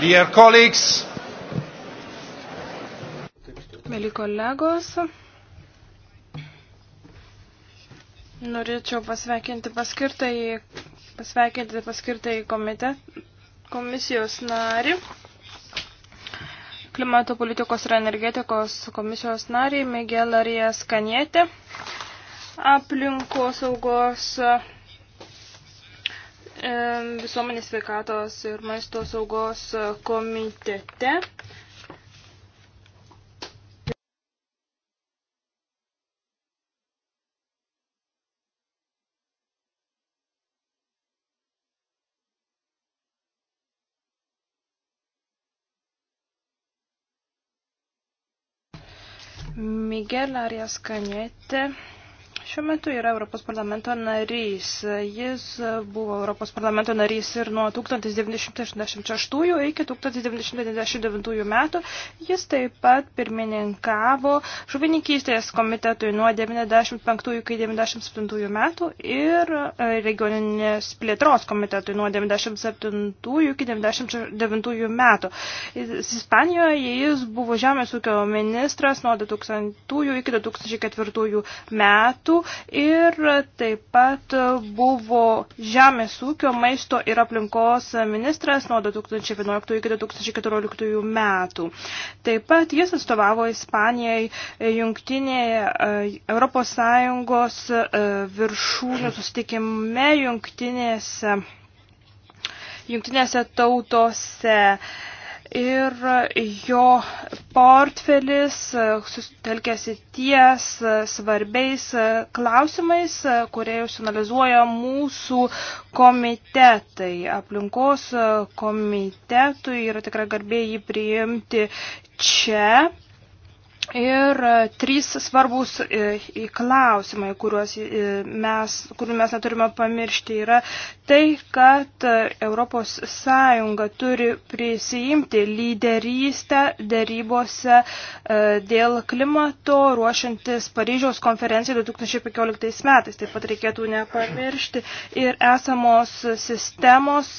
Dear colleagues. Mėly kolegos. Norėčiau pasveikinti paskirtąjį, pasveikinti paskirtąjį komitet, komisijos narį, klimato politikos ir energetikos komisijos narį Miguel Arijas Kanietė, aplinkos saugos E, visuomenės sveikatos ir maisto saugos komitete. Miguel Arias Cañete Šiuo metu yra Europos parlamento narys. Jis buvo Europos parlamento narys ir nuo 1986 iki 1999 metų. Jis taip pat pirmininkavo žuvininkystės komitetui nuo 1995 iki 1997 metų ir e, regioninės plėtros komitetui nuo 1997 iki 1999 metų. Ispanijoje jis buvo žemės ūkio ministras nuo 2000 iki 2004 metų ir taip pat buvo žemės ūkio, maisto ir aplinkos ministras nuo 2011 iki 2014 metų. Taip pat jis atstovavo Ispanijai jungtinėje e, Europos Sąjungos e, viršūnių sustikime jungtinėse, jungtinėse tautose ir jo portfelis susitelkėsi ties svarbiais klausimais, kurie užsianalizuoja mūsų komitetai. Aplinkos komitetui yra tikrai garbė jį priimti čia. Ir e, trys svarbus e, klausimai, e, mes, kurių mes neturime pamiršti, yra tai, kad ES turi prisijimti lyderystę dėrybose dėl klimato ruošiantis Paryžiaus konferencijai 2015 metais. Taip pat reikėtų nepamiršti ir esamos sistemos,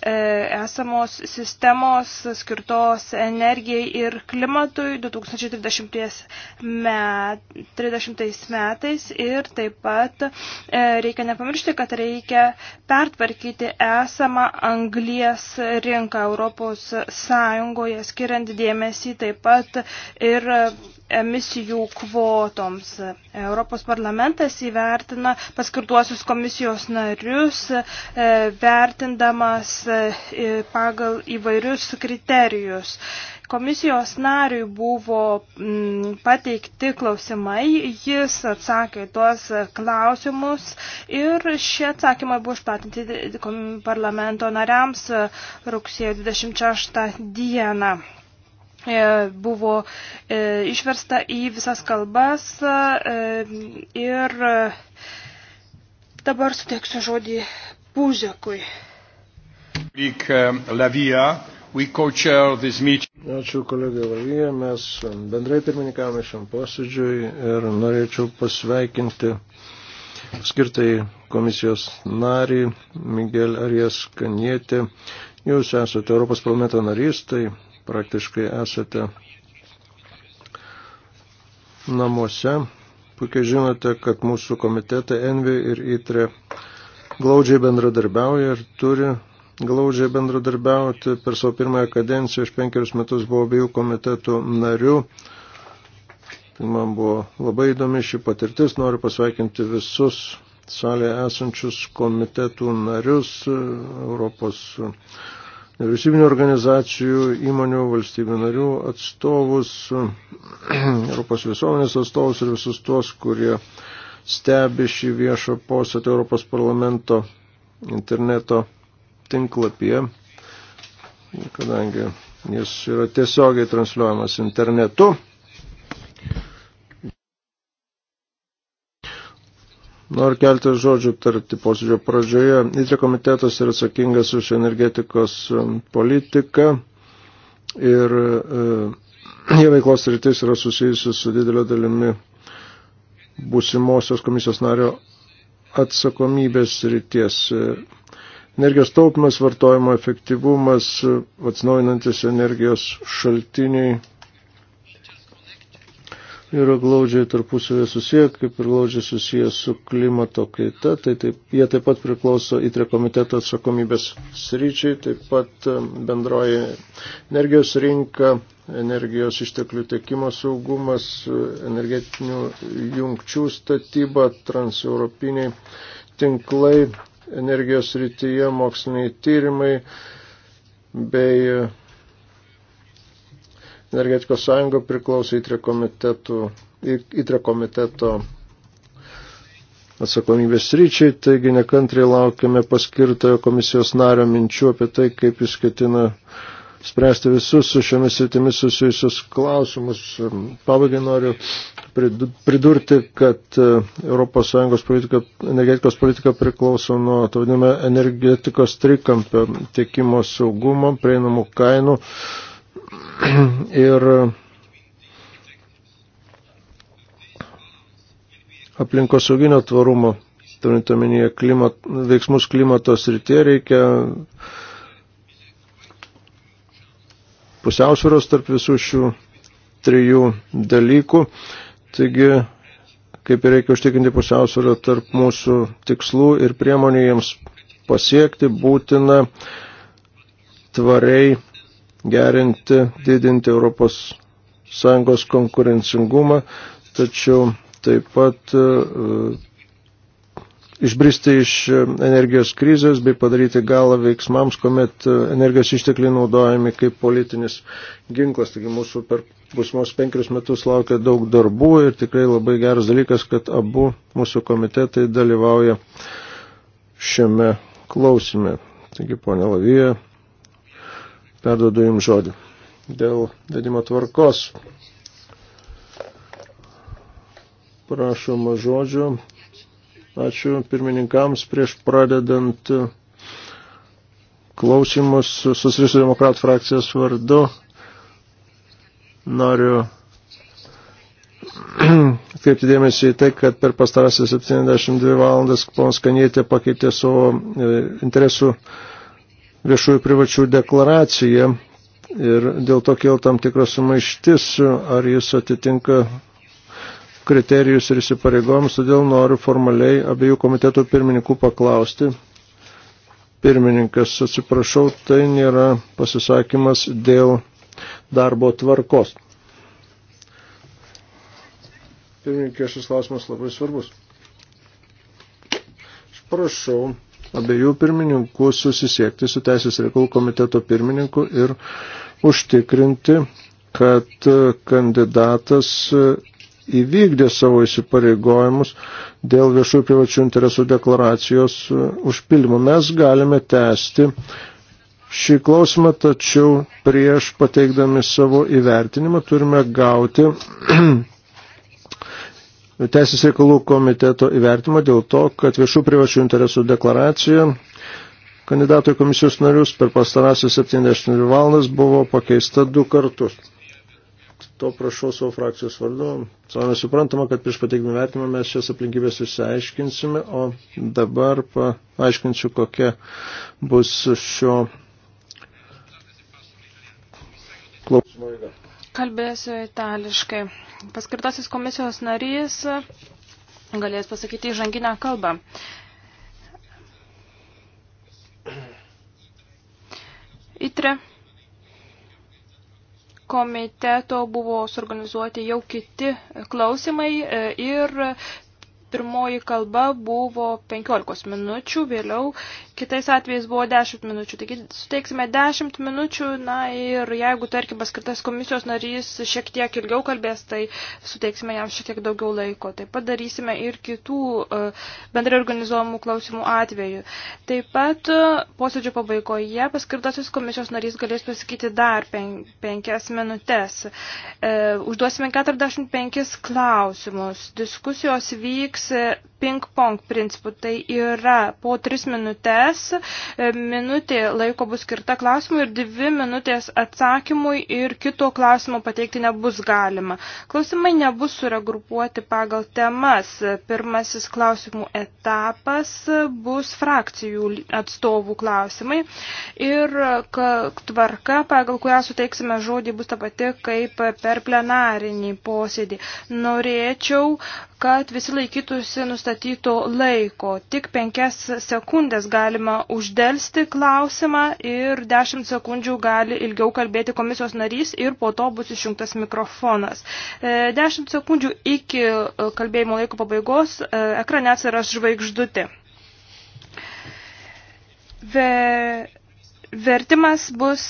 esamos sistemos skirtos energijai ir klimatui 2030 30, met, 30 metais ir taip pat e, reikia nepamiršti, kad reikia pertvarkyti esamą anglies rinką Europos Sąjungoje, skiriant dėmesį taip pat ir emisijų kvotoms. Europos parlamentas įvertina paskirtuosius komisijos narius, e, vertindamas e, pagal įvairius kriterijus. Komisijos nariui buvo pateikti klausimai, jis atsakė tuos klausimus ir šie atsakymai buvo išplatinti parlamento nariams e, rugsėjo 26 dieną. E, buvo e, išversta į visas kalbas e, ir dabar suteiksiu žodį Pūžekui. Ačiū kolegai Lavija, mes bendrai pirmininkavome šiam posėdžiui ir norėčiau pasveikinti skirtai komisijos narį Miguel Arijas Kanietį. Jūs esate Europos parlamento narys, tai praktiškai esate namuose. Puikiai žinote, kad mūsų komitetai Envi ir ITRE glaudžiai bendradarbiauja ir turi glaudžiai bendradarbiauti. Per savo pirmąją kadenciją aš penkerius metus buvau abiejų komitetų narių. Tai man buvo labai įdomi ši patirtis. Noriu pasveikinti visus salėje esančius komitetų narius, Europos nevyriausybinio organizacijų, įmonių, valstybių narių atstovus, Europos visuomenės atstovus ir visus tuos, kurie stebi šį viešą posėdį Europos parlamento interneto tinklapyje, kadangi jis yra tiesiogiai transliuojamas internetu. Noriu keltą žodžių tarti posėdžio pradžioje. Įtrė komitetas yra atsakingas už energetikos um, politiką ir uh, jie veiklos rytis yra susijusi su didelio dalimi būsimosios komisijos nario atsakomybės ryties. Energijos taupimas, vartojimo efektyvumas, atsinaujinantis energijos šaltiniai yra glaudžiai tarpusavėje susiję, kaip ir glaudžiai susiję su klimato kaita, tai taip, jie taip pat priklauso įtre komiteto atsakomybės sryčiai, taip pat e, bendroji energijos rinka, energijos išteklių tiekimo saugumas, e, energetinių jungčių statyba, transeuropiniai tinklai, energijos rytyje moksliniai tyrimai bei e, energetikos sąjunga priklauso įtre komitetų, įtre komiteto atsakomybės ryčiai, taigi nekantriai laukiame paskirtojo komisijos nario minčių apie tai, kaip jis ketina spręsti visus su šiomis sritimis susijusius klausimus. Pabaigai noriu pridurti, kad ES politika, energetikos politika priklauso nuo to vadiname energetikos trikampio tiekimo saugumo, prieinamų kainų ir aplinkosauginio tvarumo, turint omenyje klimat, veiksmus klimato srityje, reikia pusiausvėros tarp visų šių trijų dalykų. Taigi, kaip ir reikia užtikrinti pusiausvėrą tarp mūsų tikslų ir priemonių jiems pasiekti, būtina tvariai gerinti, didinti Europos Sąjungos konkurencingumą, tačiau taip pat e, e, išbristi iš e, energijos krizės bei padaryti galą veiksmams, kuomet energijos ištekliai naudojami kaip politinis ginklas. Taigi mūsų per busmos penkerius metus laukia daug darbų ir tikrai labai geras dalykas, kad abu mūsų komitetai dalyvauja šiame klausime. Taigi, ponė Lavija, perdodu jums žodį dėl vedimo tvarkos. Prašoma žodžio. Ačiū pirmininkams prieš pradedant klausimus susirišų demokratų frakcijos vardu. Noriu atkreipti dėmesį į tai, kad per pastarąsias 72 valandas ponas Kanietė pakeitė savo e, interesų viešųjų privačių deklaraciją ir dėl to kėl tam tikras sumaištis, ar jis atitinka kriterijus ir įsipareigojimus, todėl noriu formaliai abiejų komitetų pirmininkų paklausti. Pirmininkas, atsiprašau, tai nėra pasisakymas dėl darbo tvarkos. Pirmininkė, šis klausimas labai svarbus. Aš prašau abiejų pirmininkų susisiekti su Teisės reikalų komiteto pirmininku ir užtikrinti, kad e, kandidatas e, įvykdė savo įsipareigojimus dėl viešų privačių interesų deklaracijos e, užpildymo. Mes galime tęsti šį klausimą, tačiau prieš pateikdami savo įvertinimą turime gauti Teisės reikalų komiteto įvertimą dėl to, kad viešų privačių interesų deklaracija kandidatų į komisijos narius per pastarąsias 72 valandas buvo pakeista du kartus. To prašau savo frakcijos vardu. Savame suprantama, kad prieš pateikimą vertimą mes šias aplinkybės išsiaiškinsime, o dabar paaiškinsiu, kokia bus šio klausimo įgata. Kalbėsiu itališkai. Paskirtasis komisijos narys galės pasakyti įžanginę kalbą. ITRE komiteto buvo suorganizuoti jau kiti klausimai e, ir pirmoji kalba buvo 15 minučių, vėliau kitais atvejais buvo 10 minučių. Taigi suteiksime 10 minučių, na ir jeigu, tarkim, paskirtas komisijos narys šiek tiek ilgiau kalbės, tai suteiksime jam šiek tiek daugiau laiko. Taip pat darysime ir kitų e, bendrai organizuojamų klausimų atveju. Taip pat e, posėdžio pabaigoje paskirtasis komisijos narys galės pasakyti dar 5 pen minutės. E, užduosime 45 klausimus. Diskusijos vyks toks e, ping-pong principu. Tai yra po tris minutės, e, minutė laiko bus skirta klausimui ir dvi minutės atsakymui ir kito klausimo pateikti nebus galima. Klausimai nebus suregrupuoti pagal temas. Pirmasis klausimų etapas bus frakcijų atstovų klausimai ir tvarka, pagal kurią suteiksime žodį, bus ta pati kaip per plenarinį posėdį. Norėčiau, kad visi laikytųsi nustatyti nustatyto laiko. Tik penkias sekundės galima uždelsti klausimą ir dešimt sekundžių gali ilgiau kalbėti komisijos narys ir po to bus išjungtas mikrofonas. E, dešimt sekundžių iki e, kalbėjimo laiko pabaigos e, ekrane atsiras žvaigždutė. Ve... Vertimas bus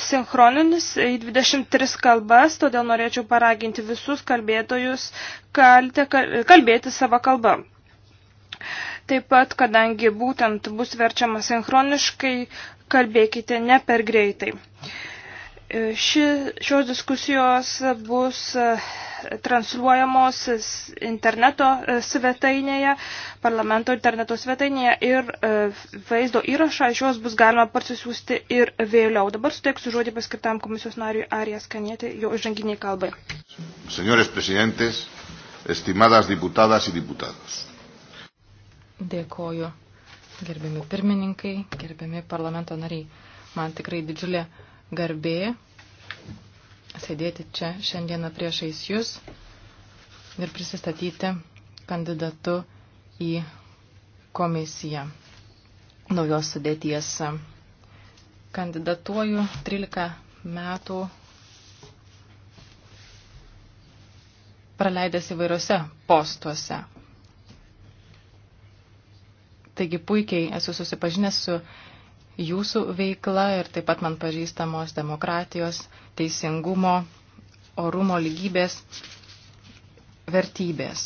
sinchroninis į 23 kalbas, todėl norėčiau paraginti visus kalbėtojus kalbėti savo kalbą. Taip pat, kadangi būtent bus verčiama sinchroniškai, kalbėkite ne per greitai. E, ši, šios diskusijos bus e, transliuojamos interneto e, svetainėje, parlamento interneto svetainėje ir vaizdo įrašą šios bus galima parsisiųsti ir vėliau. Dabar suteiksiu žodį paskirtam komisijos nariui Arijas Kanėti jo žanginiai kalbai. Senores prezidentės, estimadas diputadas ir diputados. Dėkoju gerbiami pirmininkai, gerbiami parlamento nariai. Man tikrai didžiulė garbė sėdėti čia šiandieną priešais jūs ir prisistatyti kandidatu į komisiją naujos sudėties. Kandidatuoju 13 metų praleidęs įvairiose postuose Taigi puikiai esu susipažinęs su jūsų veikla ir taip pat man pažįstamos demokratijos, teisingumo, orumo lygybės vertybės.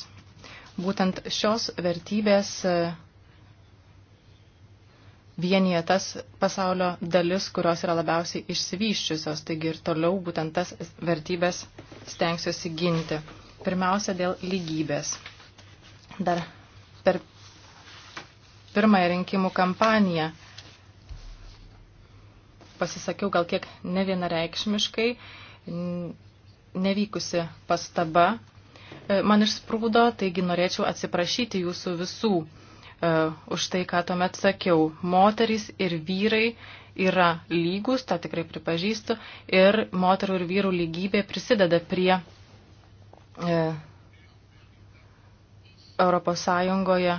Būtent šios vertybės e, vienyje tas pasaulio dalis, kurios yra labiausiai išsivyščiusios, taigi ir toliau būtent tas vertybės stengsiuosi ginti. Pirmiausia, dėl lygybės. Dar per pirmąją rinkimų kampaniją. Pasisakiau gal kiek nevienareikšmiškai, nevykusi pastaba e, man išsprūdo, taigi norėčiau atsiprašyti jūsų visų uh, už tai, ką tuomet sakiau. Moterys ir vyrai yra lygus, tą tikrai pripažįstu, ir moterų ir vyrų lygybė prisideda prie uh, Europos Sąjungoje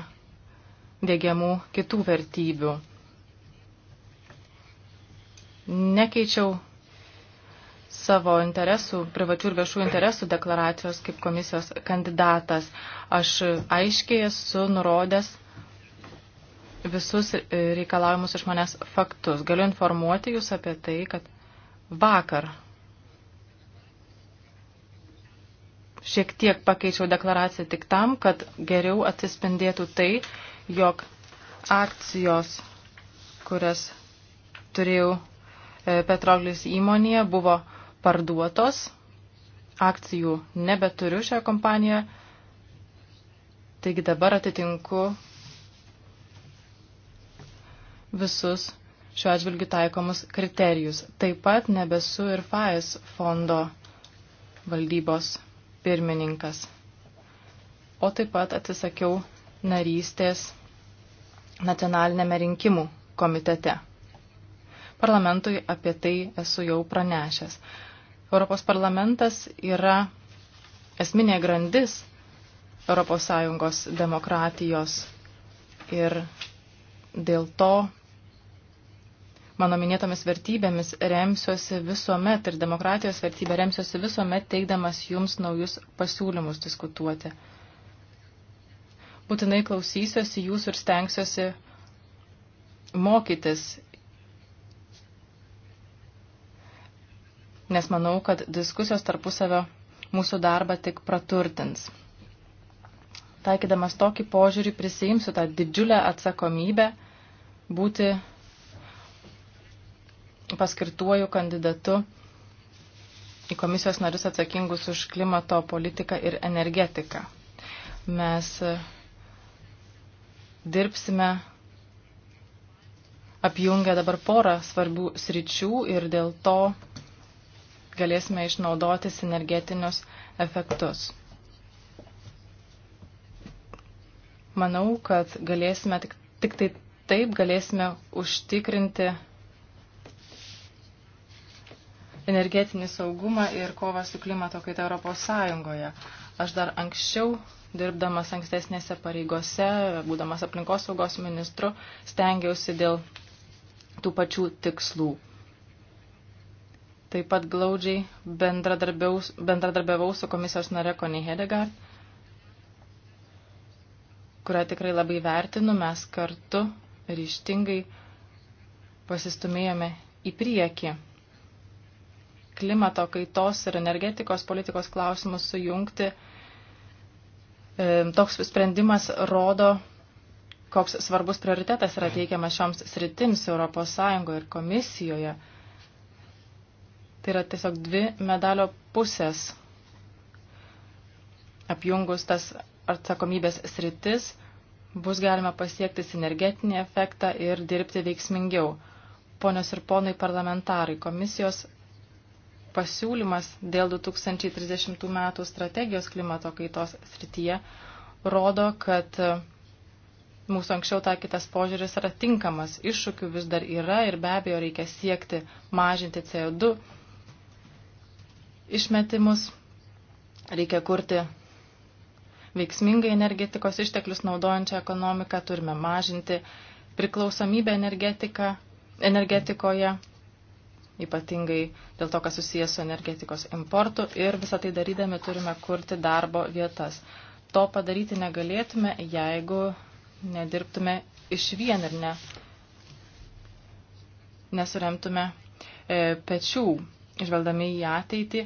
dėgiamų kitų vertybių. Nekeičiau savo interesų, privačių ir viešų interesų deklaracijos kaip komisijos kandidatas. Aš aiškiai esu nurodęs visus reikalavimus iš manęs faktus. Galiu informuoti jūs apie tai, kad vakar šiek tiek pakeičiau deklaraciją tik tam, kad geriau atsispindėtų tai, jog akcijos, kurias turėjau e, Petroglis įmonėje, buvo parduotos. Akcijų nebeturiu šią kompaniją. Taigi dabar atitinku visus šiuo atžvilgiu taikomus kriterijus. Taip pat nebesu ir FAES fondo valdybos pirmininkas. O taip pat atsisakiau narystės nacionalinėme rinkimų komitete. Parlamentui apie tai esu jau pranešęs. Europos parlamentas yra esminė grandis ES demokratijos ir dėl to mano minėtomis vertybėmis remsiuosi visuomet ir demokratijos vertybė remsiuosi visuomet teikdamas jums naujus pasiūlymus diskutuoti būtinai klausysiuosi jūsų ir stengsiuosi mokytis, nes manau, kad diskusijos tarpusavio mūsų darbą tik praturtins. Taikydamas tokį požiūrį prisijimsiu tą didžiulę atsakomybę būti paskirtuoju kandidatu į komisijos narius atsakingus už klimato politiką ir energetiką. Mes dirbsime apjungę dabar porą svarbių sričių ir dėl to galėsime išnaudoti sinergetinius efektus. Manau, kad galėsime tik, tik tai taip galėsime užtikrinti energetinį saugumą ir kovą su klimato kaita Europos Sąjungoje. Aš dar anksčiau dirbdamas ankstesnėse pareigose, būdamas aplinkosaugos ministru, stengiausi dėl tų pačių tikslų. Taip pat glaudžiai bendradarbiavau su komisijos nare Koni Hedegard, kurią tikrai labai vertinu, mes kartu ryštingai pasistumėjome į priekį klimato kaitos ir energetikos politikos klausimus sujungti E, toks sprendimas rodo, koks svarbus prioritetas yra teikiamas šioms sritims Europos Sąjungoje ir komisijoje. Tai yra tiesiog dvi medalio pusės apjungus tas atsakomybės sritis, bus galima pasiekti sinergetinį efektą ir dirbti veiksmingiau. Ponios ir ponai parlamentarai, komisijos pasiūlymas dėl 2030 metų strategijos klimato kaitos srityje rodo, kad e, mūsų anksčiau taikytas požiūris yra tinkamas, iššūkių vis dar yra ir be abejo reikia siekti mažinti CO2 išmetimus, reikia kurti veiksmingai energetikos išteklius naudojančią ekonomiką, turime mažinti priklausomybę energetikoje ypatingai dėl to, kas susijęs su energetikos importu ir visą tai darydami turime kurti darbo vietas. To padaryti negalėtume, jeigu nedirbtume iš vien ir ne, nesuremtume e, pečių, išveldami į ateitį.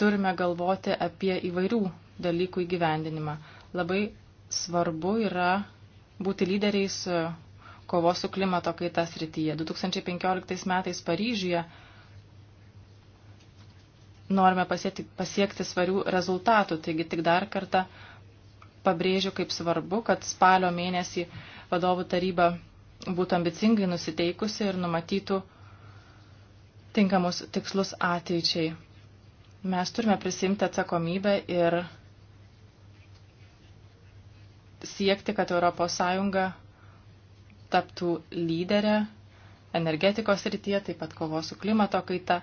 Turime galvoti apie įvairių dalykų įgyvendinimą. Labai svarbu yra būti lyderiais kovos su klimato kaita srityje. 2015 metais Paryžiuje norime pasiekti, pasiekti svarių rezultatų, taigi tik dar kartą pabrėžiu, kaip svarbu, kad spalio mėnesį vadovų taryba būtų ambicingai nusiteikusi ir numatytų tinkamus tikslus ateičiai. Mes turime prisimti atsakomybę ir siekti, kad ES taptų lyderę energetikos srityje, taip pat kovos su klimato kaita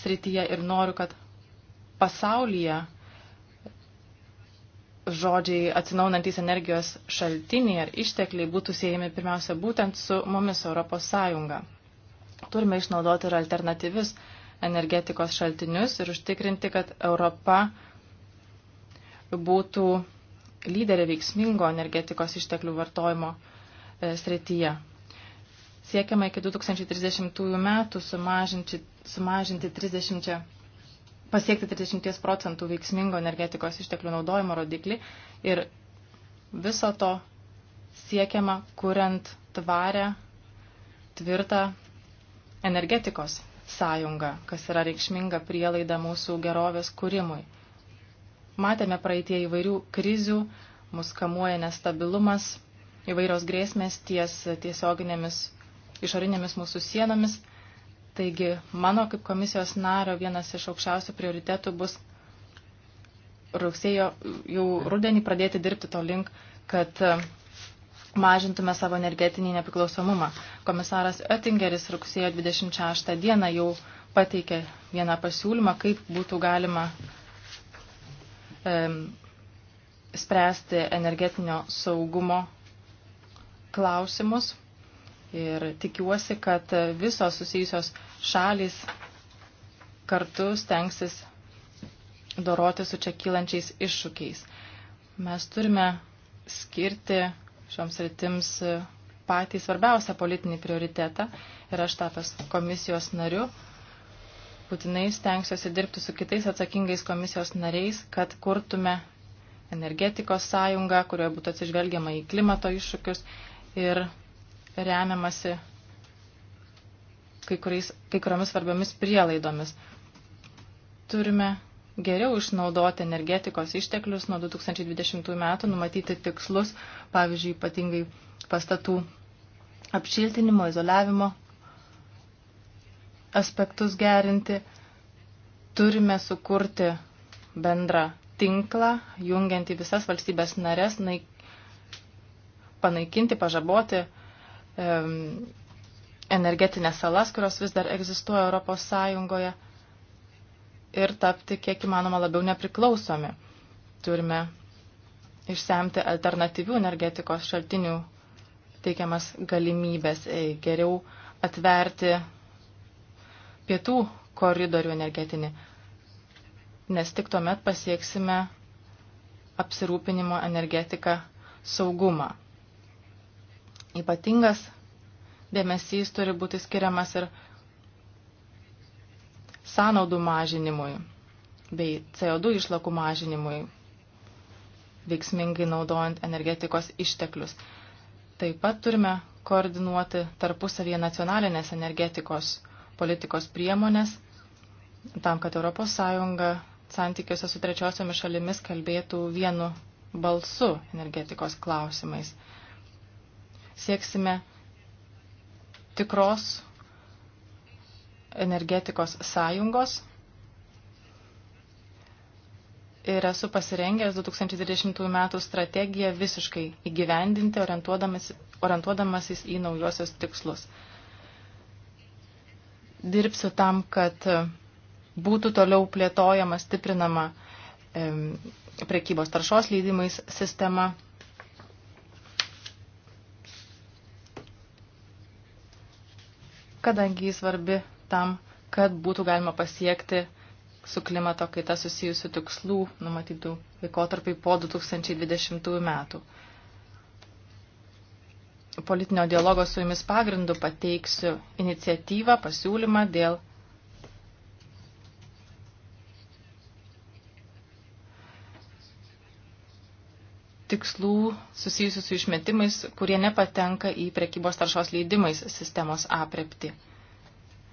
srityje ir noriu, kad pasaulyje žodžiai atsinaunantis energijos šaltiniai ar ištekliai būtų siejami pirmiausia būtent su mumis Europos Sąjunga. Turime išnaudoti ir alternatyvius energetikos šaltinius ir užtikrinti, kad Europa būtų lyderė veiksmingo energetikos išteklių vartojimo uh, E, srityje. Siekiama iki 2030 metų sumažinti, sumažinti 30, pasiekti 30 procentų veiksmingo energetikos išteklių naudojimo rodiklį ir viso to siekiama kuriant tvarę, tvirtą energetikos sąjungą, kas yra reikšminga prielaida mūsų gerovės kūrimui. Matėme praeitie įvairių krizių, mus kamuoja nestabilumas, įvairios grėsmės ties tiesioginėmis išorinėmis mūsų sienomis. Taigi mano kaip komisijos nario vienas iš aukščiausių prioritetų bus rugsėjo jau rudenį pradėti dirbti to link, kad e, mažintume savo energetinį nepriklausomumą. Komisaras Oettingeris rugsėjo 26 dieną jau pateikė vieną pasiūlymą, kaip būtų galima e, spręsti energetinio saugumo klausimus ir tikiuosi, kad visos susijusios šalis kartu stengsis doroti su čia kylančiais iššūkiais. Mes turime skirti šioms rytims patį svarbiausią politinį prioritetą ir aš tapęs komisijos nariu būtinai stengsiuosi dirbti su kitais atsakingais komisijos nariais, kad kurtume energetikos sąjungą, kurioje būtų atsižvelgiama į klimato iššūkius ir remiamasi kai, kuriais, kai kuriomis svarbiomis prielaidomis. Turime geriau išnaudoti energetikos išteklius nuo 2020 metų, numatyti tikslus, pavyzdžiui, ypatingai pastatų apšiltinimo, izoliavimo aspektus gerinti. Turime sukurti bendrą tinklą, jungiantį visas valstybės narės, naik panaikinti, pažaboti energetinės salas, kurios vis dar egzistuoja Europos Sąjungoje ir tapti kiek įmanoma labiau nepriklausomi. Turime išsemti alternatyvių energetikos šaltinių teikiamas galimybės, geriau atverti pietų koridorių energetinį, nes tik tuomet pasieksime apsirūpinimo energetiką saugumą. Ypatingas dėmesys turi būti skiriamas ir sąnaudų mažinimui bei CO2 išlakų mažinimui, veiksmingai naudojant energetikos išteklius. Taip pat turime koordinuoti tarpusavyje nacionalinės energetikos politikos priemonės, tam, kad ES santykiuose su trečiosiomis šalimis kalbėtų vienu balsu energetikos klausimais sieksime tikros energetikos sąjungos ir esu pasirengęs 2020 metų strategiją visiškai įgyvendinti, orientuodamasis į naujosios tikslus. Dirbsiu tam, kad būtų toliau plėtojama, stiprinama prekybos taršos leidimais sistema kadangi jis svarbi tam, kad būtų galima pasiekti su klimato kaita susijusių tikslų numatytų laikotarpiai po 2020 metų. Politinio dialogo su jumis pagrindu pateiksiu iniciatyvą, pasiūlymą dėl tikslų susijusių su išmetimais, kurie nepatenka į prekybos taršos leidimais sistemos aprepti.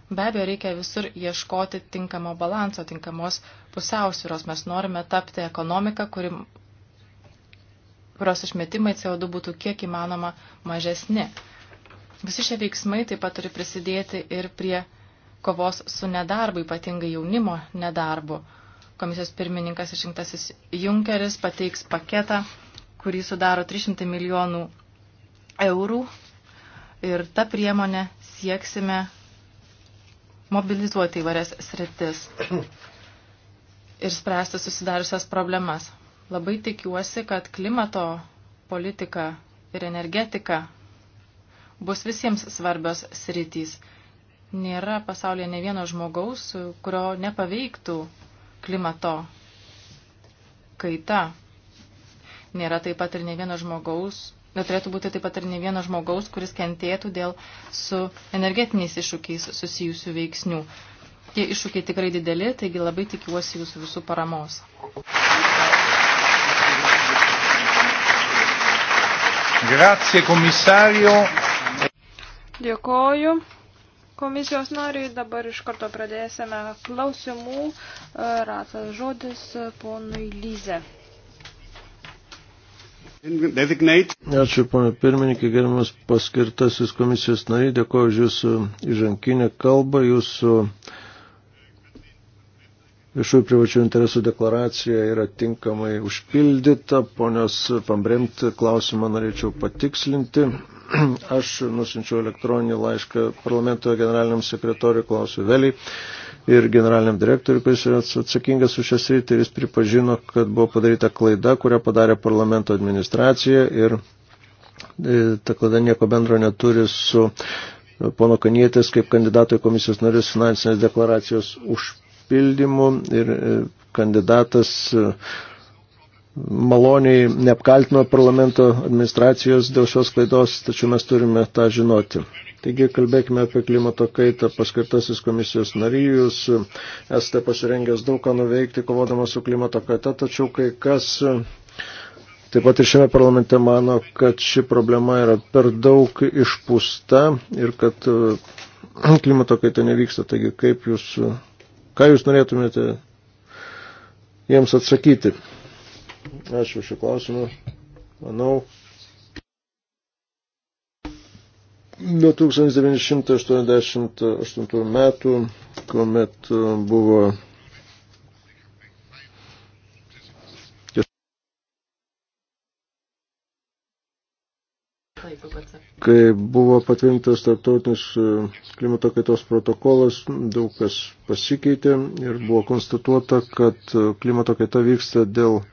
Be abejo, reikia visur ieškoti tinkamo balanso, tinkamos pusiausvyros. Mes norime tapti ekonomiką, kuri, kurios išmetimai CO2 būtų kiek įmanoma mažesni. Visi šie veiksmai taip pat turi prisidėti ir prie kovos su nedarbu, ypatingai jaunimo nedarbu. Komisijos pirmininkas išrinktasis Junkeris pateiks paketą kurį sudaro 300 milijonų eurų. Ir tą priemonę sieksime mobilizuoti įvairias sritis ir spręsti susidariusias problemas. Labai tikiuosi, kad klimato politika ir energetika bus visiems svarbios sritys. Nėra pasaulyje ne vieno žmogaus, kurio nepaveiktų klimato kaita. Nėra taip pat ir ne vieno žmogaus, neturėtų būti taip pat ir ne vieno žmogaus, kuris kentėtų dėl su energetiniais iššūkiais susijusių veiksnių. Tie iššūkiai tikrai dideli, taigi labai tikiuosi jūsų visų paramos. Grazie, komisario. Dėkoju. Komisijos nariui dabar iš karto pradėsime klausimų. Ratas žodis ponui Lyze. Ačiū, pana pirmininkė, gerimas paskirtasis komisijos nariai, dėkoju už jūsų įžankinę kalbą, jūsų viešųjų privačių interesų deklaracija yra tinkamai užpildyta. Ponios Pambremt klausimą norėčiau patikslinti. Aš nusinčiau elektroninį laišką parlamento generaliniam sekretoriui Klausui Veliai ir generaliniam direktoriui, kuris yra atsakingas už šią sritį ir jis pripažino, kad buvo padaryta klaida, kurią padarė parlamento administracija ir e, ta klaida nieko bendro neturi su e, pono Kanietės kaip kandidato į komisijos narius finansinės deklaracijos užpildymu ir e, kandidatas maloniai neapkaltino parlamento administracijos dėl šios klaidos, tačiau mes turime tą žinoti. Taigi kalbėkime apie klimato kaitą. Paskirtasis komisijos narys, esate pasirengęs daug ką nuveikti, kovodamas su klimato kaita, tačiau kai kas Taip pat ir šiame parlamente mano, kad ši problema yra per daug išpūsta ir kad klimato kaita nevyksta. Taigi, kaip jūs, ką jūs norėtumėte jiems atsakyti? Ačiū šį klausimą. Manau, Nuo 1988 metų, kuomet e, buvo kai buvo patvirtintas tarptautinis e, klimato kaitos protokolas, daug kas pasikeitė ir buvo konstatuota, kad e, klimato kaita vyksta dėl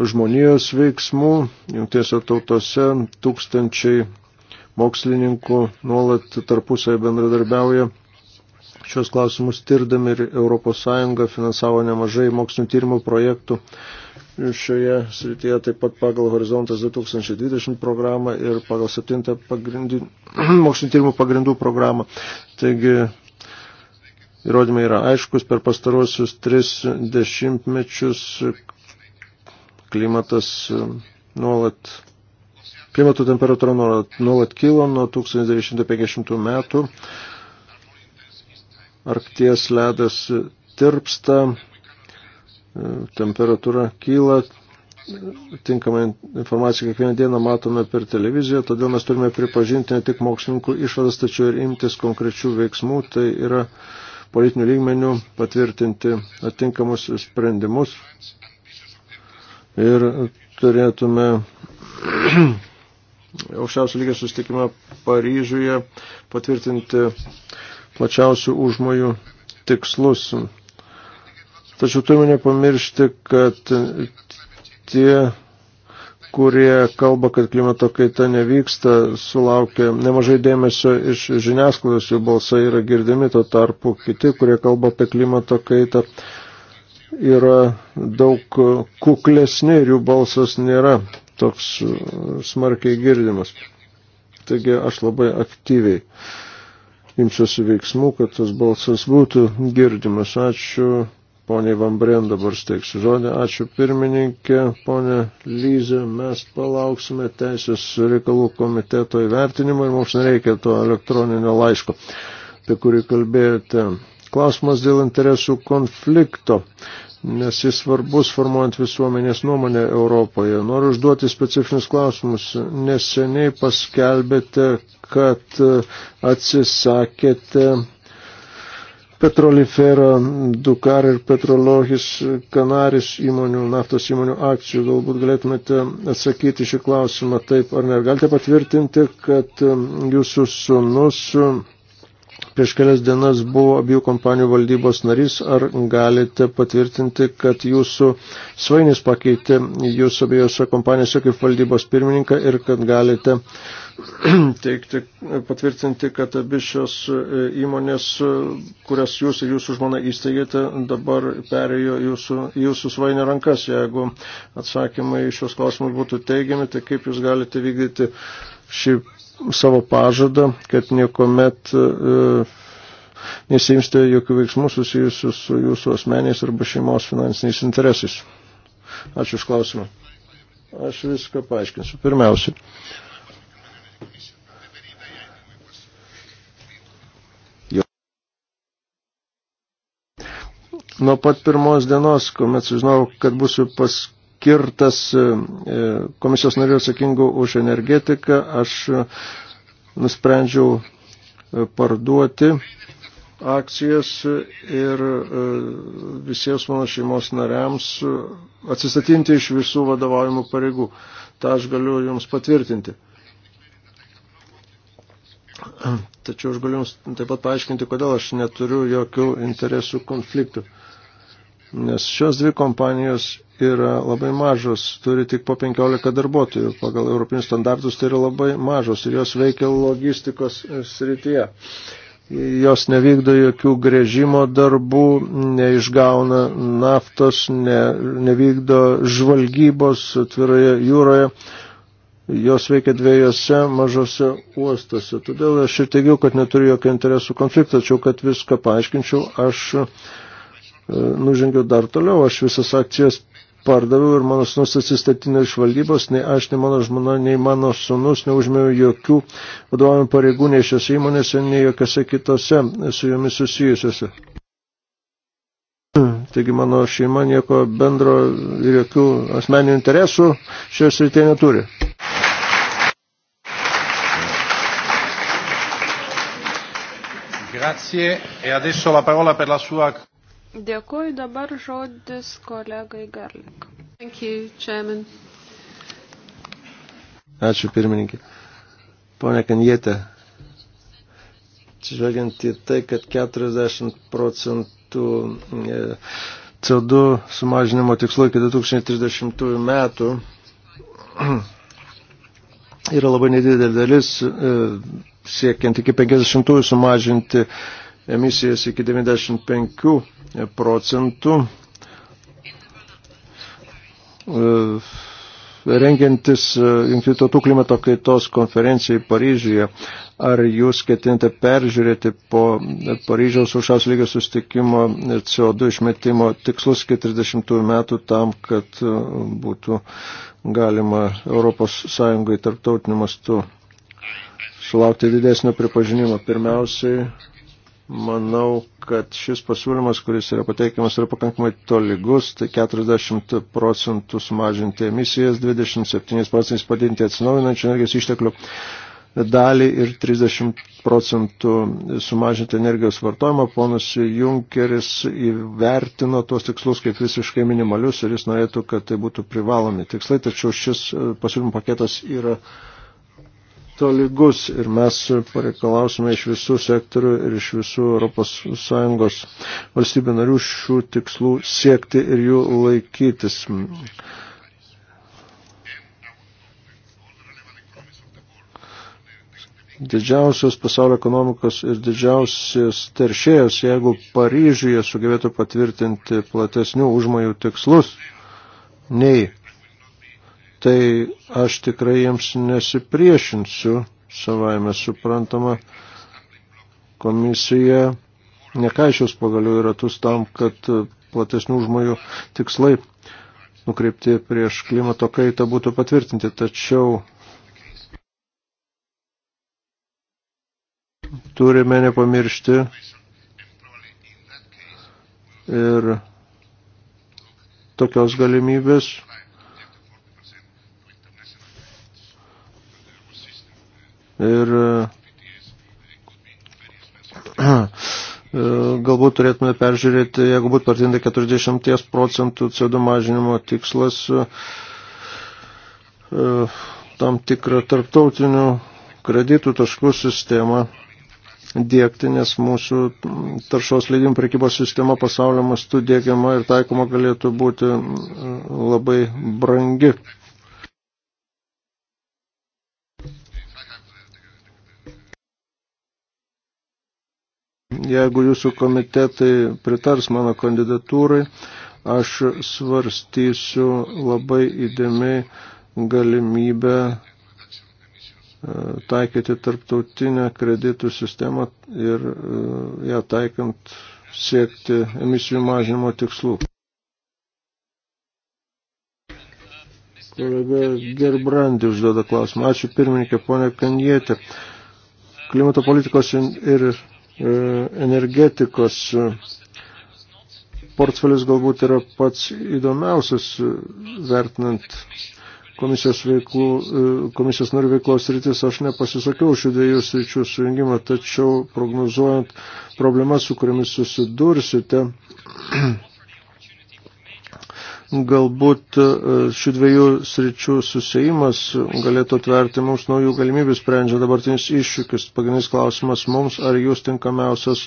žmonijos veiksmų. Jungtiesios tautose tūkstančiai mokslininkų nuolat tarpusai bendradarbiauja. Šios klausimus tirdami ir ES finansavo nemažai mokslinio tyrimų projektų šioje srityje, taip pat pagal Horizontas 2020 programą ir pagal 7 pagrindin... mokslinio tyrimų pagrindų programą. Taigi įrodymai yra aiškus per pastaruosius tris dešimtmečius klimatas nuolat Klimato temperatūra nuolat kilo nuo 1950 metų. Arkties ledas tirpsta, temperatūra kyla, tinkamą informaciją kiekvieną dieną matome per televiziją, todėl mes turime pripažinti ne tik mokslininkų išvadas, tačiau ir imtis konkrečių veiksmų, tai yra politinių lygmenių patvirtinti atinkamus sprendimus ir turėtume aukščiausio lygio sustikimą Paryžiuje patvirtinti plačiausių užmojų tikslus. Tačiau turime nepamiršti, kad tie, kurie kalba, kad klimato kaita nevyksta, sulaukia nemažai dėmesio iš žiniasklaidos, jų balsai yra girdimi, to tarpu kiti, kurie kalba apie klimato kaitą, yra daug kuklesni ir jų balsas nėra toks e, smarkiai girdimas. Taigi aš labai aktyviai imsiuosi veiksmų, kad tas balsas būtų girdimas. Ačiū, ponė Vambrien, dabar steiksiu žodį. Ačiū pirmininkė, ponė Lyze, mes palauksime Teisės reikalų komiteto įvertinimą ir mums nereikia to elektroninio laiško, apie kurį kalbėjote. Klausimas dėl interesų konflikto nes jis svarbus formuojant visuomenės nuomonę Europoje. Noriu užduoti specifinius klausimus. Neseniai paskelbėte, kad e, atsisakėte Petrolifera, Dukar ir Petrologis Kanaris įmonių, naftos įmonių akcijų. Galbūt galėtumėte atsakyti šį klausimą taip ar ne. Galite patvirtinti, kad e, jūsų sunus prieš kelias dienas buvo abiejų kompanijų valdybos narys. Ar galite patvirtinti, kad jūsų svainis pakeitė jūsų abiejose kompanijose kaip valdybos pirmininką ir kad galite teikti, patvirtinti, kad abi šios e, įmonės, e, kurias jūs ir jūsų žmona įsteigėte, dabar perėjo jūsų, jūsų svainio rankas. Jeigu atsakymai šios klausimus būtų teigiami, tai kaip jūs galite vykdyti šį savo pažadą, kad niekuomet e, nesimsite jokių veiksmų susijusių su jūsų asmeniais arba šeimos finansiniais interesais. Ačiū iš klausimą. Aš viską paaiškinsiu. Pirmiausia. Nuo pat pirmos dienos, kuomet sužinau, kad būsiu pas, skirtas e, e, komisijos narių atsakingų už energetiką, aš e, nusprendžiau parduoti akcijas ir visiems mano šeimos nariams atsistatinti iš visų vadovaujimų pareigų. Ta aš galiu jums patvirtinti. Tačiau aš galiu jums taip pat paaiškinti, kodėl aš neturiu jokių interesų konfliktų nes šios dvi kompanijos yra labai mažos, turi tik po 15 darbuotojų, pagal europinius standartus tai yra labai mažos ir jos veikia logistikos e, srityje. Jos nevykdo jokių grėžimo darbų, neišgauna naftos, ne, nevykdo žvalgybos atviroje jūroje jos veikia dviejose mažose uostose. Todėl aš ir teigiau, kad neturiu jokio interesų konfliktą, tačiau kad viską paaiškinčiau, aš E, nužengiau dar toliau, aš visas akcijas pardaviau ir mano sunus atsistatino iš valdybos, nei aš, nei mano žmona, nei mano sunus neužmėjau jokių vadovavimo pareigų nei šiose įmonėse, nei jokiose kitose su jomis susijusiuose. Taigi mano šeima nieko bendro ir jokių asmeninių interesų šioje srityje neturi. Grazie e adesso la parola per la sua Dėkuoju dabar žodis kolegai Garlik. Thank you, Chairman. Ačiū pirmininkė. Pone Kanjėte, atsižvelgiant į tai, kad 40 procentų e, CO2 sumažinimo tikslo iki 2030 metų yra labai nedidelė dalis e, siekiant iki 50 sumažinti emisijas iki 95 procentų. E, rengiantis e, Junktinių tautų klimato kaitos konferencijai Paryžiuje, ar jūs ketinate peržiūrėti po Paryžiaus aukščiausio lygio sustikimo CO2 išmetimo tikslus iki 30 metų tam, kad e, būtų galima Europos Sąjungai tarptautiniu mastu sulaukti didesnio pripažinimo? Pirmiausiai, Manau, kad šis pasiūlymas, kuris yra pateikiamas, yra pakankamai tolygus, tai 40 procentų sumažinti emisijas, 27 procentais padinti atsinaujinančių energijos išteklių dalį ir 30 procentų sumažinti energijos vartojimą. Ponas Junkeris įvertino tuos tikslus kaip visiškai minimalius ir jis norėtų, kad tai būtų privalomi tikslai, tačiau šis pasiūlymų paketas yra tolygus ir mes pareikalausime iš visų sektorių ir iš visų ES valstybių narių šių tikslų siekti ir jų laikytis. Didžiausios pasaulio ekonomikos ir didžiausios teršėjos, jeigu Paryžiuje sugebėtų patvirtinti platesnių užmojų tikslus, nei tai aš tikrai jiems nesipriešinsiu, savaime suprantama, komisija nekaišiaus pagaliau yra tus tam, kad platesnių žmonių tikslai nukreipti prieš klimato kaitą būtų patvirtinti, tačiau turime nepamiršti ir tokios galimybės ir e, e, galbūt turėtume peržiūrėti, jeigu būtų partinda 40 procentų CO2 mažinimo tikslas, e, tam tikrą tarptautinių kreditų taškų sistemą dėkti, nes mūsų taršos leidimų prekybos sistema pasaulio mastu dėgiama ir taikoma galėtų būti labai brangi. jeigu jūsų komitetai pritars mano kandidatūrai, aš svarstysiu labai įdėmiai galimybę e, taikyti tarptautinę kreditų sistemą ir e, ją taikant siekti emisijų mažinimo tikslų. Kolega Gerbrandi užduoda klausimą. Ačiū pirmininkė, ponė Kanjėtė. Klimato politikos ir E, energetikos e, portfelis galbūt yra pats įdomiausias e, vertinant komisijos, veiklų, komisijos narių veiklos rytis. Aš nepasisakiau šių dviejų sričių sujungimą, tačiau prognozuojant problemas, su kuriamis susidursite, Galbūt e, šių dviejų sričių susijimas galėtų atverti mums naujų galimybių sprendžia dabartinis iššūkis. Pagrindinis klausimas mums, ar jūs tinkamiausias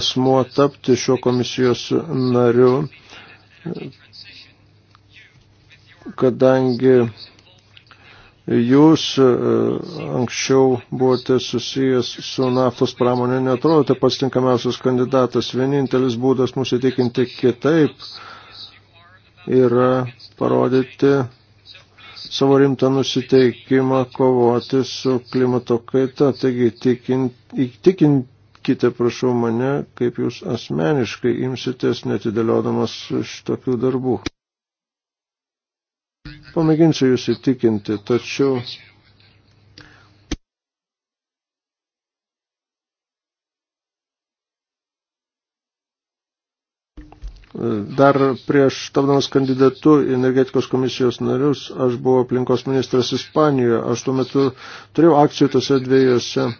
asmuo tapti šio komisijos nariu, kadangi Jūs e, anksčiau buvote susijęs su naftos pramonė, netrodote pats tinkamiausias kandidatas. Vienintelis būdas mūsų įtikinti kitaip yra parodyti savo rimtą nusiteikimą kovoti su klimato kaita. Taigi įtikinkite, prašau mane, kaip jūs asmeniškai imsitės netidėliodamas šitokių darbų. Pamėginsiu jūs įtikinti, tačiau Dar prieš tapdamas kandidatu į energetikos komisijos narius, aš buvau aplinkos ministras Ispanijoje. Aš tuo metu turėjau akcijų tose dviejose e,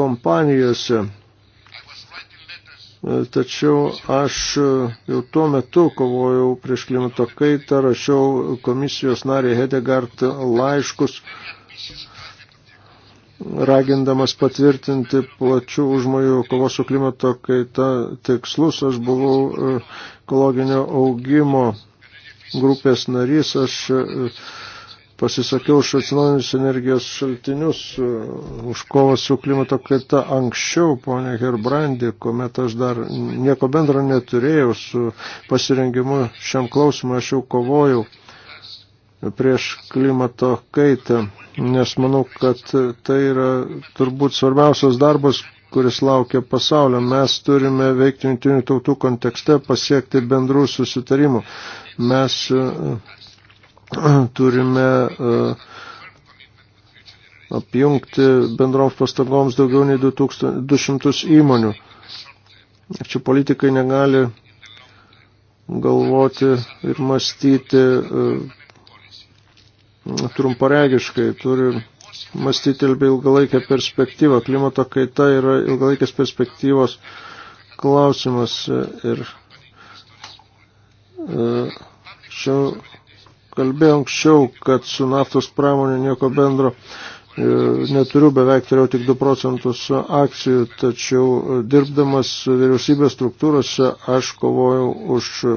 kompanijose. E, tačiau aš e, jau tuo metu kovojau prieš klimato kaitą, rašiau komisijos narį Hedegard laiškus ragindamas patvirtinti plačių užmojų kovos su klimato kaita tikslus, aš buvau e, ekologinio augimo grupės narys, aš e, pasisakiau už atsinaujinus energijos šaltinius, e, už kovą su klimato kaita anksčiau, ponė Herbrandi, kuomet aš dar nieko bendro neturėjau su pasirengimu šiam klausimui, aš jau kovojau prieš klimato kaitą nes manau, kad tai yra turbūt svarbiausias darbas, kuris laukia pasaulio. Mes turime veikti jungtinių tautų kontekste, pasiekti bendrų susitarimų. Mes e, turime e, apjungti bendroms pastangoms daugiau nei 200 įmonių. Čia politikai negali galvoti ir mąstyti e, trumparegiškai, turi mąstyti ilgai ilgalaikę perspektyvą. Klimato kaita yra ilgalaikės perspektyvos klausimas ir šiau e, kalbėjau anksčiau, kad su naftos pramonė nieko bendro e, neturiu, beveik turėjau tik 2 procentus akcijų, tačiau dirbdamas vyriausybės struktūrose aš kovojau už e,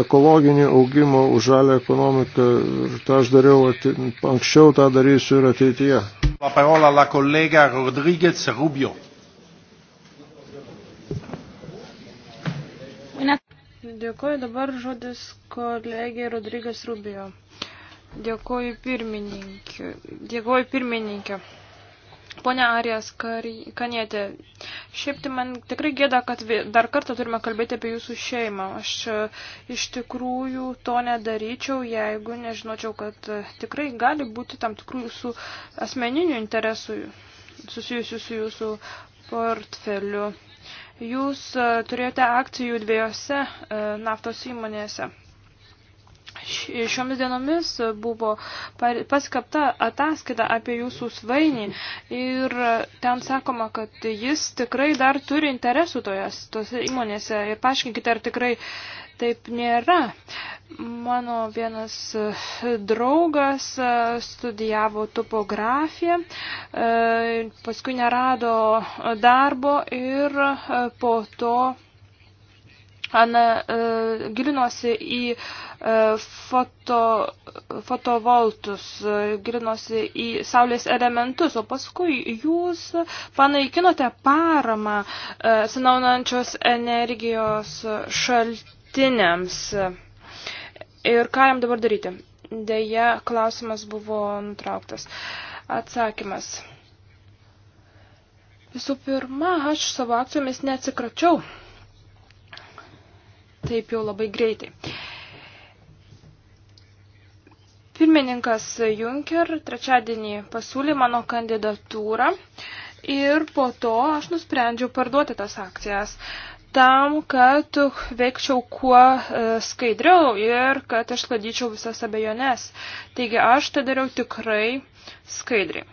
ekologinį augimą, už žalę ekonomiką. Ir tą aš dariau, ati, anksčiau tą darysiu ir ateityje. La parola la collega Rodriguez Rubio. Dėkuoju dabar žodis kolegė Rodrygas Rubio. Dėkuoju pirmininkė. Dėkuoju pirmininkė. Pone Arijas Kanietė, šiaip tai man tikrai gėda, kad dar kartą turime kalbėti apie jūsų šeimą. Aš e, iš tikrųjų to nedaryčiau, jeigu nežinočiau, kad e, tikrai gali būti tam tikrų jūsų asmeninių interesų susijusių su jūsų portfeliu. Jūs e, turėjote akcijų dviejose naftos įmonėse šiomis dienomis buvo paskapta ataskaita apie jūsų svainį ir ten sakoma, kad jis tikrai dar turi interesų tojas, tose įmonėse ir paaiškinkite, ar tikrai taip nėra. Mano vienas e, draugas e, studijavo topografiją, e, paskui nerado darbo ir po to ana, e, gilinuosi į e, foto, fotovoltus, e, gilinuosi į saulės elementus, o paskui jūs panaikinote paramą e, sinaunančios energijos šaltiniams. Ir ką jam dabar daryti? Deja, klausimas buvo nutrauktas. Atsakymas. Visų pirma, aš savo akcijomis neatsikračiau taip jau labai greitai. Pirmininkas Juncker trečiadienį pasiūlė mano kandidatūrą ir po to aš nusprendžiau parduoti tas akcijas tam, kad veikčiau kuo e, skaidriau ir kad aš skladyčiau visas abejones. Taigi aš tai dariau tikrai skaidriai.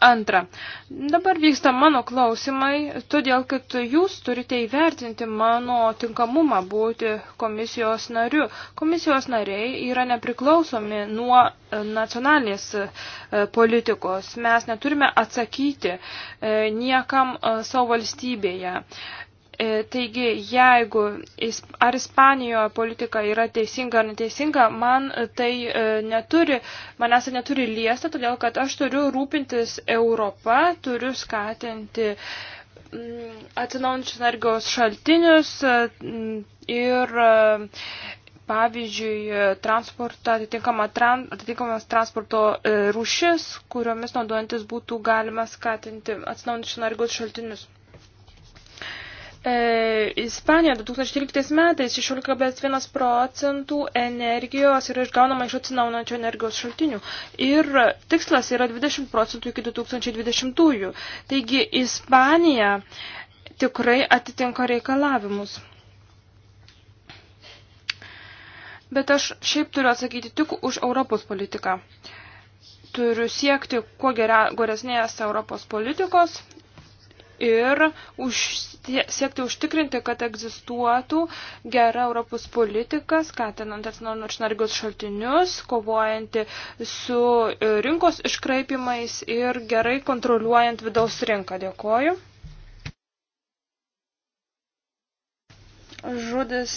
Antra, dabar vyksta mano klausimai, todėl kad jūs turite įvertinti mano tinkamumą būti komisijos nariu. Komisijos nariai yra nepriklausomi nuo e, nacionalinės e, politikos. Mes neturime atsakyti e, niekam savo valstybėje. E, taigi, jeigu ar Ispanijoje politika yra teisinga ar neteisinga, man tai e, neturi, manęs tai neturi liesta, todėl kad aš turiu rūpintis Europą, turiu skatinti mm, atsinaujančius energijos šaltinius e, mm, ir pavyzdžiui transportą, tran, atitinkamas transporto rūšis, kuriomis naudojantis būtų galima skatinti atsinaujančius energijos šaltinius. E, Ispanija 2013 metais 16,1 procentų energijos yra išgaunama iš atsinaunančio energijos šaltinių ir tikslas yra 20 procentų iki 2020-ųjų. Taigi Ispanija tikrai atitinka reikalavimus. Bet aš šiaip turiu atsakyti tik už Europos politiką. Turiu siekti kuo geresnės Europos politikos ir už, siekti užtikrinti, kad egzistuotų gera Europos politika, skatinant atsinaujinančius šaltinius, kovojanti su e, rinkos iškraipimais ir gerai kontroliuojant vidaus rinką. Dėkoju. Žodis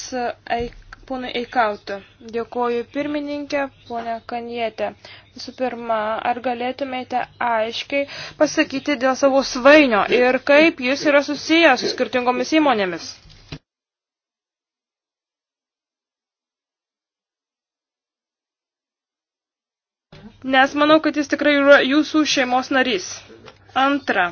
Eik Pūnai Eikautų. Dėkuoju pirmininkė, ponė Kanietė. Visų pirma, ar galėtumėte aiškiai pasakyti dėl savo svainio ir kaip jis yra susijęs su skirtingomis įmonėmis? Nes manau, kad jis tikrai yra jūsų šeimos narys. Antra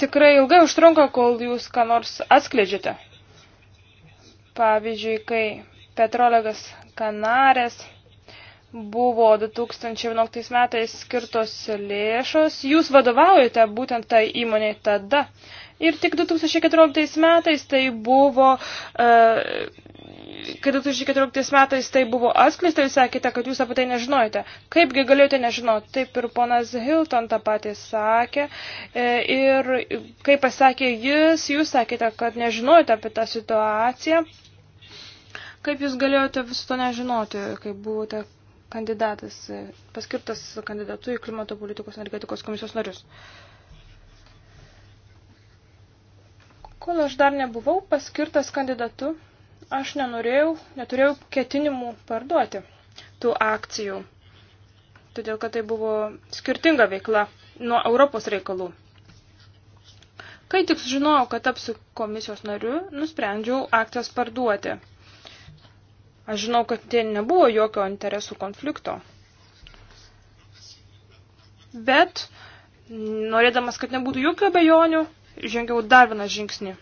tikrai ilgai užtrunka, kol jūs ką nors atskleidžiate. Pavyzdžiui, kai Petrolegas Kanarės buvo 2011 metais skirtos lėšos, jūs vadovaujate būtent tai įmonė tada. Ir tik 2014 metais tai buvo uh, kai 2014 metais tai buvo atskleista, jūs sakėte, kad jūs apie tai nežinojate. Kaipgi galėjote nežinoti? Taip ir ponas Hilton tą patį sakė. E, ir kaip pasakė jis, jūs sakėte, kad nežinojate apie tą situaciją. Kaip jūs galėjote viso to nežinoti, kai buvote kandidatas, e, paskirtas kandidatu į klimato politikos energetikos komisijos narius? Kol aš dar nebuvau paskirtas kandidatu, aš nenorėjau, neturėjau ketinimų parduoti tų akcijų, todėl kad tai buvo skirtinga veikla nuo Europos reikalų. Kai tik sužinojau, kad tapsiu komisijos nariu, nusprendžiau akcijas parduoti. Aš žinau, kad ten nebuvo jokio interesų konflikto. Bet, norėdamas, kad nebūtų jokių abejonių, žengiau dar vieną žingsnį.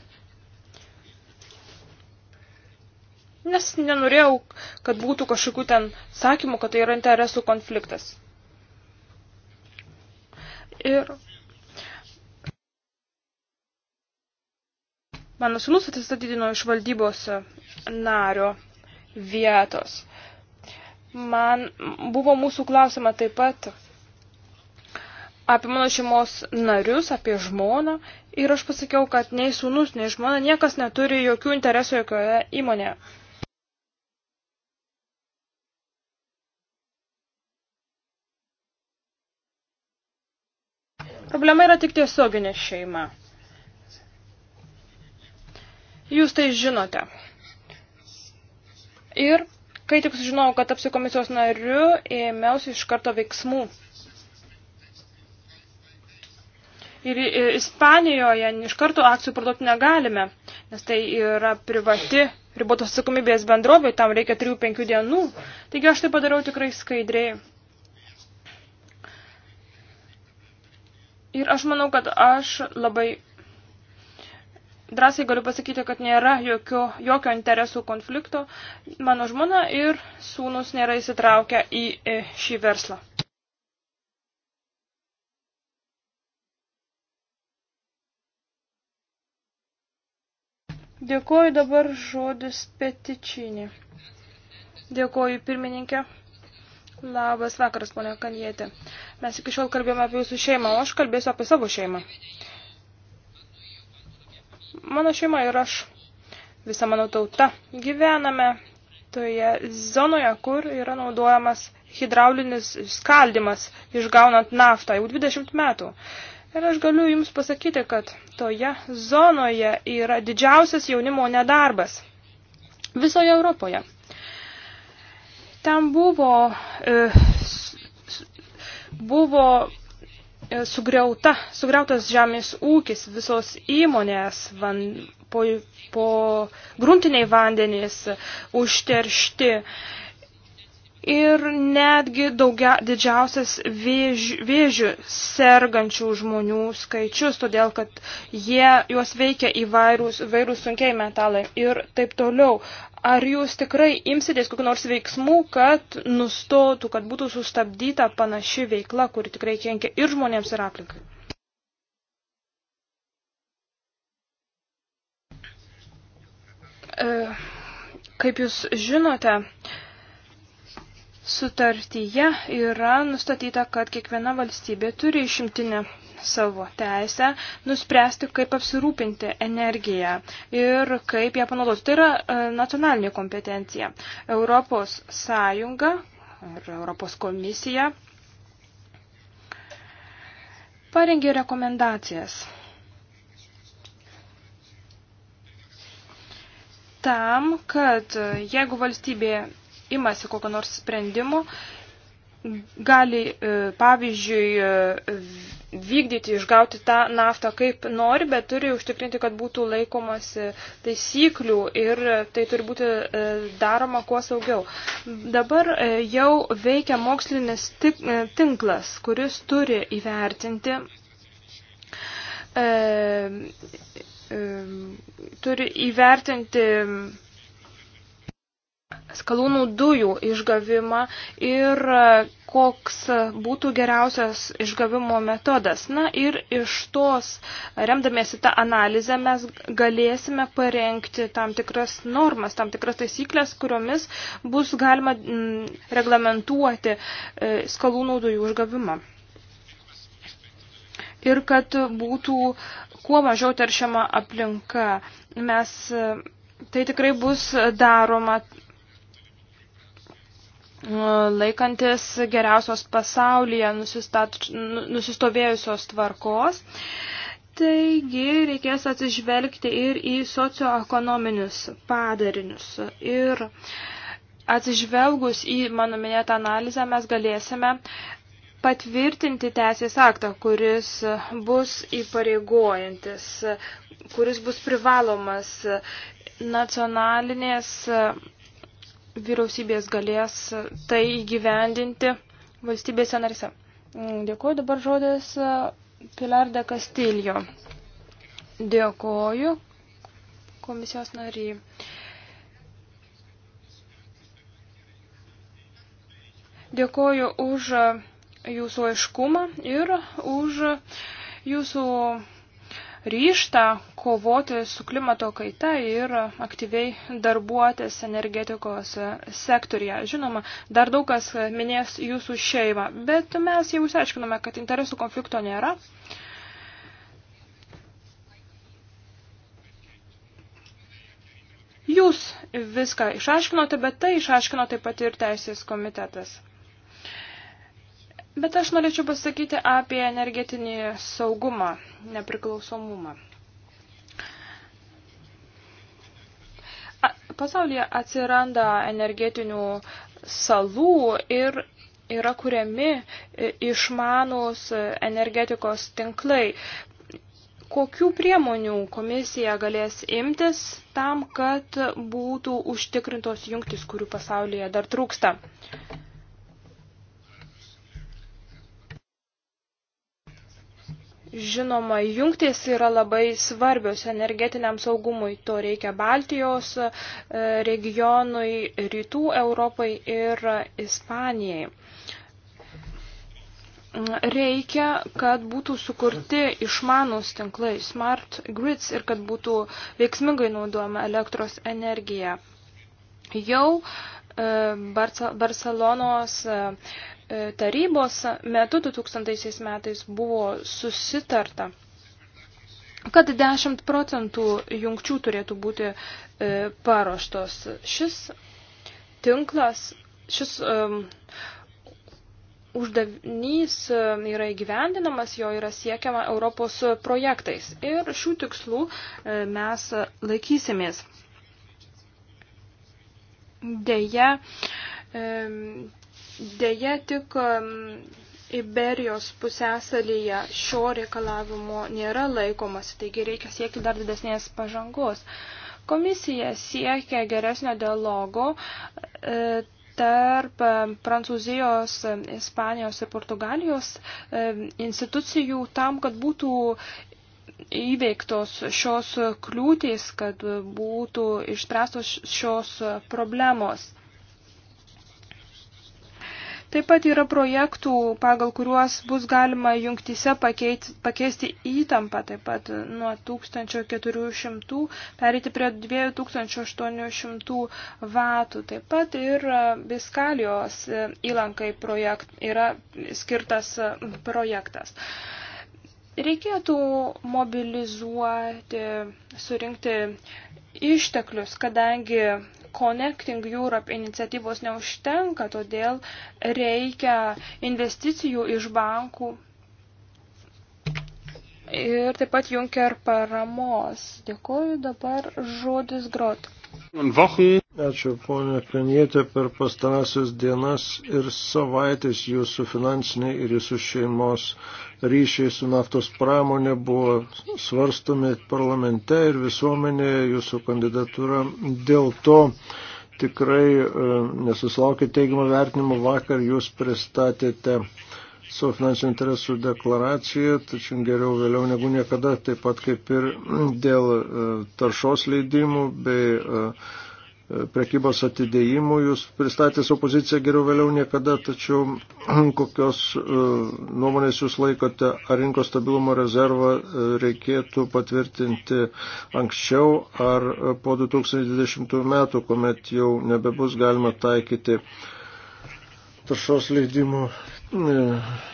nes nenorėjau, kad būtų kažkokių ten sakymų, kad tai yra interesų konfliktas. Ir mano sunus atsistatydino iš valdybos nario vietos. Man buvo mūsų klausima taip pat apie mano šeimos narius, apie žmoną ir aš pasakiau, kad nei sunus, nei žmona niekas neturi jokių interesų jokioje įmonėje. Problema yra tik tiesioginė šeima. Jūs tai žinote. Ir kai tik sužinojau, kad tapsiu komisijos nariu, ėmiausi iš karto veiksmų. Ir Ispanijoje iš karto akcijų parduoti negalime, nes tai yra privati ribotos atsakomybės bendrovė, tam reikia 3-5 dienų. Taigi aš tai padariau tikrai skaidriai. Ir aš manau, kad aš labai drąsiai galiu pasakyti, kad nėra jokio, jokio interesų konflikto. Mano žmona ir sūnus nėra įsitraukę į e, šį verslą. Dėkuoju dabar žodis petičinį. Dėkuoju pirmininkė. Labas vakaras, ponia Kanietė. Mes iki šiol kalbėjome apie jūsų šeimą, o aš kalbėsiu apie savo šeimą. Mano šeima ir aš, visa mano tauta, gyvename toje zonoje, kur yra naudojamas hidraulinis skaldimas, išgaunant naftą jau 20 metų. Ir aš galiu Jums pasakyti, kad toje zonoje yra didžiausias jaunimo nedarbas visoje Europoje. Ten buvo, e, buvo e, sugriauta, sugriautas žemės ūkis, visos įmonės van, po, po gruntiniai vandenys užteršti. Ir netgi daugia, didžiausias vėž, vėžių sergančių žmonių skaičius, todėl kad jie, juos veikia įvairūs, įvairūs sunkiai metalai ir taip toliau ar jūs tikrai imsitės kokiu nors veiksmu, kad nustotų, kad būtų sustabdyta panaši veikla, kuri tikrai kenkia ir žmonėms, ir aplinkai? E, kaip jūs žinote, sutartyje yra nustatyta, kad kiekviena valstybė turi išimtinę savo teisę nuspręsti, kaip apsirūpinti energiją ir kaip ją panaudoti. Tai yra e, nacionalinė kompetencija. Europos Sąjunga ir Europos komisija parengė rekomendacijas tam, kad jeigu valstybė imasi kokio nors sprendimo, gali, e, pavyzdžiui, e, vykdyti, išgauti tą naftą kaip nori, bet turi užtikrinti, kad būtų laikomasi taisyklių ir tai turi būti e, daroma kuo saugiau. Dabar jau veikia mokslinis tinklas, kuris turi įvertinti turi įvertinti skalūnų dujų išgavimą ir koks būtų geriausias išgavimo metodas. Na ir iš tos, remdamiesi tą analizę, mes galėsime parengti tam tikras normas, tam tikras taisyklės, kuriomis bus galima mm, reglamentuoti e, skalūnų dujų išgavimą. Ir kad būtų kuo mažiau teršiama aplinka. Mes e, tai tikrai bus daroma laikantis geriausios pasaulyje nu, nusistovėjusios tvarkos. Taigi reikės atsižvelgti ir į socioekonominius padarinius. Ir atsižvelgus į mano minėtą analizę mes galėsime patvirtinti teisės aktą, kuris bus įpareigojantis, kuris bus privalomas nacionalinės vyriausybės galės tai įgyvendinti valstybėse narise. Mm, dėkuoju dabar žodės e, Pilar de Castillo. Dėkuoju komisijos nariai. Dėkuoju už e, jūsų aiškumą ir už e, jūsų ryštą kovoti su klimato kaita ir aktyviai darbuotis energetikos sektorija. Žinoma, dar daug kas minės jūsų šeimą, bet mes jau išsiaiškinome, kad interesų konflikto nėra. Jūs viską išaiškinote, bet tai išaiškino taip pat ir teisės komitetas. Bet aš norėčiau pasakyti apie energetinį saugumą, nepriklausomumą. pasaulyje atsiranda energetinių salų ir yra kuriami e, išmanus energetikos tinklai. Kokių priemonių komisija galės imtis tam, kad būtų užtikrintos jungtis, kurių pasaulyje dar trūksta? Žinoma, jungtis yra labai svarbios energetiniam saugumui. To reikia Baltijos e, regionui, rytų Europai ir Ispanijai. Reikia, kad būtų sukurti išmanus tinklai, smart grids ir kad būtų veiksmingai naudojama elektros energija. Jau e, Barcelonos e, E, tarybos metu 2000 metais buvo susitarta, kad 10 procentų jungčių turėtų būti e, paruoštos. Šis tinklas, šis um, uždavinys e, yra įgyvendinamas, jo yra siekiama Europos projektais. Ir šių tikslų mes laikysimės. Deja, Deja, tik Iberijos pusėsalyje šio reikalavimo nėra laikomas, taigi reikia siekti dar didesnės pažangos. Komisija siekia geresnio dialogo e, tarp Prancūzijos, Ispanijos ir Portugalijos institucijų tam, kad būtų įveiktos šios kliūtys, kad būtų išspręstos šios problemos. Taip pat yra projektų, pagal kuriuos bus galima jungtise pakeit, pakeisti įtampą, taip pat nuo 1400 perėti prie 2800 vatų. Taip pat ir e, Biskalijos e, įlankai projekt, yra skirtas e, projektas. Reikėtų mobilizuoti, surinkti išteklius, kadangi Connecting Europe iniciatyvos neužtenka, todėl reikia investicijų iš bankų ir taip pat Junker paramos. Dėkuoju dabar žodis grot. Ačiū, ponė Klenietė, per pastarąsias dienas ir savaitės jūsų finansiniai ir jūsų šeimos ryšiai su naftos pramonė buvo svarstomi parlamente ir visuomenėje jūsų kandidatūra. Dėl to tikrai e, nesusilaukė teigiamą vertinimą vakar, jūs pristatėte savo finansinių interesų deklaraciją, tačiau geriau vėliau negu niekada, taip pat kaip ir dėl e, taršos leidimų bei e, e, prekybos atidėjimų. Jūs pristatė savo poziciją geriau vėliau niekada, tačiau kokios nuomonės jūs laikote, ar rinkos stabilumo rezervą reikėtų patvirtinti anksčiau ar po 2020 metų, kuomet jau nebebus galima taikyti taršos leidimų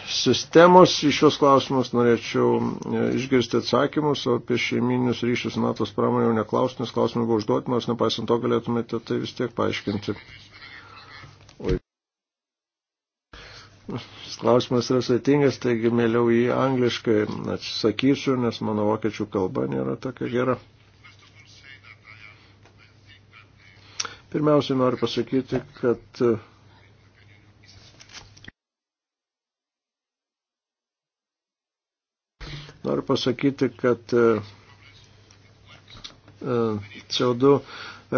sistemos iš šios klausimus norėčiau e, išgirsti atsakymus, o apie šeiminius ryšius NATO's pramonę jau neklaus, nes klausimai buvo užduoti, nors nepaisant to galėtumėte tai vis tiek paaiškinti. Oi. Klausimas yra sveitingas, taigi mėliau jį angliškai atsakysiu, nes mano vokiečių kalba nėra tokia gera. Pirmiausiai noriu pasakyti, kad e, Noriu pasakyti, kad e, e, CO2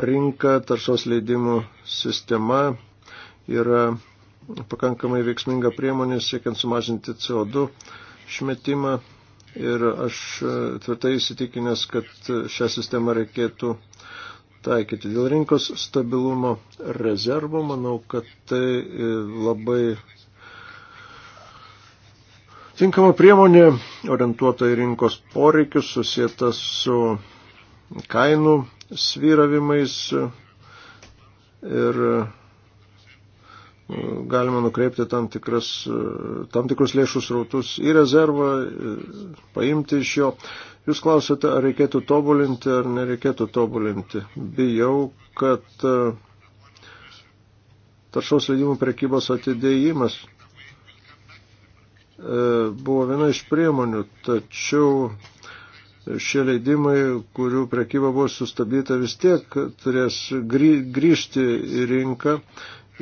rinka, taršos leidimų sistema yra pakankamai veiksminga priemonė siekiant sumažinti CO2 išmetimą ir aš e, tvirtai įsitikinęs, kad šią sistemą reikėtų taikyti. Dėl rinkos stabilumo rezervo manau, kad tai labai Tinkama priemonė orientuota į rinkos poreikius, susijęta su kainų svyravimais ir e, galima nukreipti tam, tikras, e, tam tikrus lėšus rautus į rezervą, e, paimti iš jo. Jūs klausėte, ar reikėtų tobulinti, ar nereikėtų tobulinti. Bijau, kad taršaus leidimų prekybos atidėjimas E, buvo viena iš priemonių, tačiau šie leidimai, kurių prekyba buvo sustabdyta, vis tiek turės grįžti į rinką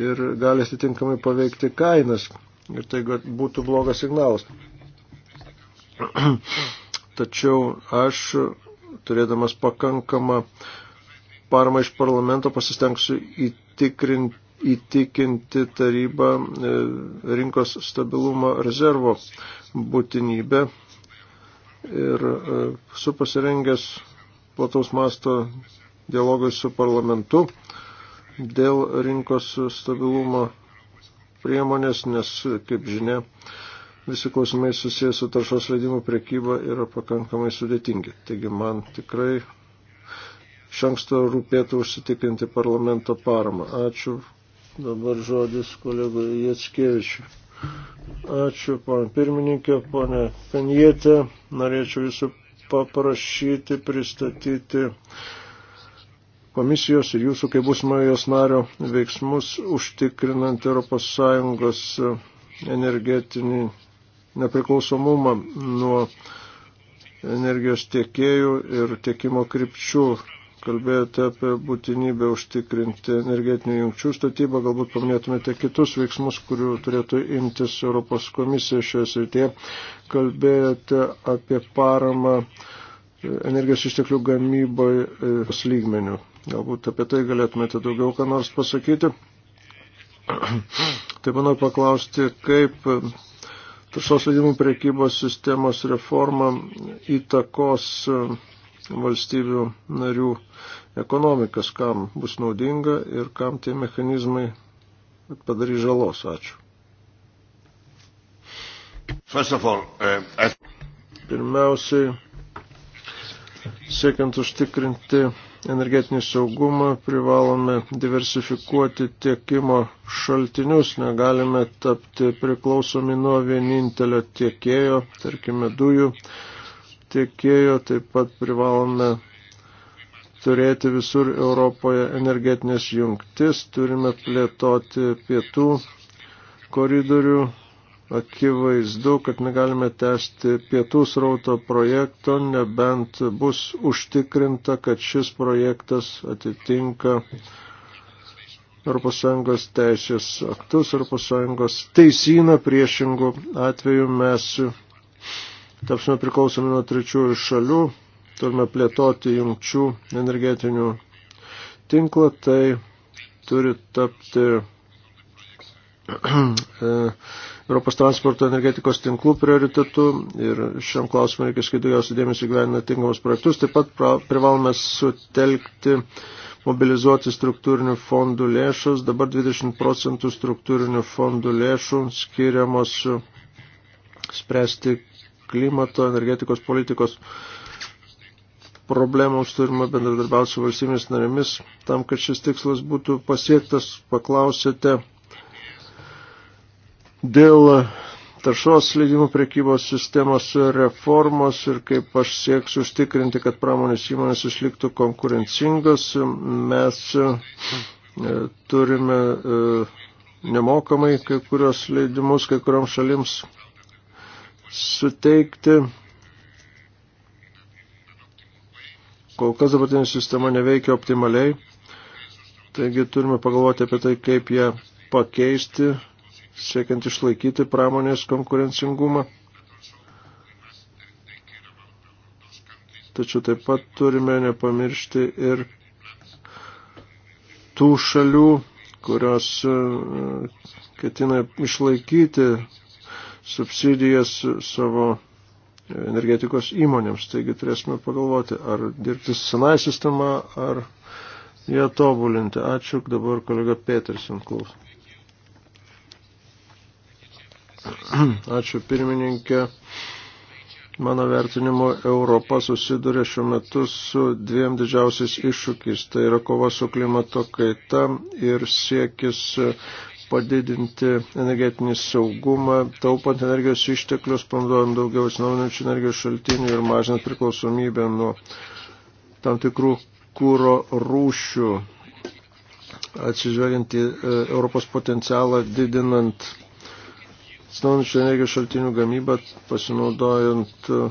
ir gali atitinkamai paveikti kainas. Ir tai būtų blogas signalas. Tačiau aš, turėdamas pakankamą paramą iš parlamento, pasistengsiu įtikrinti įtikinti tarybą e, rinkos stabilumo rezervo būtinybę ir e, su pasirengęs plataus masto dialogui su parlamentu dėl rinkos stabilumo priemonės, nes, kaip žinia, visi klausimai susijęs su taršos leidimų prekyba yra pakankamai sudėtingi. Taigi man tikrai šanksto rūpėtų užsitikrinti parlamento paramą. Ačiū Dabar žodis kolegų Jatskevičiu. Ačiū, ponė pirmininkė, ponė Penjetė. Norėčiau jūsų paprašyti, pristatyti komisijos ir jūsų kaip būsimojos nario veiksmus užtikrinant ES energetinį nepriklausomumą nuo energijos tiekėjų ir tiekimo krypčių kalbėjote apie būtinybę užtikrinti energetinių jungčių statybą, galbūt paminėtumėte kitus veiksmus, kurių turėtų imtis Europos komisija šioje srityje. Kalbėjote apie paramą energijos išteklių gamyboje lygmenių. Galbūt apie tai galėtumėte daugiau ką nors pasakyti. Taip manau paklausti, kaip taršos leidimų priekybos sistemos reforma įtakos e, valstybių narių ekonomikas, kam bus naudinga ir kam tie mechanizmai padarys žalos. Ačiū. All, uh, Pirmiausiai, siekiant užtikrinti energetinį saugumą, privalome diversifikuoti tiekimo šaltinius, negalime tapti priklausomi nuo vienintelio tiekėjo, tarkime dujų tiekėjo, taip pat privalome turėti visur Europoje energetinės jungtis, turime plėtoti pietų koridorių. Akivaizdu, kad negalime tęsti pietų srauto projekto, nebent bus užtikrinta, kad šis projektas atitinka ES teisės aktus, ES teisyną priešingų atveju mes tapsime priklausomi nuo trečiųjų šalių, turime plėtoti jungčių energetinių tinklą, tai turi tapti e, Europos transporto energetikos tinklų prioritetų ir šiam klausimui reikia skaitų jos dėmesį gyvenina tinkamus projektus. Taip pat privalome sutelkti, mobilizuoti struktūrinių fondų lėšus. Dabar 20 procentų struktūrinių fondų lėšų skiriamos spręsti klimato, energetikos politikos problemoms turime bendradarbiauti su valstybės narėmis. Tam, kad šis tikslas būtų pasiektas, paklausėte dėl taršos leidimų prekybos sistemos reformos ir kaip aš sieksiu užtikrinti, kad pramonės įmonės išliktų konkurencingos. Mes e, turime e, nemokamai kai kurios leidimus kai kurioms šalims suteikti. Kol kas dabartinė sistema neveikia optimaliai, taigi turime pagalvoti apie tai, kaip ją pakeisti, siekiant išlaikyti pramonės konkurencingumą. Tačiau taip pat turime nepamiršti ir tų šalių, kurios e, ketina išlaikyti subsidijas savo energetikos įmonėms. Taigi turėsime pagalvoti, ar dirbti su senai sistema, ar ją tobulinti. Ačiū, dabar kolega Petersen klaus. Ačiū pirmininkė. Mano vertinimu, Europa susiduria šiuo metu su dviem didžiausiais iššūkiais. Tai yra kova su klimato kaita ir siekis padidinti energetinį saugumą, taupant energijos išteklius, panaudojant daugiau atsinaujinančių energijos šaltinių ir mažinant priklausomybę nuo tam tikrų kūro rūšių, atsižvelgiant į e, Europos potencialą, didinant atsinaujinančių energijos šaltinių gamybą, pasinaudojant e,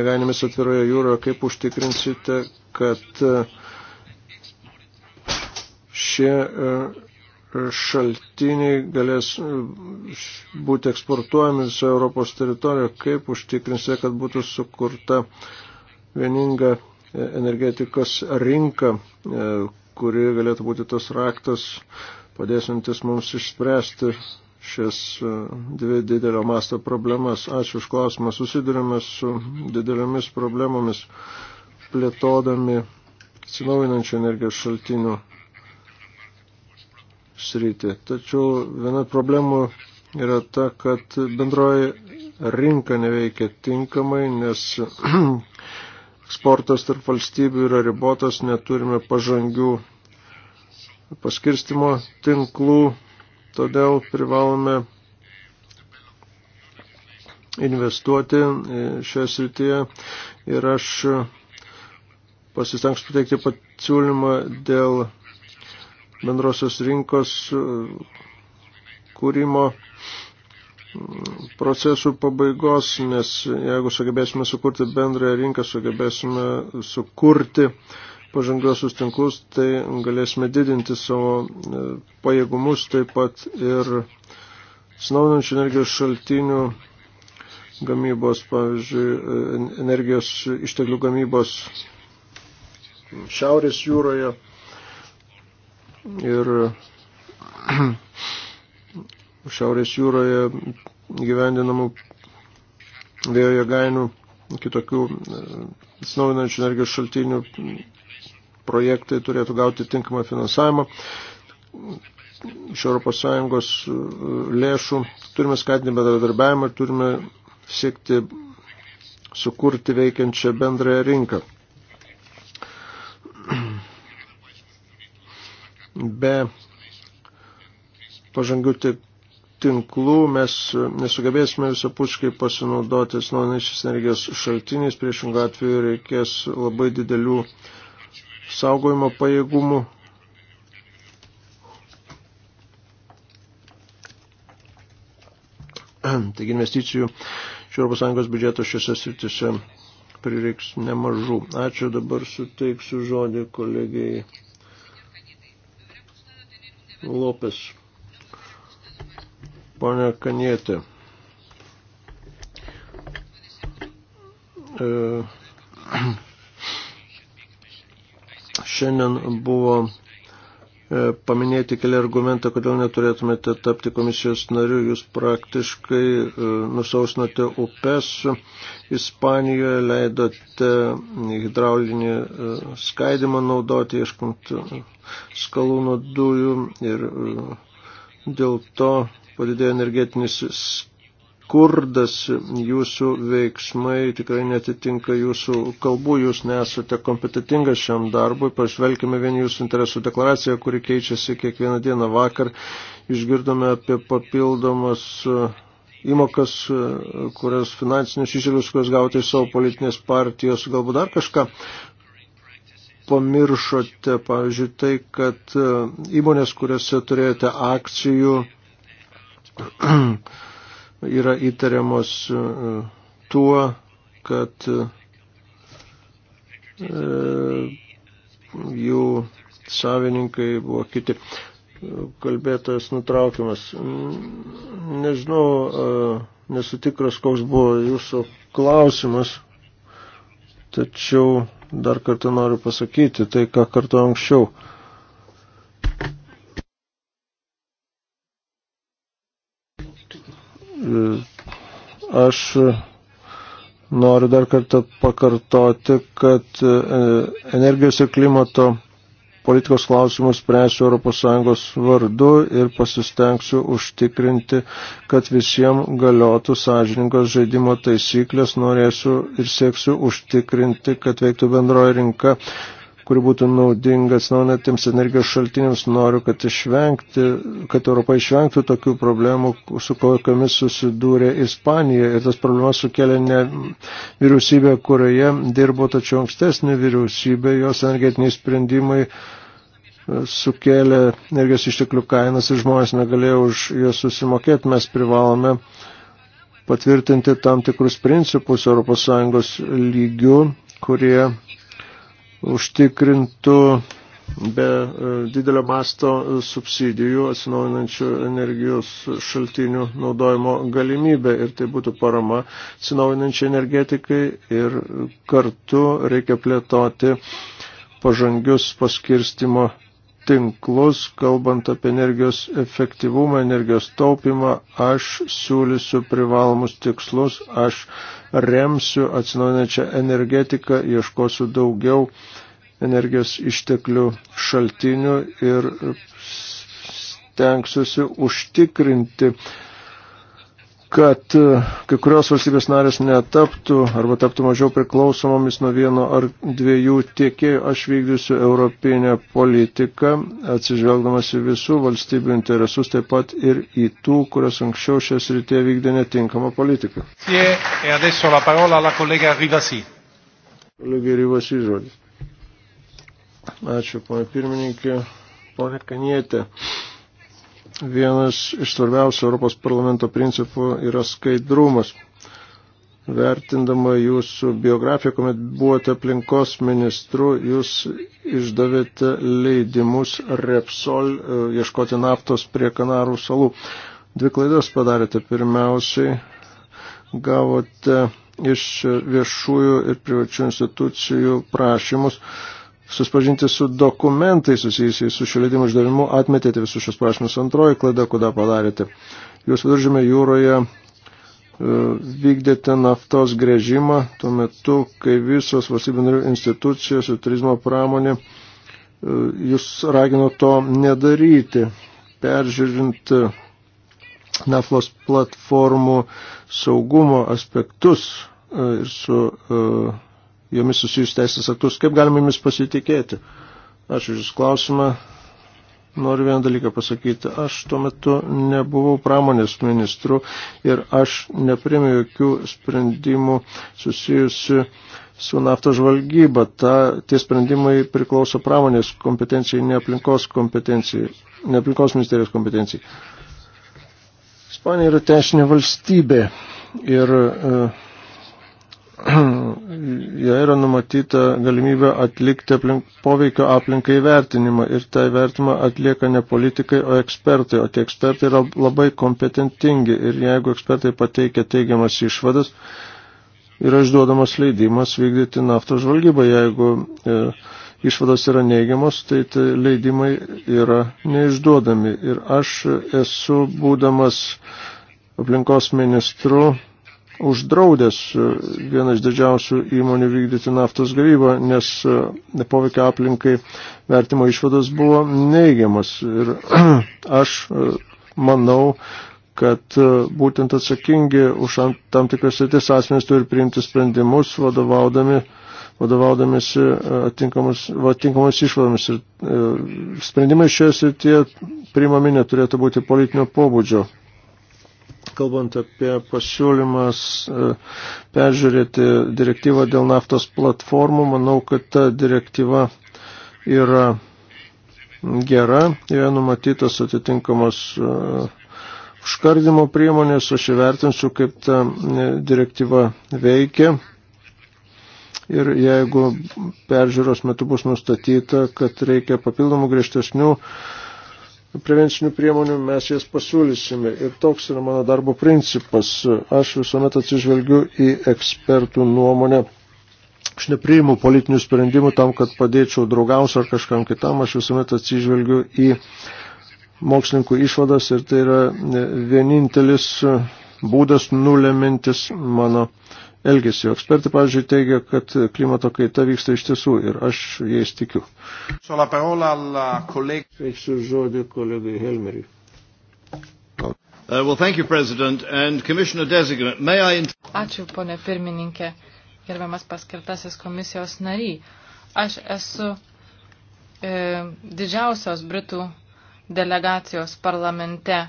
jėgainėmis atviroje jūroje, kaip užtikrinsite, kad e, šie šaltiniai galės būti eksportuojami viso Europos teritorijoje, kaip užtikrinsite, kad būtų sukurta vieninga e, energetikos rinka, e, kuri galėtų būti tas raktas, padėsantis mums išspręsti šias e, dvi didelio masto problemas. Ačiū už klausimą. Susidurime su dideliomis problemomis plėtodami atsinaujinančių energijos šaltinių sritį. Tačiau viena problemų yra ta, kad bendroji rinka neveikia tinkamai, nes eksportas tarp valstybių yra ribotas, neturime pažangių paskirstimo tinklų, todėl privalome investuoti šioje srityje ir aš pasistengsiu pateikti pasiūlymą dėl bendrosios rinkos e, kūrimo procesų pabaigos, nes jeigu sugebėsime sukurti bendrąją rinką, sugebėsime sukurti pažangiosius tinklus, tai galėsime didinti savo e, pajėgumus taip pat ir atsinaujinančių energijos šaltinių gamybos, pavyzdžiui, e, energijos išteklių gamybos Šiaurės jūroje ir Šiaurės jūroje gyvendinamų vėjo jėgainių kitokių e, atsinaujinančių energijos šaltinių projektai turėtų gauti tinkamą finansavimą iš ES e, lėšų. Turime skatinti bendradarbiavimą ir turime siekti sukurti veikiančią bendrąją rinką. be pažangių tinklų mes nesugebėsime visapuškai pasinaudoti atsinaujinančiais energijos šaltiniais, priešingų atveju reikės labai didelių saugojimo pajėgumų. Taigi investicijų iš ES biudžeto šiose sritise prireiks nemažų. Ačiū, dabar suteiksiu žodį kolegijai Lopes. Pane Kanietė. E, šiandien buvo E, paminėti keli argumentai, kodėl neturėtumėte tapti komisijos nariu. Jūs praktiškai e, nusausinote upes Ispanijoje, leidote hidraulinį e, skaidimą naudoti, ieškant skalūno dujų ir dėl to padidėjo energetinis skurdas, jūsų veiksmai tikrai netitinka jūsų kalbų, jūs nesate kompetitingas šiam darbui. Pažvelkime vien jūsų interesų deklaraciją, kuri keičiasi kiekvieną dieną vakar. Išgirdome apie papildomas e, įmokas, e, kurias finansinius išėlius, kurias gauti iš savo politinės partijos, galbūt dar kažką pamiršote, pavyzdžiui, tai, kad e, įmonės, kuriuose turėjote akcijų, yra įtariamos e, tuo, kad e, jų savininkai buvo kiti. Kalbėtojas nutraukiamas. Nežinau, e, nesu tikras, koks buvo jūsų klausimas, tačiau dar kartą noriu pasakyti tai, ką kartu anksčiau. Aš e, noriu dar kartą pakartoti, kad e, energijos ir klimato politikos klausimus spręsiu ES vardu ir pasistengsiu užtikrinti, kad visiems galiotų sąžiningos žaidimo taisyklės, norėsiu ir sieksiu užtikrinti, kad veiktų bendroji rinka kuri būtų naudinga atsinaujinantiems energijos šaltiniams. Noriu, kad, išvengti, kad Europa išvengtų tokių problemų, su kokiamis susidūrė Ispanija. Ir tas problemas sukėlė ne vyriausybė, kurioje dirbo, tačiau ankstesnė vyriausybė, jos energetiniai sprendimai e, sukėlė energijos išteklių kainas ir žmonės negalėjo už juos susimokėti. Mes privalome patvirtinti tam tikrus principus ES lygių, kurie užtikrintų be e, didelio masto subsidijų atsinaujinančių energijos šaltinių naudojimo galimybę ir tai būtų parama atsinaujinančiai energetikai ir kartu reikia plėtoti pažangius paskirstimo tinklus, kalbant apie energijos efektyvumą, energijos taupimą, aš siūlysiu privalomus tikslus, aš remsiu atsinaujinančią energetiką, ieškosiu daugiau energijos išteklių šaltinių ir stengsiuosi užtikrinti kad e, kai kurios valstybės narės netaptų arba taptų mažiau priklausomomis nuo vieno ar dviejų tiekėjų, aš vykdysiu europinę politiką, atsižvelgdamas į visų valstybių interesus, taip pat ir į tų, kurios anksčiau šią srityje vykdė netinkamą politiką. Kolegė e Ryvasi žodis. Ačiū, ponė pirmininkė, ponė Kanietė. Vienas iš svarbiausių Europos parlamento principų yra skaidrumas. Vertindama jūsų biografiją, kuomet buvote aplinkos ministru, jūs išdavėte leidimus Repsol e, ieškoti naftos prie Kanarų salų. Dvi klaidas padarėte. Pirmiausiai gavote iš viešųjų ir privačių institucijų prašymus suspažinti su dokumentais susijusiais su šio leidimo išdavimu, atmetėte visus šios prašymus. Antroji klaida, kodėl padarėte. Jūs viduržėme jūroje e, vykdėte naftos grėžimą tuo metu, kai visos valstybių narių institucijos ir turizmo pramonė e, jūs ragino to nedaryti, peržiūrint e, naftos platformų saugumo aspektus ir su uh, jomis susijus teisės aktus. Kaip galime jomis pasitikėti? Ačiū už Jūsų klausimą. Noriu vieną dalyką pasakyti. Aš tuo metu nebuvau pramonės ministru ir aš neprimėjau jokių sprendimų susijusių su naftos žvalgyba. Ta, tie sprendimai priklauso pramonės kompetencijai, ne aplinkos kompetencijai, ne aplinkos ministerijos kompetencijai. Ispanija yra teisinė valstybė ir uh, joje yra numatyta galimybė atlikti aplink, poveikio aplinkai vertinimą ir tą vertimą atlieka ne politikai, o ekspertai, o tie ekspertai yra labai kompetentingi ir jeigu ekspertai pateikia teigiamas išvadas, yra išduodamas leidimas vykdyti naftos žvalgybą, jeigu e, išvados yra neigiamos, tai, tai leidimai yra neišduodami. Ir aš esu būdamas aplinkos ministru uždraudęs e, vienas didžiausių įmonių vykdyti naftos gavybą, nes e, poveikia aplinkai vertimo išvados buvo neigiamas. Ir aš e, manau, kad būtent atsakingi už tam tikras sritis asmenys turi priimti sprendimus, vadovaudami vadovaudamėsi atinkamos išvadomis. Ir sprendimai šioje srityje priimami neturėtų būti politinio pobūdžio kalbant apie pasiūlymas e, peržiūrėti direktyvą dėl naftos platformų, manau, kad ta direktyva yra gera, joje numatytas atitinkamos e, užkardimo priemonės, aš įvertinsiu, kaip ta e, direktyva veikia. Ir jeigu peržiūros metu bus nustatyta, kad reikia papildomų griežtesnių prevencinių priemonių, mes jas pasiūlysime. Ir toks yra mano darbo principas. Aš visuomet atsižvelgiu į ekspertų nuomonę. Aš nepriimu politinių sprendimų tam, kad padėčiau draugams ar kažkam kitam. Aš visuomet atsižvelgiu į mokslininkų išvadas ir tai yra vienintelis būdas nulemintis mano uh, elgesio. Ekspertai, pavyzdžiui, teigia, kad klimato kaita vyksta iš tiesų ir aš jais tikiu. Sveiksiu žodį kolegai Helmeriui. Uh, well, thank you, President and Commissioner Designate. May I... Ačiū, ponė pirmininkė, gerbiamas paskirtasis komisijos nary. Aš esu e, didžiausios Britų delegacijos parlamente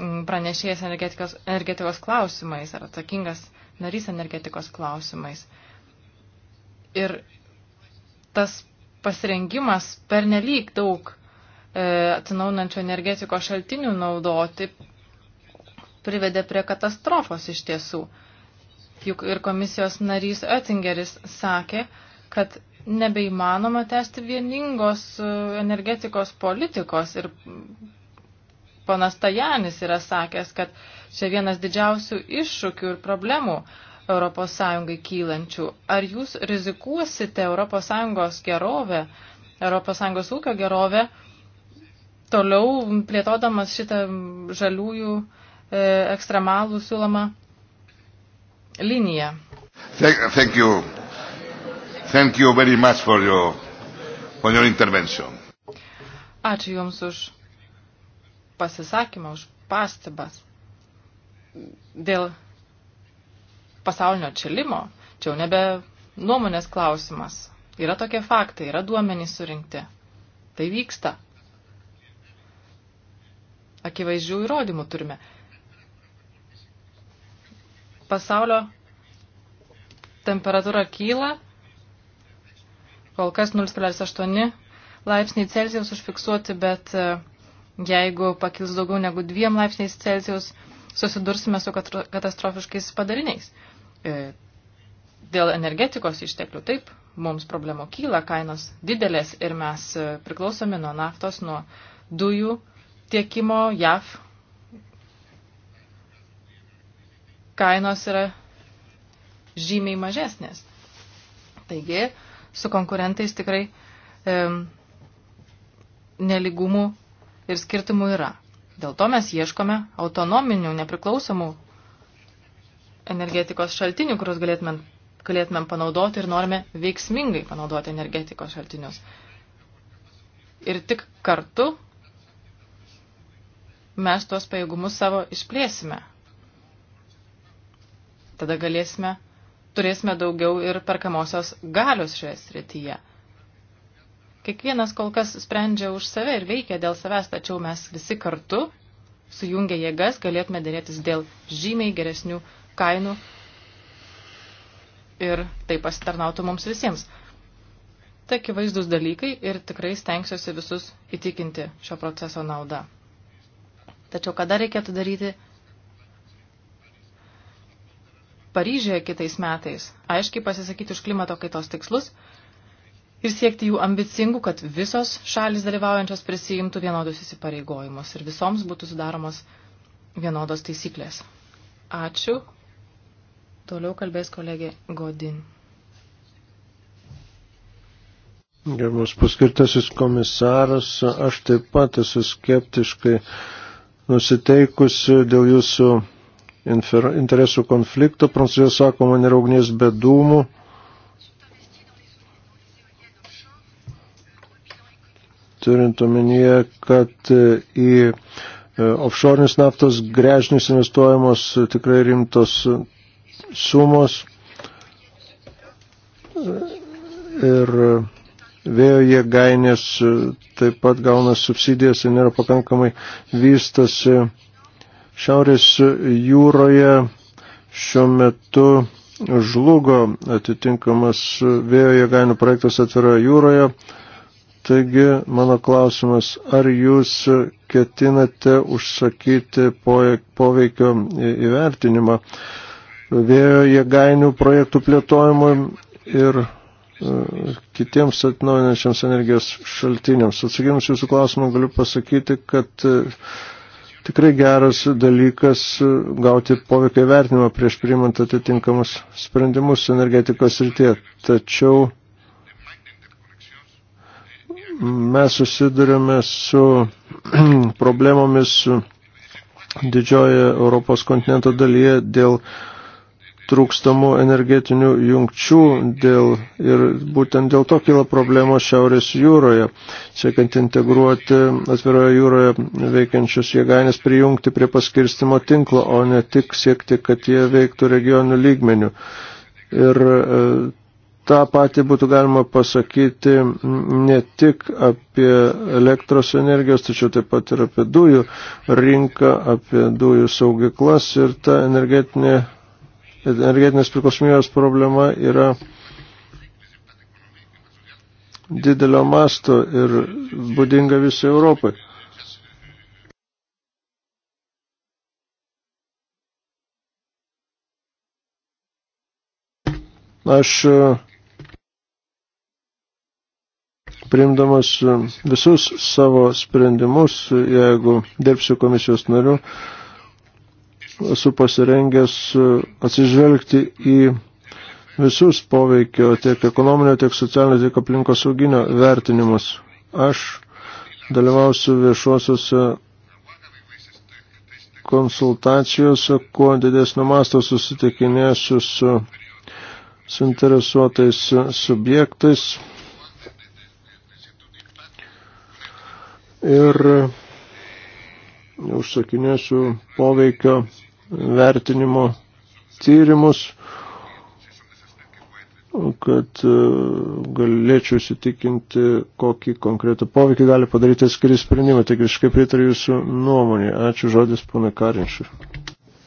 pranešėjas energetikos, energetikos klausimais ar atsakingas narys energetikos klausimais. Ir tas pasirengimas per nelyg daug e, atsinaunančių energetikos šaltinių naudoti privedė prie katastrofos iš tiesų. Juk ir komisijos narys Oettingeris sakė, kad nebeįmanoma tęsti vieningos e, energetikos politikos ir ponas Tajanis yra sakęs, kad čia vienas didžiausių iššūkių ir problemų ES kylančių. Ar jūs rizikuosite ES gerovę, ES ūkio gerovę, toliau plėtodamas šitą žaliųjų e, ekstremalų siūlomą liniją? Thank, thank you. Thank you very much for your, for your intervention. Ačiū Jums už pasisakymą, už pastabas dėl pasaulinio atšilimo. Čia jau nebe nuomonės klausimas. Yra tokie faktai, yra duomenys surinkti. Tai vyksta. Akivaizdžių įrodymų turime. Pasaulio temperatūra kyla, kol kas 0,8 laipsniai Celsijaus užfiksuoti, bet Jeigu pakils daugiau negu 2 laipsniais Celsijaus, susidursime su katastrofiškais padariniais. E, dėl energetikos išteklių taip, mums problemų kyla, kainos didelės ir mes e, priklausomi nuo naftos, nuo dujų tiekimo JAV. Kainos yra žymiai mažesnės. Taigi, su konkurentais tikrai e, neligumų ir skirtumų yra. Dėl to mes ieškome autonominių, nepriklausomų energetikos šaltinių, kuriuos galėtumėm, galėtumėm panaudoti ir norime veiksmingai panaudoti energetikos šaltinius. Ir tik kartu mes tuos pajėgumus savo išplėsime. Tada galėsime, turėsime daugiau ir perkamosios galios šioje srityje. Kiekvienas kol kas sprendžia už save ir veikia dėl savęs, tačiau mes visi kartu, sujungę jėgas, galėtume dėrėtis dėl žymiai geresnių kainų ir tai pasitarnautų mums visiems. Tai akivaizdus dalykai ir tikrai stengsiuosi visus įtikinti šio proceso naudą. Tačiau kada reikėtų daryti Paryžėje kitais metais, aiškiai pasisakyti už klimato kaitos tikslus ir siekti jų ambicingų, kad visos šalis dalyvaujančios prisijimtų vienodus įsipareigojimus ir visoms būtų sudaromos vienodos taisyklės. Ačiū. Toliau kalbės kolegė Godin. Gerbos paskirtasis komisaras, aš taip pat esu skeptiškai nusiteikusi dėl jūsų interesų konflikto. Prancūzija sako, man yra ugnies be dūmų. turint omenyje, kad į e, offshore'inius naftos grežnius investuojamos tikrai rimtos sumos ir vėjo jėgainės taip pat gauna subsidijas ir nėra pakankamai vystosi. Šiaurės jūroje šiuo metu žlugo atitinkamas vėjo jėgainių projektas atviroje jūroje Taigi, mano klausimas, ar jūs ketinate užsakyti poveikio įvertinimą vėjo jėgainių projektų plėtojimui ir e, kitiems atnaujinančiams energijos šaltiniams. Atsakymus jūsų klausimą galiu pasakyti, kad e, tikrai geras dalykas e, gauti poveikio įvertinimą prieš priimant atitinkamus sprendimus energetikos rytie. Tačiau mes susidurime su problemomis didžioje Europos kontinento dalyje dėl trūkstamų energetinių jungčių dėl, ir būtent dėl to kila problemos Šiaurės jūroje, siekiant integruoti atviroje jūroje veikiančius jėgainės prijungti prie paskirstimo tinklo, o ne tik siekti, kad jie veiktų regionių lygmenių. Ir e, tą patį būtų galima pasakyti ne tik apie elektros energijos, tačiau taip pat ir apie dujų rinką, apie dujų saugiklas ir ta energetinė, energetinės priklausomybės problema yra didelio masto ir būdinga visai Europai. Aš primdamas e, visus savo sprendimus, jeigu dirbsiu komisijos nariu, esu pasirengęs e, atsižvelgti į visus poveikio tiek ekonominio, tiek socialinio, tiek aplinkos sauginio vertinimus. Aš dalyvausiu viešuosiuose konsultacijose, kuo didesnio masto susitikinėsiu su suinteresuotais subjektais, ir užsakinėsiu poveikio vertinimo tyrimus, kad e, galėčiau įsitikinti, kokį konkretų poveikį gali padaryti atskiri sprendimai. Taigi visiškai pritariu jūsų nuomonė. Ačiū žodis pana Karinšiu.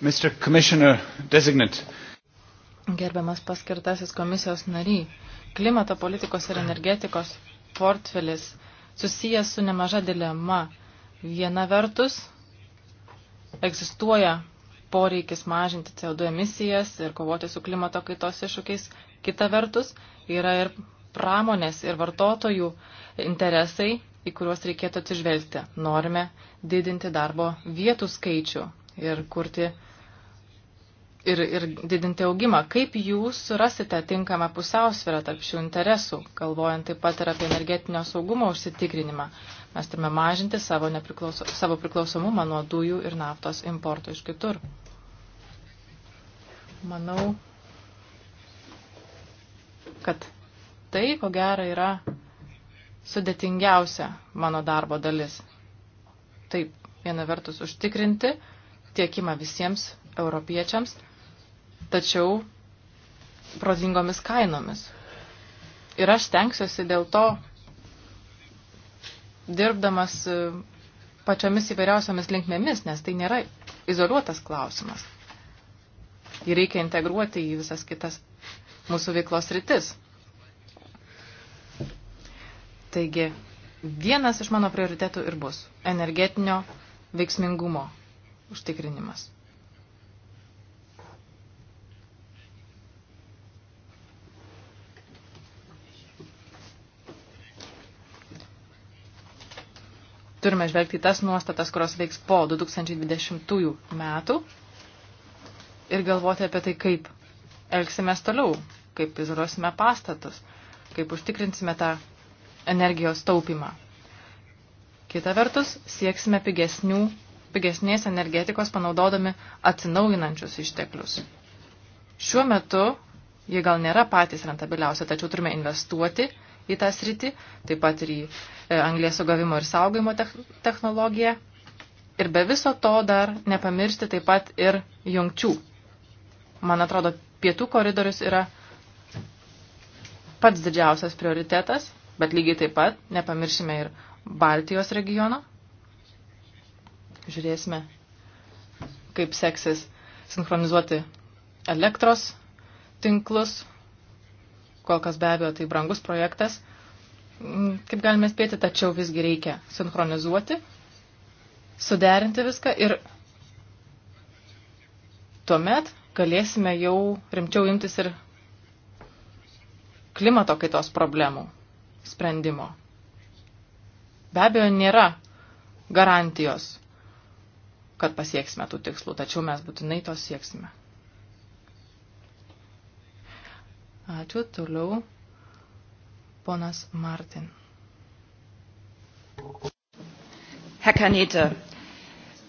Mr. Commissioner Designate. Gerbiamas paskirtasis komisijos nariai, klimato politikos ir energetikos portfelis susijęs su nemaža dilema. Viena vertus egzistuoja poreikis mažinti CO2 emisijas ir kovoti su klimato kaitos iššūkiais. Kita vertus yra ir pramonės ir vartotojų interesai, į kuriuos reikėtų atsižvelgti. Norime didinti darbo vietų skaičių ir kurti ir, ir didinti augimą. Kaip jūs rasite tinkamą pusiausvyrą tarp šių interesų, galvojant taip pat ir apie energetinio saugumo užsitikrinimą? Mes turime mažinti savo, nepriklauso, savo priklausomumą nuo dujų ir naftos importo iš kitur. Manau, kad tai, ko gera, yra sudėtingiausia mano darbo dalis. Taip, viena vertus užtikrinti tiekimą visiems europiečiams, tačiau prozingomis kainomis. Ir aš tenksiuosi dėl to, dirbdamas e, pačiomis įvairiausiamis linkmėmis, nes tai nėra izoliuotas klausimas. Jį reikia integruoti į visas kitas mūsų veiklos rytis. Taigi, vienas iš mano prioritetų ir bus energetinio veiksmingumo užtikrinimas. turime žvelgti tas nuostatas, kurios veiks po 2020 metų ir galvoti apie tai, kaip elgsimės toliau, kaip izoliuosime pastatus, kaip užtikrinsime tą energijos taupimą. Kita vertus, sieksime pigesnių, pigesnės energetikos panaudodami atsinaujinančius išteklius. Šiuo metu jie gal nėra patys rentabiliausia, tačiau turime investuoti į tą sritį, taip pat ir į e, anglės sugavimo ir saugojimo technologiją. Ir be viso to dar nepamiršti taip pat ir jungčių. Man atrodo, pietų koridorius yra pats didžiausias prioritetas, bet lygiai taip pat nepamiršime ir Baltijos regiono. Žiūrėsime, kaip seksis sinchronizuoti elektros tinklus Kol kas be abejo tai brangus projektas. Mm, kaip galime spėti, tačiau visgi reikia sinchronizuoti, suderinti viską ir tuomet galėsime jau rimčiau imtis ir klimato kaitos problemų sprendimo. Be abejo, nėra garantijos, kad pasieksime tų tikslų, tačiau mes būtinai to sieksime. Ačiū. Toliau ponas Martin. Herr Kanete,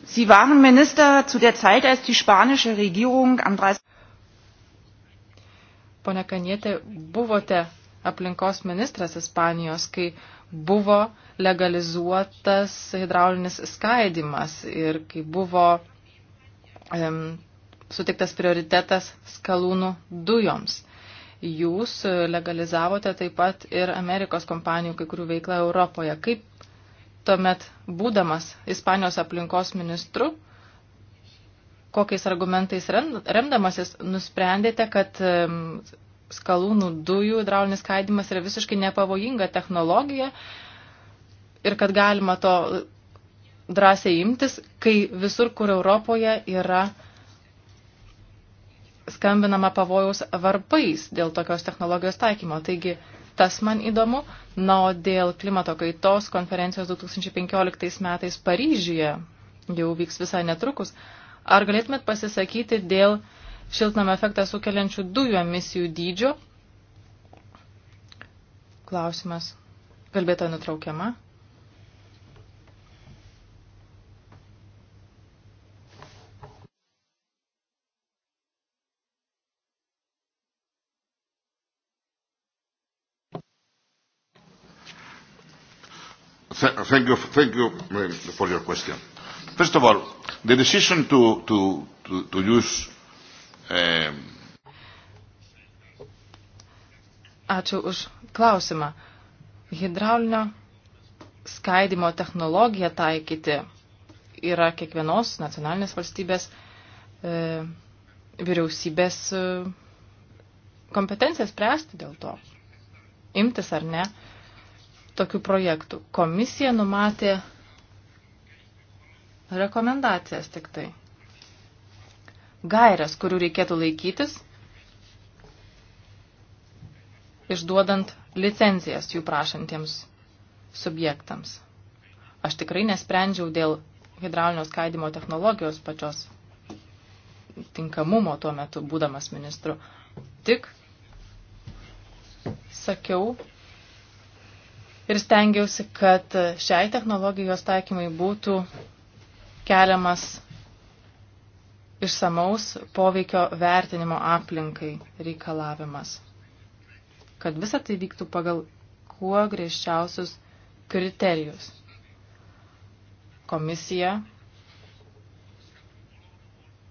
Sie waren Minister zu der Zeit, als die spanische Regierung am 30. Pone Kanietė, buvote aplinkos ministras Ispanijos, kai buvo legalizuotas hidraulinis skaidimas ir kai buvo um, sutiktas prioritetas skalūnų dujoms jūs legalizavote taip pat ir Amerikos kompanijų kai kurių veiklą Europoje. Kaip tuomet, būdamas Ispanijos aplinkos ministru, kokiais argumentais remdamasis nusprendėte, kad skalūnų dujų hidraulinis skaidimas yra visiškai nepavojinga technologija ir kad galima to drąsiai imtis, kai visur, kur Europoje yra skambinama pavojaus varpais dėl tokios technologijos taikymo. Taigi tas man įdomu. Na, o dėl klimato kaitos konferencijos 2015 metais Paryžiuje jau vyks visai netrukus. Ar galėtumėt pasisakyti dėl šiltnamio efektą sukeliančių dujų emisijų dydžio? Klausimas. Kalbėtoja nutraukiama. thank you, thank you eh, for your question. First of all, the decision to, to, to, to use. Um, Ačiū už klausimą. Hidraulinio skaidimo technologiją taikyti yra kiekvienos nacionalinės valstybės e, vyriausybės e, kompetencija spręsti dėl to. Imtis ar ne. E, tokių projektų. Komisija numatė rekomendacijas tik tai. Gairias, kurių reikėtų laikytis, išduodant licencijas jų prašantiems subjektams. Aš tikrai nesprendžiau dėl hidraulinio skaidimo technologijos pačios tinkamumo tuo metu, būdamas ministru. Tik sakiau, ir stengiausi, kad šiai technologijos taikymai būtų keliamas išsamaus poveikio vertinimo aplinkai reikalavimas. Kad visa tai vyktų pagal kuo griežčiausius kriterijus. Komisija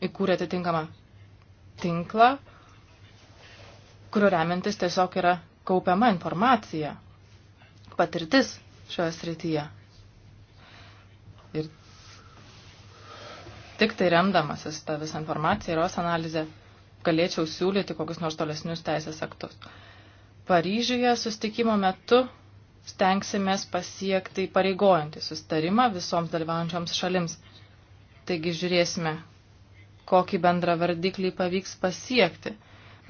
įkūrė atitinkamą tinklą, kuriuo remiantis tiesiog yra kaupiama informacija patirtis šioje srityje. Ir tik tai remdamasis tą visą informaciją ir jos analizę galėčiau siūlyti kokius nors tolesnius teisės aktus. Paryžiuje sustikimo metu stengsimės pasiekti pareigojantį sustarimą visoms dalyvaujančioms šalims. Taigi žiūrėsime, kokį bendrą vardiklį pavyks pasiekti.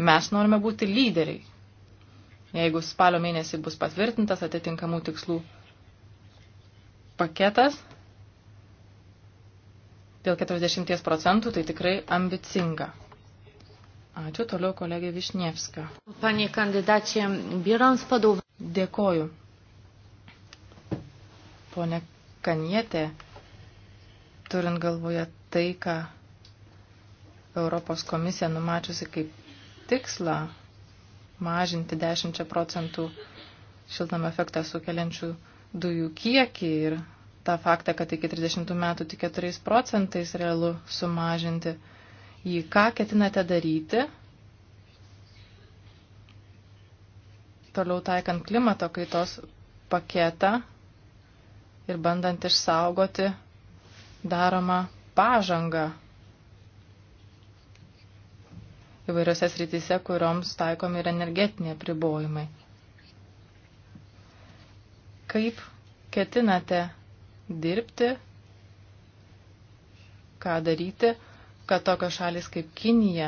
Mes norime būti lyderiai jeigu spalio mėnesį bus patvirtintas atitinkamų tikslų paketas dėl 40 procentų, tai tikrai ambicinga. Ačiū toliau kolegė Višnievska. Panie kandidačiai, biurams padau. Dėkoju. Pone Kanietė, turint galvoje tai, ką Europos komisija numačiusi kaip tikslą mažinti 10 procentų šiltnamio efektą sukeliančių dujų kiekį ir tą faktą, kad iki 30 metų tik 4 procentais realu sumažinti. Į ką ketinate daryti? Toliau taikant klimato kaitos paketą ir bandant išsaugoti daromą pažangą įvairiose srityse, kurioms taikomi ir energetiniai pribojimai. Kaip ketinate dirbti, ką daryti, kad tokios šalis kaip Kinija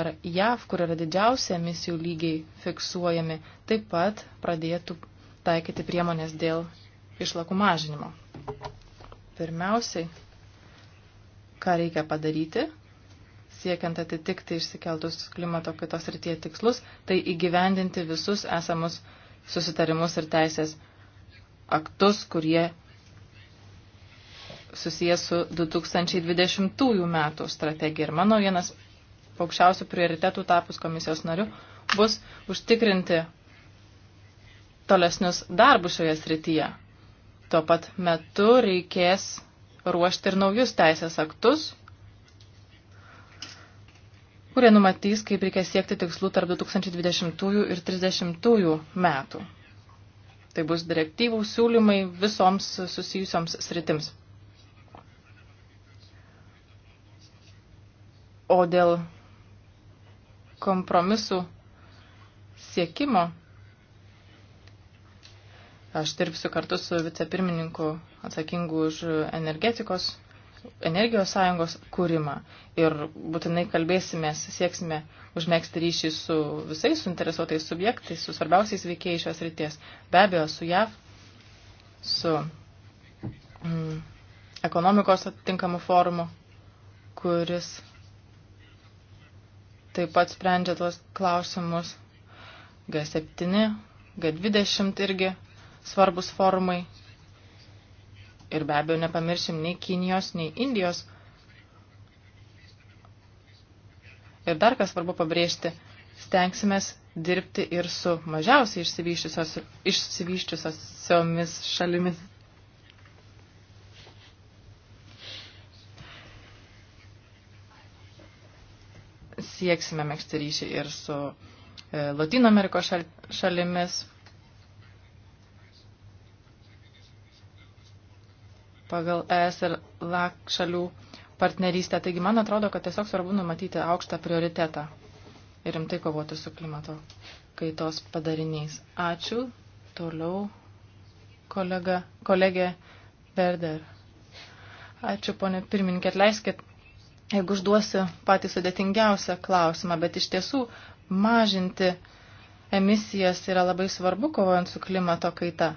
ar JAV, kur yra didžiausia emisijų lygiai fiksuojami, taip pat pradėtų taikyti priemonės dėl išlakų mažinimo. Pirmiausiai, ką reikia padaryti, siekiant atitikti išsikeltus klimato kitos rytie tikslus, tai įgyvendinti visus esamus susitarimus ir teisės aktus, kurie susijęs su 2020 metų strategija. Ir mano vienas aukščiausių prioritetų tapus komisijos nariu bus užtikrinti tolesnius darbus šioje srityje. Tuo pat metu reikės ruošti ir naujus teisės aktus, kurie numatys, kaip reikia siekti tikslų tarp 2020 ir 30 metų. Tai bus direktyvų siūlymai visoms susijusioms sritims. O dėl kompromisų siekimo aš dirbsiu kartu su vicepirmininku atsakingu už energetikos energijos sąjungos kūrimą ir būtinai kalbėsimės, sieksime užmėgsti ryšį su visais suinteresuotais subjektais, su svarbiausiais veikėjais šios ryties. Be abejo, su JAV, su mm, ekonomikos atitinkamu forumu, kuris taip pat sprendžia tos klausimus. G7, G20 irgi svarbus forumai Ir be abejo, nepamiršim nei Kinijos, nei Indijos. Ir dar kas svarbu pabrėžti, stengsimės dirbti ir su mažiausiai išsivyščiusiomis šalimis. Sieksime mėgsti ryšį ir su e, Latino Amerikos šal, šalimis, pagal ES ir LAK šalių partnerystę. Taigi man atrodo, kad tiesiog svarbu numatyti aukštą prioritetą ir rimtai kovoti su klimato kaitos padariniais. Ačiū. Toliau kolega, kolegė Berder. Ačiū, ponė pirmininkė, atleiskit, jeigu užduosiu patį sudėtingiausią klausimą, bet iš tiesų mažinti emisijas yra labai svarbu kovojant su klimato kaita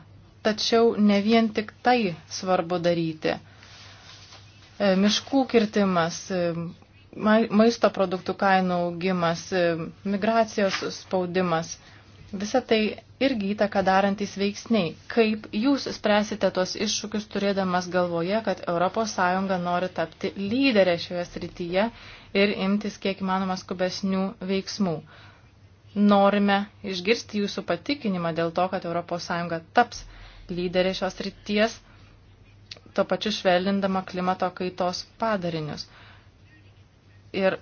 tačiau ne vien tik tai svarbu daryti. E, miškų kirtimas, e, maisto produktų kainų augimas, e, migracijos spaudimas. Visa tai irgi įtaka darantys veiksniai. Kaip jūs spręsite tos iššūkius turėdamas galvoje, kad ES nori tapti lyderę šioje srityje ir imtis kiek įmanoma skubesnių veiksmų? Norime išgirsti jūsų patikinimą dėl to, kad ES taps lyderė šios ryties, to pačiu švelnindama klimato kaitos padarinius. Ir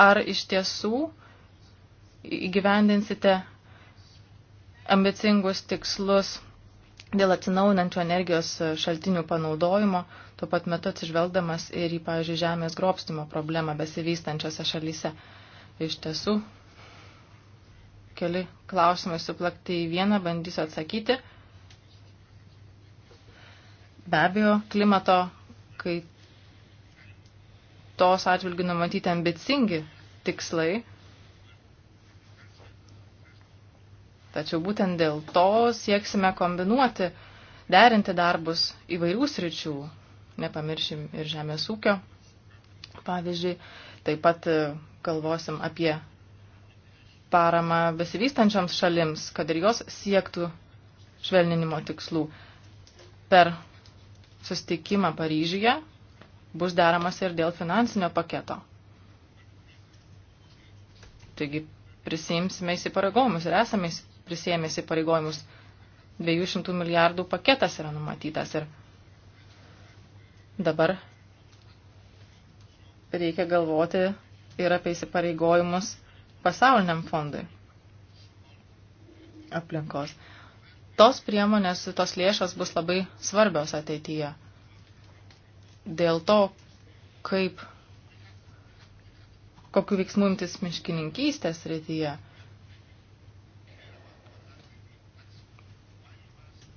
ar iš tiesų įgyvendinsite ambicingus tikslus dėl atsinaujinančių energijos šaltinių panaudojimo, tuo pat metu atsižvelgdamas ir į, pavyzdžiui, žemės grobstimo problemą besivystančiose šalyse. Iš tiesų, keli klausimai suplakti į vieną, bandysiu atsakyti. Be abejo, klimato kaitos atžvilgių numatyti ambicingi tikslai. Tačiau būtent dėl to sieksime kombinuoti, derinti darbus įvairių sričių. Nepamiršim ir žemės ūkio. Pavyzdžiui, taip pat e, galvosim apie paramą besivystančioms šalims, kad ir jos siektų švelninimo tikslų per sustikimą Paryžiuje bus deramas ir dėl finansinio paketo. Taigi prisimsime įsipareigojimus ir esame prisėmę įsipareigojimus. 200 milijardų paketas yra numatytas ir dabar reikia galvoti ir apie įsipareigojimus pasauliniam fondui aplinkos tos priemonės, tos lėšas bus labai svarbios ateityje. Dėl to, kaip, kokiu veiksmu imtis miškininkystės rytyje,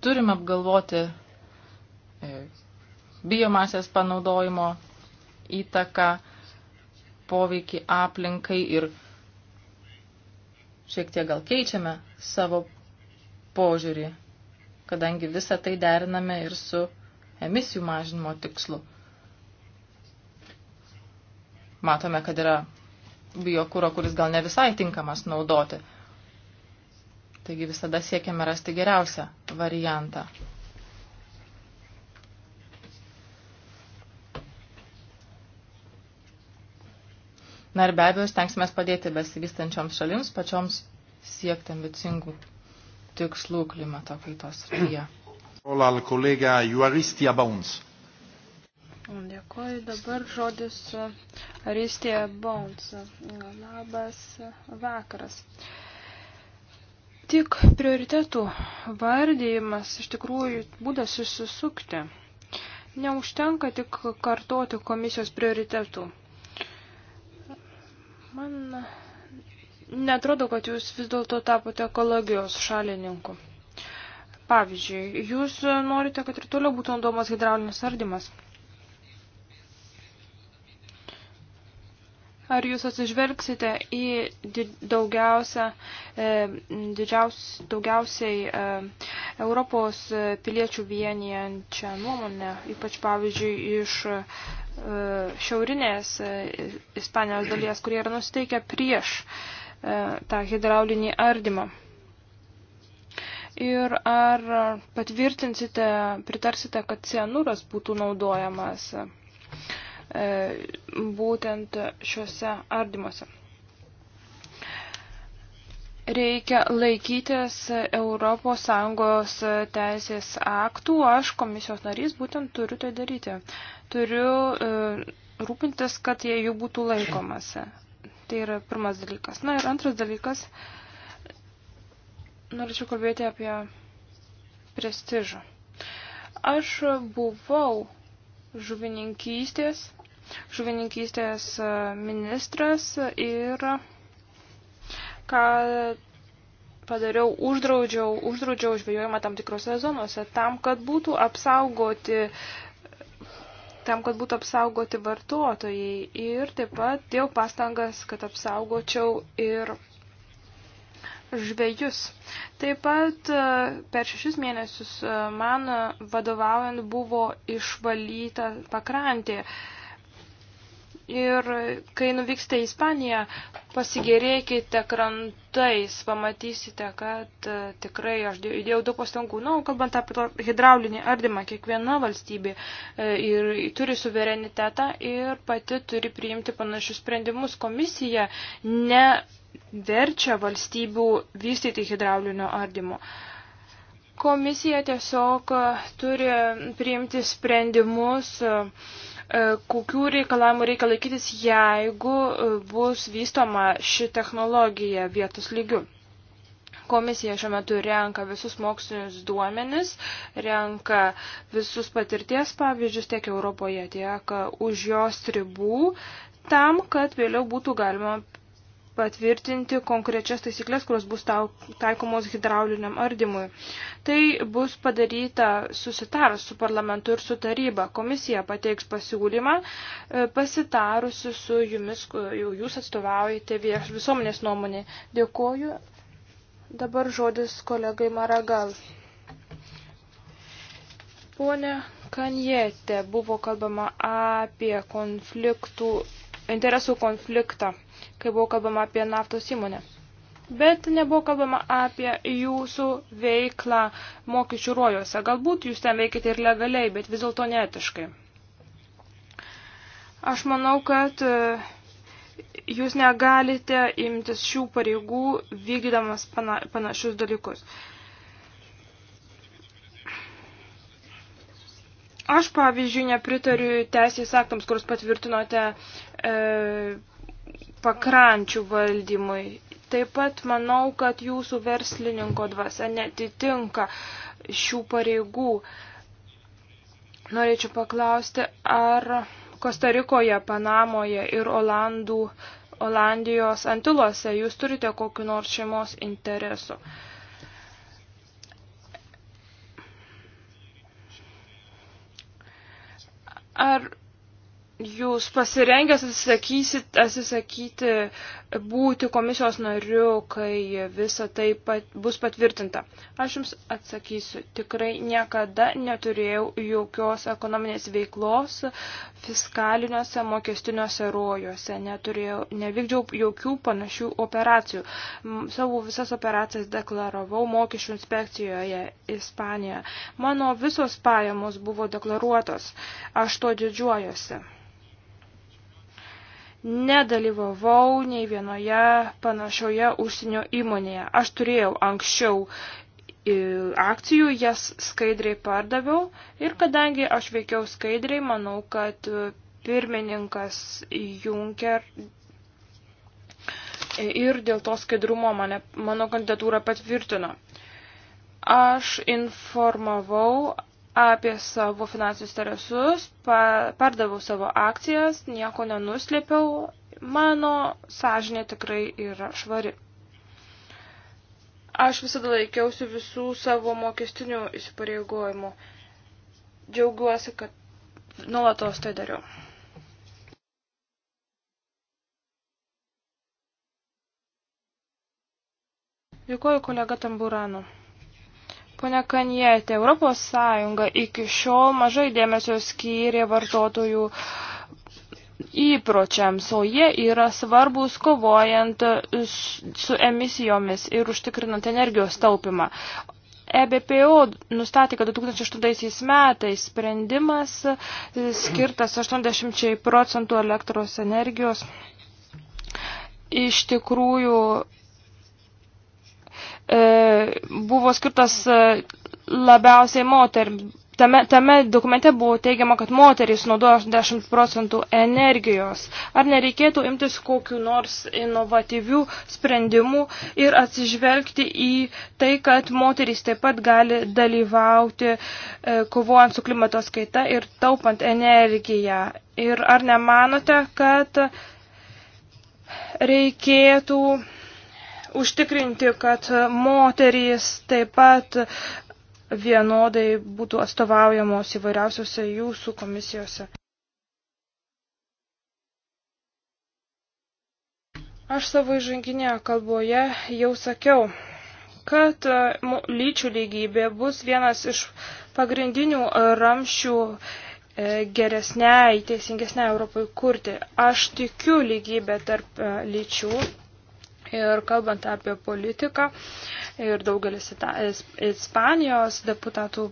turim apgalvoti e, biomasės panaudojimo įtaką, poveikį aplinkai ir šiek tiek gal keičiame savo požiūrį, kadangi visą tai deriname ir su emisijų mažinimo tikslu. Matome, kad yra biokūro, kuris gal ne visai tinkamas naudoti. Taigi visada siekiame rasti geriausią variantą. Na ir be abejo, stengsime padėti besivystančioms šalims pačioms siekti ambicingų tikslų klimato kaitos srityje. Dėkuoju, dabar žodis uh, Aristija Bones. Labas vakaras. Tik prioritetų vardėjimas iš tikrųjų būdas išsisukti. Neužtenka tik kartoti komisijos prioritetų. Man Netrodo, kad jūs vis dėlto tapote ekologijos šalininku. Pavyzdžiui, jūs norite, kad ir toliau būtų naudomas hidraulinis ardymas. Ar jūs atsižvelgsite į daugiausia, e, didžiaus, daugiausiai e, Europos e, piliečių vienijančią nuomonę, ypač pavyzdžiui iš šiaurinės Ispanijos dalies, kurie yra nusteikę prieš uh, E, tą hidraulinį ardymą. Ir ar patvirtinsite, pritarsite, kad cianuras būtų naudojamas e, būtent šiuose ardymuose? reikia laikytis ES teisės aktų, aš komisijos narys būtent turiu tai daryti. Turiu e, rūpintis, kad jie jų būtų laikomasi. Tai yra pirmas dalykas. Na ir antras dalykas, norėčiau kalbėti apie prestižą. Aš buvau žuvininkystės, žuvininkystės e, ministras ir ką padariau, uždraudžiau, uždraudžiau žvejojimą tam tikrose zonose, tam, kad būtų apsaugoti uh, tam, kad būtų apsaugoti vartotojai ir taip pat dėjau pastangas, kad apsaugočiau ir žvėjus. Taip pat e, per šešis mėnesius e, man vadovaujant buvo išvalyta pakrantė. Ir kai nuvyksite į Ispaniją, pasigėrėkite krantais, pamatysite, kad e, tikrai aš įdėjau daug pastangų. Na, nu, kalbant apie hidraulinį ardymą, kiekviena valstybė e, ir turi suverenitetą ir pati turi priimti panašius sprendimus. Komisija ne verčia valstybių vystyti hidraulinio ardymo. Komisija tiesiog e, turi priimti sprendimus uh, E, kokių reikalavimų reikia laikytis, jeigu e, bus vystoma ši technologija vietos lygių. Komisija šiuo metu renka visus mokslinius duomenis, renka visus patirties pavyzdžius tiek Europoje, tiek už jos ribų, tam, kad vėliau būtų galima patvirtinti konkrečias taisyklės, kurios bus taikomos hidrauliniam ardymui. Tai bus padaryta susitarus su parlamentu ir su taryba. Komisija pateiks pasiūlymą e, pasitarusi su jumis, jau jūs atstovaujate vieš visuomenės nuomonė. Dėkuoju. Dabar žodis kolegai Maragal. Pone Kanjete, buvo kalbama apie konfliktų interesų konfliktą, kai buvo kalbama apie naftos įmonę. Bet nebuvo kalbama apie jūsų veiklą mokesčių rojuose. Galbūt jūs ten veikite ir legaliai, bet vis dėlto neetiškai. Aš manau, kad e, jūs negalite imtis šių pareigų vykdydamas panašius dalykus. Aš, pavyzdžiui, nepritariu teisės aktams, kurus patvirtinote e, pakrančių valdymui. Taip pat manau, kad jūsų verslininko dvasia netitinka šių pareigų. Norėčiau paklausti, ar Kostarikoje, Panamoje ir Olandų, Olandijos antilose jūs turite kokiu nors šeimos interesu. E, Ar jūs pasirengęs atsisakyti būti komisijos nariu, kai visa tai pat, bus patvirtinta? Aš Jums atsakysiu, tikrai niekada neturėjau jokios ekonominės veiklos fiskaliniuose mokestiniuose rojuose, neturėjau, nevykdžiau jokių panašių operacijų. Savo visas operacijas deklaravau mokesčių inspekcijoje Ispanijoje. Mano visos pajamos buvo deklaruotos, aš to didžiuojuosi nedalyvavau nei vienoje panašioje užsienio įmonėje. Aš turėjau anksčiau e, akcijų, jas skaidriai pardaviau ir kadangi aš veikiau skaidriai, manau, kad pirmininkas Junker ir dėl to skaidrumo mane, mano kandidatūrą patvirtino. Aš informavau apie savo finansinius interesus, pa, pardavau savo akcijas, nieko nenuslėpiau, mano sąžinė tikrai yra švari. Aš visada laikiausi visų savo mokestinių įsipareigojimų. Džiaugiuosi, kad nuolatos tai dariau. Dėkuoju kolega Tamburanu. Pone Kanietė, Europos Sąjunga iki šiol mažai dėmesio skyrė vartotojų įpročiams, o jie yra svarbus kovojant su emisijomis ir užtikrinant energijos taupimą. EBPO nustatė, kad 2008 metais sprendimas skirtas 80 procentų elektros energijos iš tikrųjų E, buvo skirtas e, labiausiai moterim. Tame, tame dokumente buvo teigiama, kad moterys naudoja 10 procentų energijos. Ar nereikėtų imtis kokiu nors inovatyvių sprendimų ir atsižvelgti į tai, kad moterys taip pat gali dalyvauti e, kovojant su klimatos kaita ir taupant energiją? Ir ar nemanote, kad reikėtų užtikrinti, kad moterys taip pat vienodai būtų atstovaujamos įvairiausiose jūsų komisijose. Aš savo įžanginėje kalboje jau sakiau, kad e, lyčių lygybė bus vienas iš pagrindinių ramšių e, geresniai, teisingesniai Europai kurti. Aš tikiu lygybę tarp e, lyčių Ir kalbant apie politiką, ir daugelis Ispanijos deputatų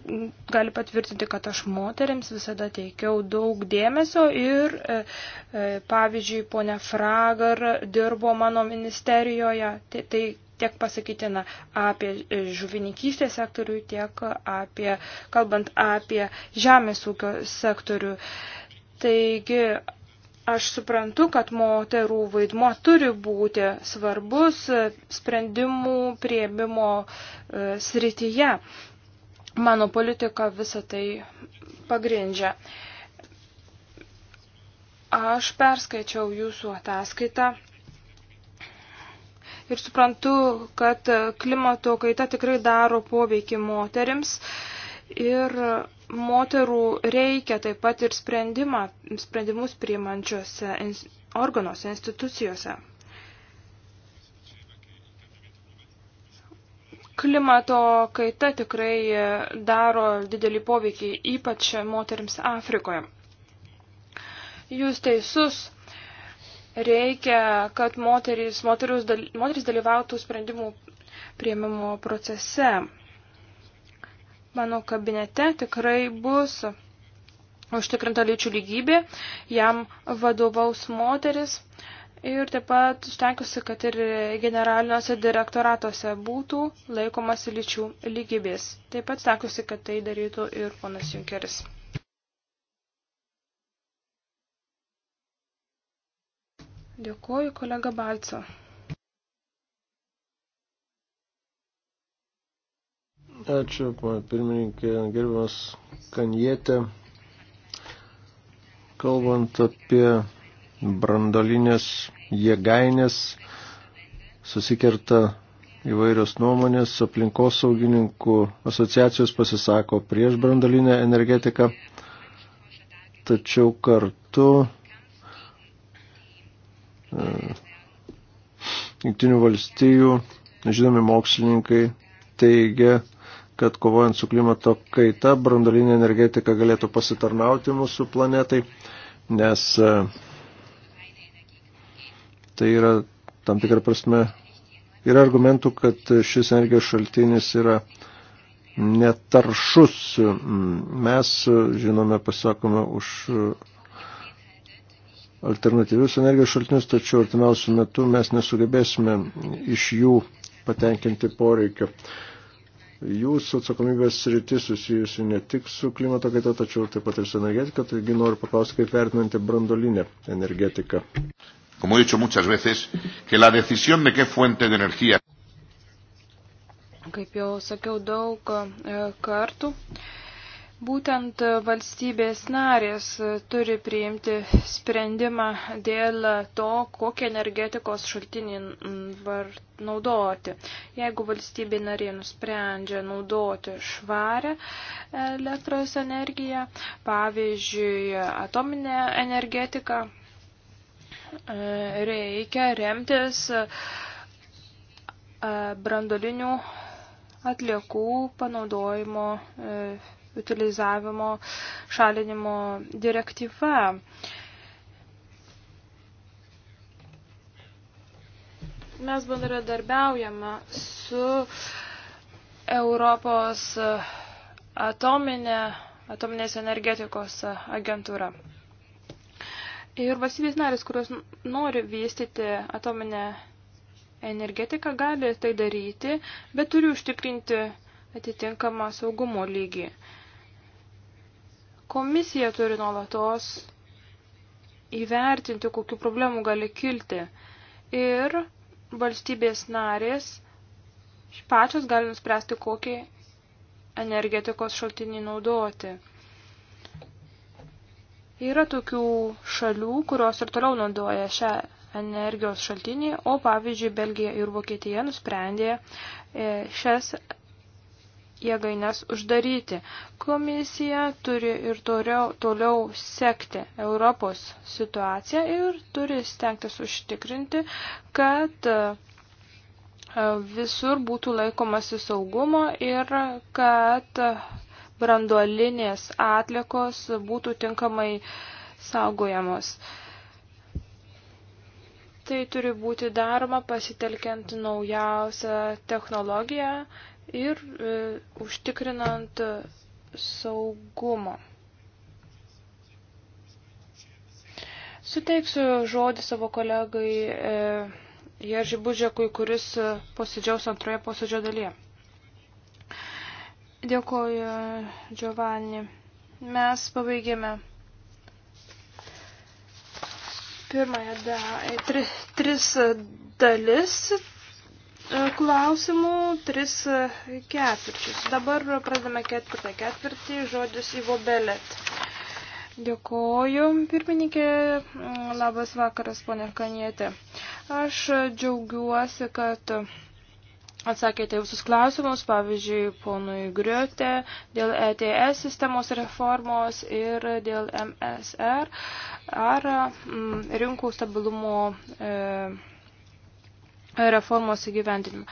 gali patvirtinti, kad aš moteriams visada teikiau daug dėmesio ir, e, e, pavyzdžiui, ponia Fragar dirbo mano ministerijoje. Tai, tai tiek pasakytina apie e, žuvininkystės sektorių, tiek apie, kalbant apie žemės ūkio sektorių. Taigi Aš suprantu, kad moterų vaidmo turi būti svarbus sprendimų prieimimo e, srityje. Mano politika visą tai pagrindžia. Aš perskaičiau jūsų ataskaitą ir suprantu, kad klimato kaita tikrai daro poveikį moterims ir moterų reikia taip pat ir sprendimą, sprendimus priimančiose organuose, institucijose. Klimato kaita tikrai daro didelį poveikį, ypač moteriams Afrikoje. Jūs teisus, reikia, kad moteris, moteris, dalyvautų sprendimų prieimimo procese mano kabinete tikrai bus užtikrinta lyčių lygybė, jam vadovaus moteris. Ir taip pat stengiuosi, kad ir generaliniuose direktoratuose būtų laikomasi lyčių lygybės. Taip pat stengiuosi, kad tai darytų ir ponas Junkeris. Dėkuoju kolega Balco. Ačiū, pana pirmininkė, gerbiamas Kanjėtė. Kalbant apie brandolinės jėgainės, susikerta įvairios nuomonės, aplinkosaugininkų asociacijos pasisako prieš brandalinę energetiką, tačiau kartu e, Junktinių valstijų žinomi mokslininkai teigia, kad kovojant su klimato kaita brandalinė energetika galėtų pasitarnauti mūsų planetai, nes e, tai yra tam tikrą prasme, yra argumentų, kad šis energijos šaltinis yra netaršus. Mes, žinome, pasakome už alternatyvius energijos šaltinius, tačiau artimiausių metų mes nesugebėsime iš jų patenkinti poreikio jūsų atsakomybės sritis susijusi ne tik su klimato kaita, tačiau taip pat ir su energetika, taigi noriu paklausti, kaip vertinate brandolinę energetiką. Como he dicho muchas veces, que la decisión de qué fuente de energía. Kaip jau sakiau daug e, kartų, Būtent valstybės narės turi priimti sprendimą dėl to, kokią energetikos šaltinį naudoti. Jeigu valstybė narė nusprendžia naudoti švarę elektros energiją, pavyzdžiui, atominę energetiką, reikia remtis brandolinių atliekų panaudojimo e, utilizavimo šalinimo direktyva. Mes bendradarbiaujame su Europos atominė, atominės energetikos agentūra. Ir valstybės narės, kurios nori vystyti atominę energetiką, gali tai daryti, bet turi užtikrinti atitinkamą saugumo lygį. Komisija turi nuolatos įvertinti, kokiu problemu gali kilti. Ir valstybės narės pačios gali nuspręsti, kokį energetikos šaltinį naudoti. Yra tokių šalių, kurios ir toliau naudoja šią energijos šaltinį, o pavyzdžiui Belgija ir Vokietija nusprendė e, šias jėgainės uždaryti. Komisija turi ir toliau, toliau sekti Europos situaciją ir turi stengtis užtikrinti, kad e, visur būtų laikomasi saugumo ir kad branduolinės atlikos būtų tinkamai saugojamos. Tai turi būti daroma pasitelkiant naujausią technologiją ir e, užtikrinant saugumo. Suteiksiu žodį savo kolegai e, Jeržį Bužekui, kuris posėdžiaus antroje posėdžio dalyje. Dėkoju, Giovanni. Mes pabaigėme pirmąją da, e, tri, tris dalis klausimų, tris e, ketvirčius. Dabar pradame ketvirtą ketvirtį, žodis į vobelet. Dėkoju, pirmininkė, mm, labas vakaras, ponė Kanietė. Aš džiaugiuosi, kad atsakėte visus klausimus, pavyzdžiui, ponui Griotė, dėl ETS sistemos reformos ir dėl MSR ar mm, rinkų stabilumo. E, reformos įgyvendinimą.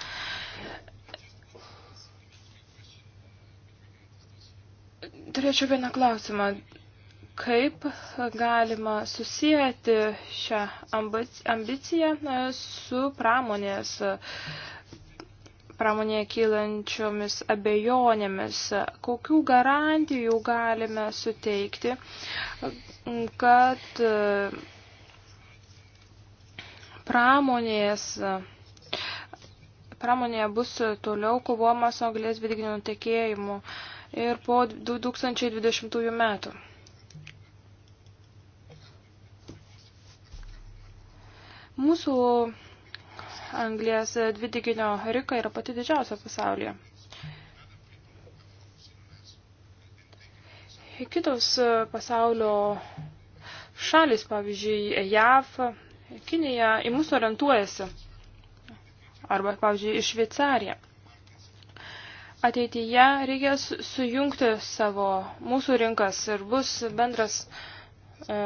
Turėčiau vieną klausimą. Kaip galima susijęti šią ambiciją e, su pramonės, pramonėje kylančiomis abejonėmis? Kokių garantijų galime suteikti, kad pramonės pramonėje bus toliau kovoma su anglės dvideginio nutekėjimu ir po 2020 metų. Mūsų anglės dvideginio rika yra pati didžiausia pasaulyje. Kitos pasaulio šalis, pavyzdžiui, JAV, Kinija į mūsų orientuojasi. Arba, pavyzdžiui, į Šveicariją. Ateityje reikės sujungti savo mūsų rinkas ir bus bendras e,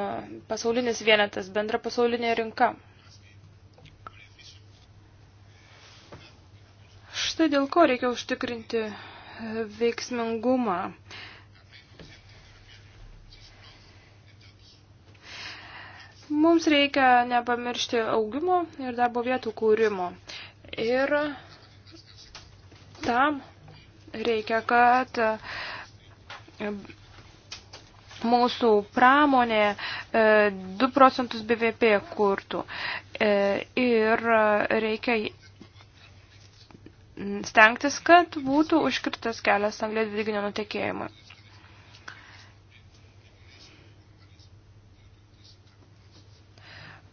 pasaulinis vienetas, bendra pasaulinė rinka. Štai dėl ko reikia užtikrinti veiksmingumą. E, Mums reikia nepamiršti augimo ir darbo vietų kūrimo. Ir tam reikia, kad e, mūsų pramonė 2 e, procentus BVP kurtų. E, ir reikia stengtis, kad būtų užkirtas kelias anglės dvideginio nutekėjimui.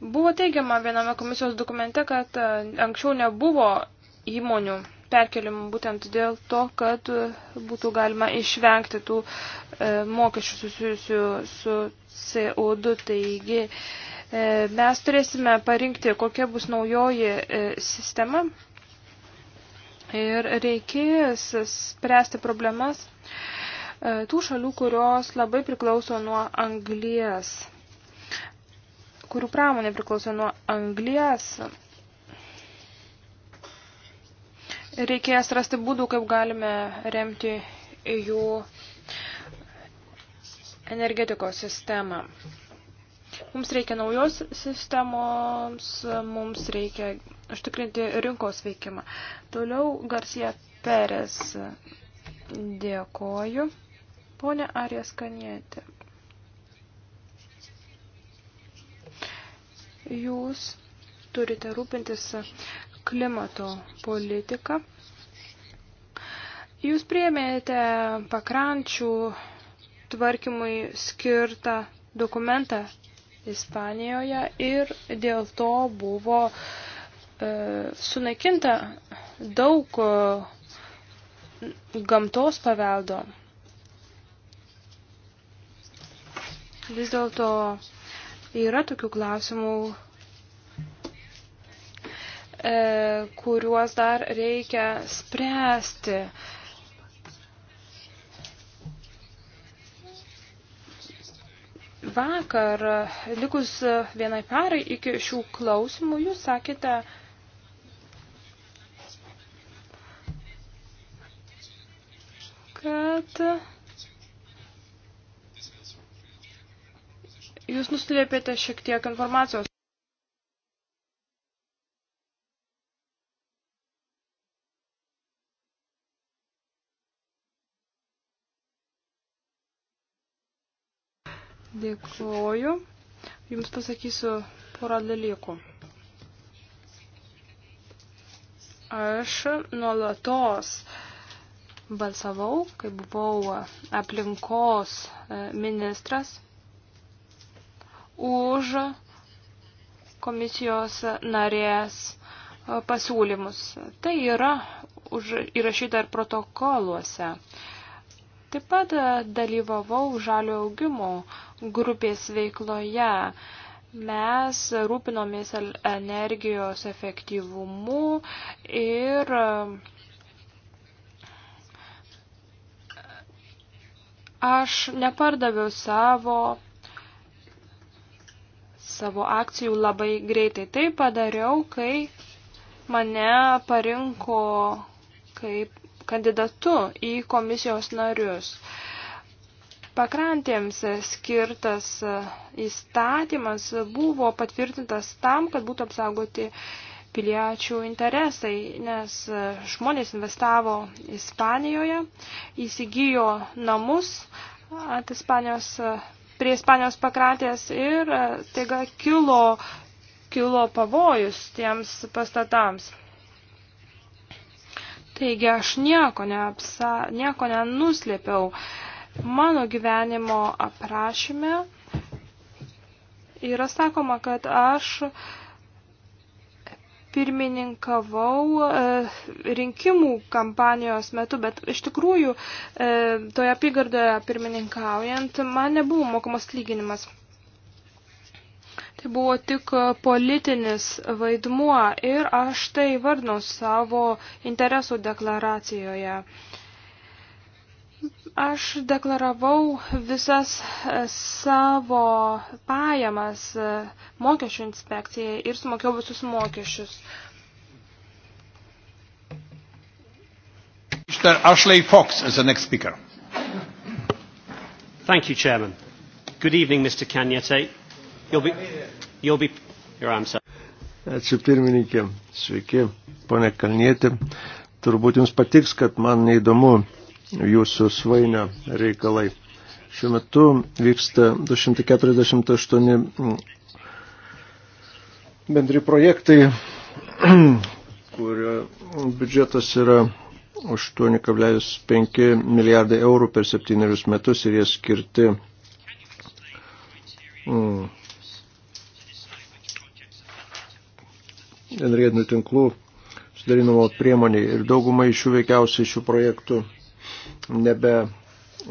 Buvo teigiama viename komisijos dokumente, kad e, anksčiau nebuvo įmonių perkelimų būtent dėl to, kad e, būtų galima išvengti tų e, mokesčių susijusių su CO2. Taigi mes turėsime parinkti, kokia bus naujoji sistema ir reikės spręsti problemas tų šalių, kurios labai priklauso nuo anglies kurių pramonė priklauso nuo anglies, reikės rasti būdų, kaip galime remti jų energetikos sistemą. Mums reikia naujos sistemos, mums reikia užtikrinti rinkos veikimą. Toliau Garcia Perez. Dėkoju. Pone Arijas Kanietė. Jūs turite rūpintis klimato politiką. Jūs priemėte pakrančių tvarkymui skirtą dokumentą Ispanijoje ir dėl to buvo e, sunaikinta daug e, gamtos paveldo. Vis dėlto Yra tokių klausimų, e, kuriuos dar reikia spręsti. Vakar, likus vienai parai iki šių klausimų, jūs sakėte, kad Jūs nuslėpėte šiek tiek informacijos. Dėkuoju. Jums pasakysiu porą dalykų. Aš nuolatos balsavau, kai buvau aplinkos ministras už komisijos narės e, pasiūlymus. Tai yra už, įrašyta ir protokoluose. Taip pat e, dalyvavau žalio augimo grupės veikloje. Mes rūpinomės energijos efektyvumu ir e, aš nepardaviau savo savo akcijų labai greitai. Tai padariau, kai mane parinko kaip kandidatu į komisijos narius. Pakrantėms skirtas įstatymas buvo patvirtintas tam, kad būtų apsaugoti piliečių interesai, nes žmonės investavo Ispanijoje, įsigijo namus ant Ispanijos prie Ispanijos pakrantės ir e, taiga kilo, kilo pavojus tiems pastatams. Taigi aš nieko, neapsa, nieko nenuslėpiau. Mano gyvenimo aprašyme yra sakoma, kad aš uh, pirmininkavau e, rinkimų kampanijos metu, bet iš tikrųjų e, toje apygardoje pirmininkaujant man nebuvo mokamas atlyginimas. Tai buvo tik politinis vaidmuo ir aš tai vardinau savo interesų deklaracijoje. Uh, Aš deklaravau visas e, savo pajamas e, mokesčių inspekcijai ir sumokėjau visus mokesčius. Mr. Ashley Fox is the next speaker. Thank you, Chairman. Good evening, Mr. Cagnette. You'll be, you'll be, your answer. Ačiū pirmininkė. Sveiki, ponė Kalnietė. Turbūt jums patiks, kad man neįdomu jūsų svainio reikalai. Šiuo metu vyksta 248 bendri projektai, kurio biudžetas yra 8,5 milijardai eurų per septynerius metus ir jie skirti mm, energetinių tinklų sudarinamo priemoniai. Ir daugumai šių veikiausiai šių projektų nebe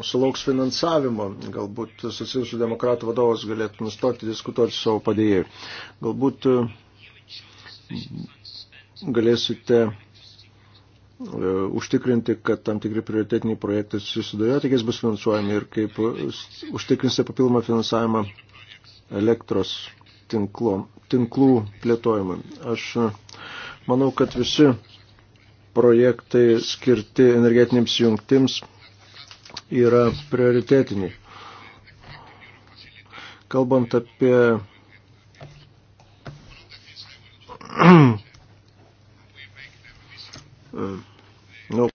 sulauks finansavimo. Galbūt socialistų demokratų vadovas galėtų nustoti diskutuoti su savo padėjėjui. Galbūt mm, galėsite e, užtikrinti, kad tam tikri prioritetiniai projektai susiduria, tik jis bus finansuojami ir kaip e, užtikrinsite papildomą finansavimą elektros tinklo, tinklų plėtojimą. Aš e, manau, kad visi projektai skirti energetinėms jungtims yra prioritetiniai. Kalbant apie nu,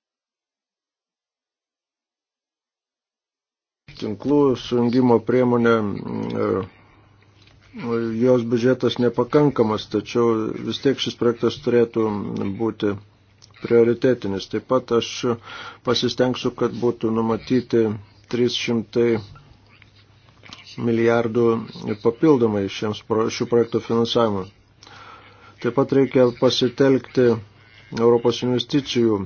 tinklų sujungimo priemonė, mm, e, jos biudžetas nepakankamas, tačiau vis tiek šis projektas turėtų būti prioritetinis. Taip pat aš pasistengsiu, kad būtų numatyti 300 milijardų papildomai šiems, šių projektų finansavimui. Taip pat reikia pasitelkti Europos investicijų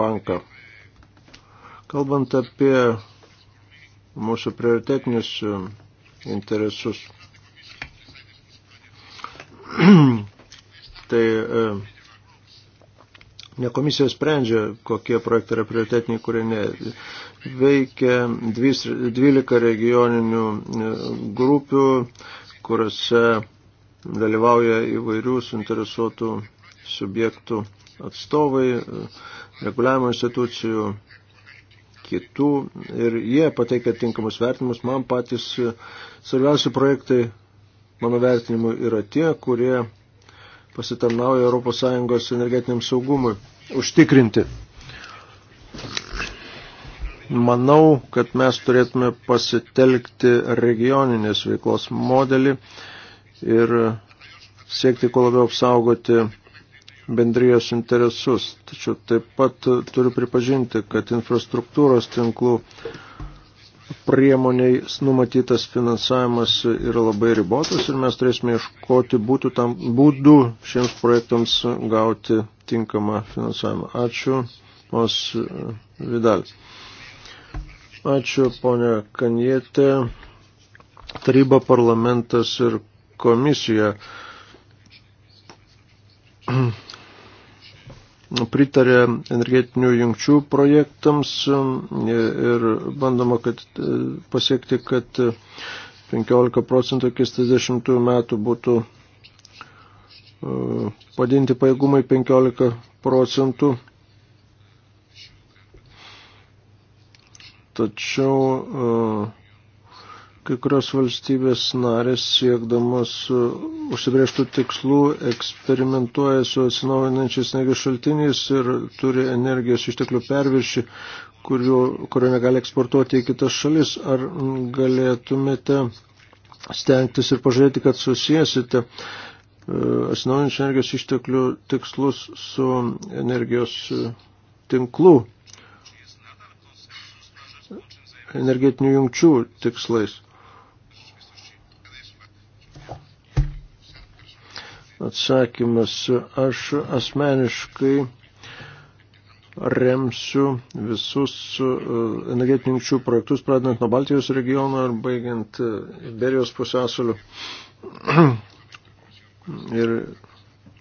banką. Kalbant apie mūsų prioritetinius interesus, tai e, Ne komisija sprendžia, kokie projektai yra prioritetiniai, kurie ne. Veikia 12 regioninių e, grupių, kuriuose dalyvauja įvairių suinteresuotų subjektų atstovai, e, reguliavimo institucijų, kitų ir jie pateikia tinkamus vertinimus. Man patys e, svarbiausi projektai mano vertinimu yra tie, kurie pasitarnauja ES energetiniam saugumui užtikrinti. Manau, kad mes turėtume pasitelkti regioninės veiklos modelį ir siekti kuo labiau apsaugoti bendrijos interesus. Tačiau taip pat turiu pripažinti, kad infrastruktūros tinklų priemoniai numatytas finansavimas yra labai ribotas ir mes turėsime iškoti būtų tam būdų šiems projektams gauti tinkamą finansavimą. Ačiū, Mos Vidal. Ačiū, ponia Kanietė. Taryba, parlamentas ir komisija pritarė energetinių jungčių projektams um, ir bandoma kad, e, pasiekti, kad 15 e, procentų iki 30 metų būtų e, padinti pajėgumai 15 procentų. Tačiau uh, Kai kurios valstybės narės siekdamos e, užsibrėžtų tikslų eksperimentuoja su atsinaujinančiais energijos šaltiniais ir turi energijos išteklių perviršį, kurio, kurio negali eksportuoti į kitas šalis. Ar galėtumėte stengtis ir pažiūrėti, kad susijęsite e, atsinaujančių energijos išteklių tikslus su energijos e, tinklų energetinių jungčių tikslais. atsakymas. Aš asmeniškai remsiu visus e, energetinių jungčių projektus, pradedant nuo Baltijos regiono ir baigiant e, Iberijos pusėsaliu ir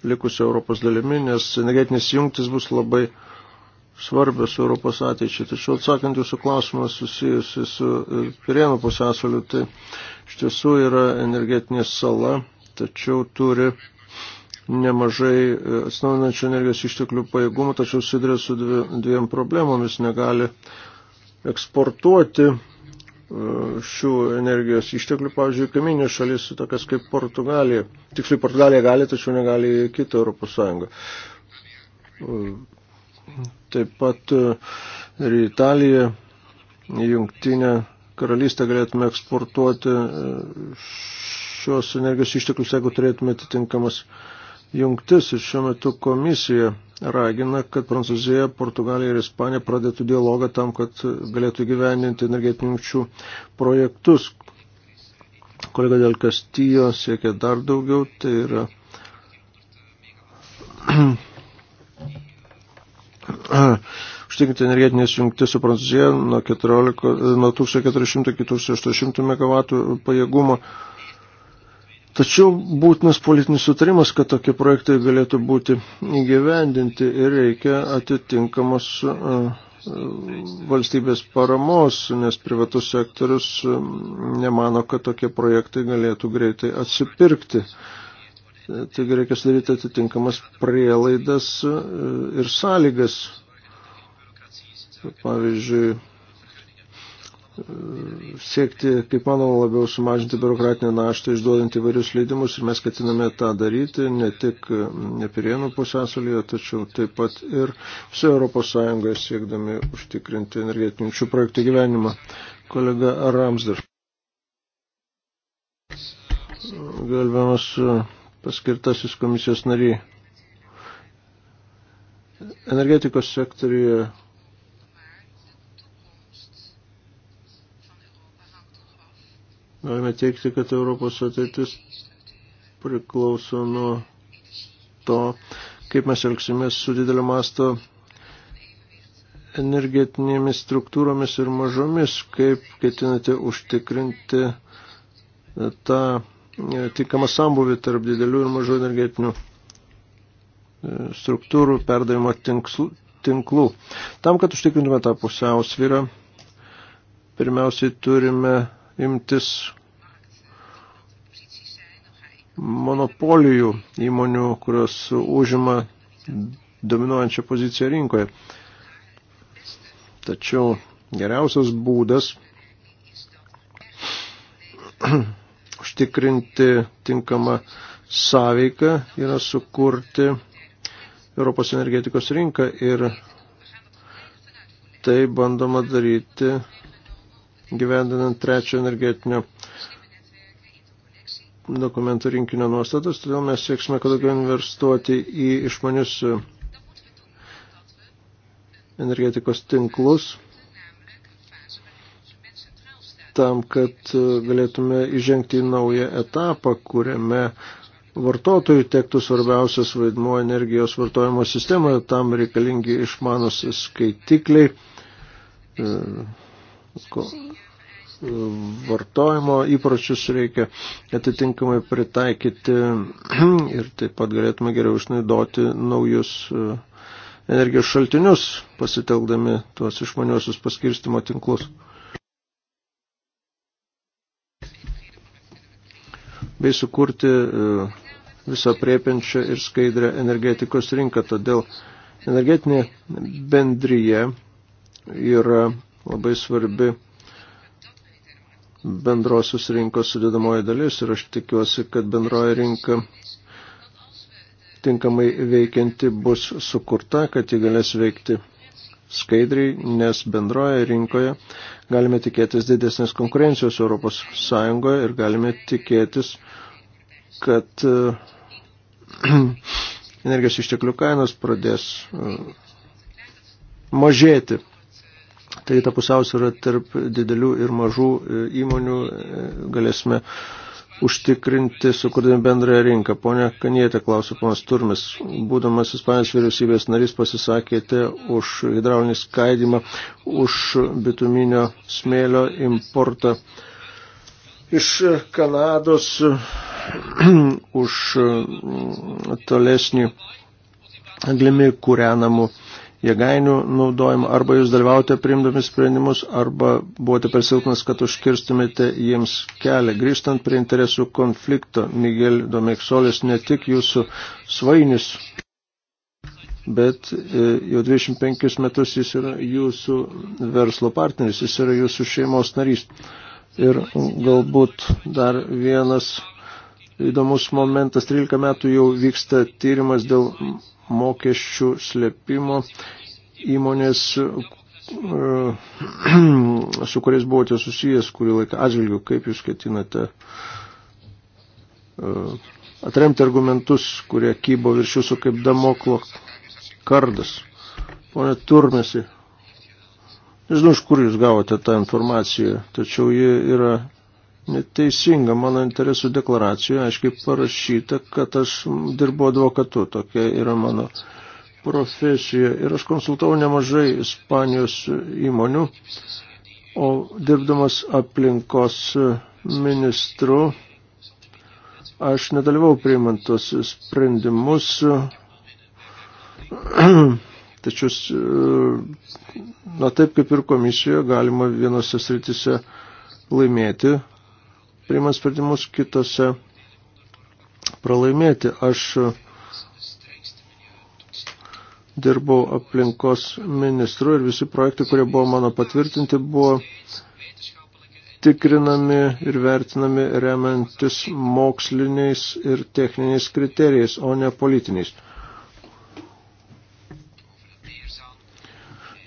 likusio Europos dalimi, nes energetinės jungtis bus labai svarbios Europos ateičiai. Tačiau atsakant jūsų klausimą susijusi su e, Pirėnų pusėsaliu, tai iš tiesų yra energetinė sala, tačiau turi nemažai e, atsinaujinančių energijos išteklių pajėgumų, tačiau susiduria su dviem problemomis, negali eksportuoti e, šių energijos išteklių, pavyzdžiui, kaiminė šalis, tokias kaip Portugalija. Tiksliai Portugalija gali, tačiau negali kitą Europos Sąjungą. E, taip pat ir Italija, jungtinė karalystė galėtume eksportuoti šios energijos išteklius, jeigu turėtume atitinkamas uh, jungtis ir šiuo metu komisija ragina, kad Prancūzija, Portugalija ir Ispanija pradėtų dialogą tam, kad galėtų gyveninti energetinių jungčių projektus. Kolega Del Castillo siekia dar daugiau, tai yra užtikrinti energetinės jungtis su Prancūzija nuo, 14, nuo 1400 iki 1800 MW pajėgumo Tačiau būtinas politinis sutarimas, kad tokie projektai galėtų būti įgyvendinti ir reikia atitinkamos e, valstybės paramos, nes privatus sektorius e, nemano, kad tokie projektai galėtų greitai atsipirkti. E, taigi reikia sudaryti atitinkamas prielaidas ir sąlygas. Pavyzdžiui, siekti, kaip manoma, labiau sumažinti biurokratinę naštą, išduodant įvairius leidimus ir mes ketiname tą daryti ne tik Nepirienų pusėsalyje, tačiau taip pat ir viso Europos Sąjungoje siekdami užtikrinti energetinių šių projektų gyvenimą. Kolega Ramsdar. Galbiamas paskirtasis komisijos nariai. Energetikos sektorijoje Galime teikti, kad Europos ateitis priklauso nuo to, kaip mes elgsimės su didelio masto energetinėmis struktūromis ir mažomis, kaip ketinate užtikrinti tą tinkamą sambuvį tarp didelių ir mažų energetinių e, struktūrų perdavimo tinklų. Tam, kad užtikrintume tą pusiausvyrą, pirmiausiai turime imtis monopolijų įmonių, kurios užima dominuojančią poziciją rinkoje. Tačiau geriausias būdas užtikrinti tinkamą sąveiką yra sukurti Europos energetikos rinką ir tai bandoma daryti gyvendinant trečio energetinio dokumentų rinkinio nuostatas, todėl mes sieksime, kad daugiau investuoti į išmanius energetikos tinklus tam, kad galėtume įžengti į naują etapą, kuriame vartotojų tektų svarbiausias vaidmuo energijos vartojimo sistemoje, tam reikalingi išmanus skaitikliai, vartojimo įpročius reikia atitinkamai pritaikyti ir taip pat galėtume geriau išnaudoti naujus e, energijos šaltinius, pasitelkdami tuos išmaniosius paskirstimo tinklus. Bei sukurti e, visą priepiančią ir skaidrę energetikos rinką. Todėl energetinė bendryje yra labai svarbi bendrosios rinkos sudėdamoji dalis ir aš tikiuosi, kad bendroji rinka tinkamai veikianti bus sukurta, kad ji galės veikti skaidriai, nes bendroje rinkoje galime tikėtis didesnės konkurencijos Europos Sąjungoje ir galime tikėtis, kad energijos išteklių kainos pradės uh, mažėti. Taigi ta pusiausvyrą tarp didelių ir mažų e, įmonių e, galėsime užtikrinti, sukurdami bendrąją rinką. Pone Kanietė, klausia ponas Turmis, būdamas Ispanijos vyriausybės narys pasisakėte už hidraulinį skaidimą, už bituminio smėlio importą iš Kanados, už tolesnį anglimi kūrenamų jėgainių naudojimą, arba jūs dalyvaujate priimdami sprendimus, arba buvote persilpnas, kad užkirstumėte jiems kelią. Grįžtant prie interesų konflikto, Miguel Domeksolis ne tik jūsų svainis, bet e, jau 25 metus jis yra jūsų verslo partneris, jis yra jūsų šeimos narys. Ir galbūt dar vienas įdomus momentas. 13 metų jau vyksta tyrimas dėl mokesčių slėpimo įmonės, e, su kuriais buvote susijęs kurį laiką atžvilgiu, kaip jūs ketinate e, atremti argumentus, kurie kybo virš jūsų kaip damoklo kardas. Pone Turmesi, nežinau, iš kur jūs gavote tą informaciją, tačiau ji yra teisinga. Mano interesų deklaracijoje aiškiai parašyta, kad aš dirbu advokatu. Tokia yra mano profesija. Ir aš konsultavau nemažai Ispanijos įmonių, o dirbdamas aplinkos ministru aš nedalyvau priimant tos sprendimus. Tačiau, na taip kaip ir komisijoje, galima vienose sritise laimėti, priimant sprendimus, kitose pralaimėti. Aš dirbau aplinkos ministru ir visi projektai, kurie buvo mano patvirtinti, buvo tikrinami ir vertinami remiantis moksliniais ir techniniais kriterijais, o ne politiniais.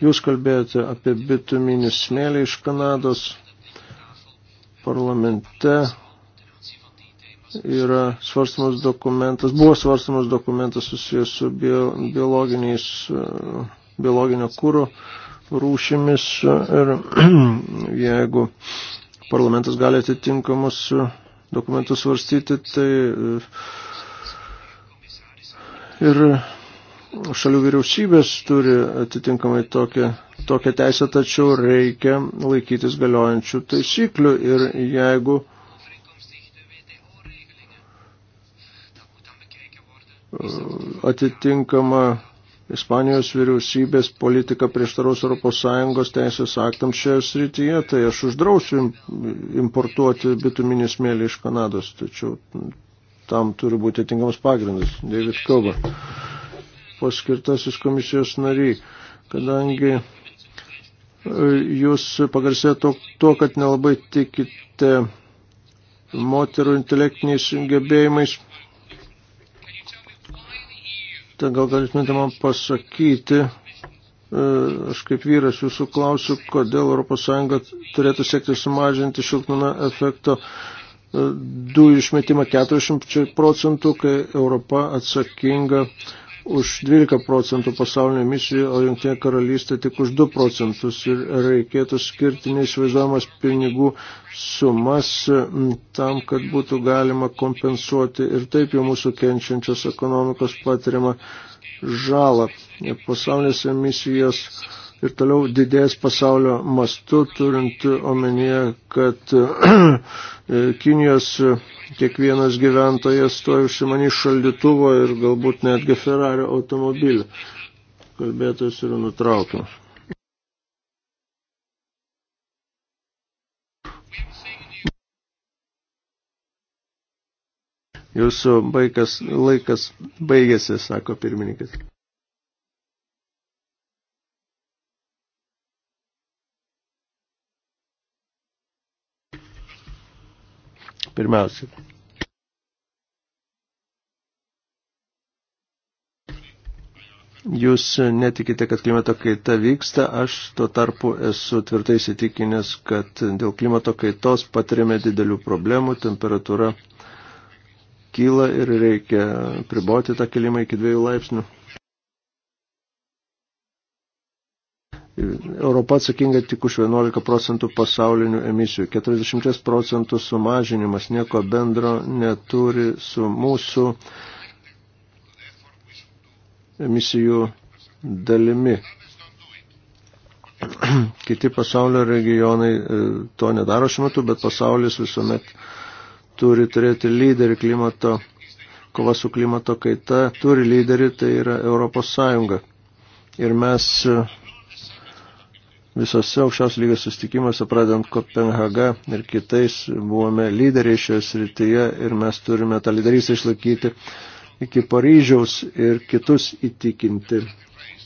Jūs kalbėjote apie bituminį smėlį iš Kanados parlamente yra svarstamas dokumentas, buvo svarstamas dokumentas susijęs su bio, biologiniais, biologinio kūro rūšimis ir jeigu parlamentas gali atitinkamus dokumentus svarstyti, tai ir šalių vyriausybės turi atitinkamai tokią, tokią teisę, tačiau reikia laikytis galiojančių taisyklių ir jeigu e, atitinkama Ispanijos vyriausybės politika prieštaraus ES teisės aktams šioje srityje, tai aš uždrausiu importuoti bituminį smėlį iš Kanados, tačiau tam turi būti atinkamas pagrindas. David Kalba paskirtasis komisijos nariai, kadangi e, jūs pagarsėjo to, to, kad nelabai tikite moterų intelektiniais gebėjimais. Tai gal galėtumėte man pasakyti, e, aš kaip vyras jūsų klausiu, kodėl ES turėtų siekti sumažinti šiltnamio efekto e, dujų išmetimą 40 procentų, kai Europa atsakinga už 12 procentų pasaulinio emisijų, o Junktinė karalystė tik už 2 procentus. Ir reikėtų skirti neįsivaizduojamas pinigų sumas tam, kad būtų galima kompensuoti ir taip jau mūsų kenčiančios ekonomikos patiriamą žalą. Pasaulinės emisijos ir toliau didės pasaulio mastu, turint omenyje, kad Kinijos kiekvienas gyventojas stovi užsimanį šaldytuvo ir galbūt netgi Ferrari automobilį. Kalbėtojas yra nutraukiamas. Jūsų baigas, laikas baigėsi, sako pirmininkas. pirmiausiai. Jūs netikite, kad klimato kaita vyksta, aš tuo tarpu esu tvirtai įsitikinęs, kad dėl klimato kaitos patiriame didelių problemų, temperatūra kyla ir reikia priboti tą kilimą iki dviejų laipsnių. Europa atsakinga tik už 11 procentų pasaulinių emisijų. 40 procentų sumažinimas nieko bendro neturi su mūsų emisijų dalimi. Kiti pasaulio regionai e, to nedaro šiuo metu, bet pasaulis visuomet turi turėti lyderį klimato, kova su klimato kaita, turi lyderį, tai yra Europos Sąjunga. Ir mes e, visose aukščios lygos sustikimuose, pradant Kopenhaga ir kitais, buvome lyderiai šioje srityje ir mes turime tą lyderystę išlaikyti iki Paryžiaus ir kitus įtikinti,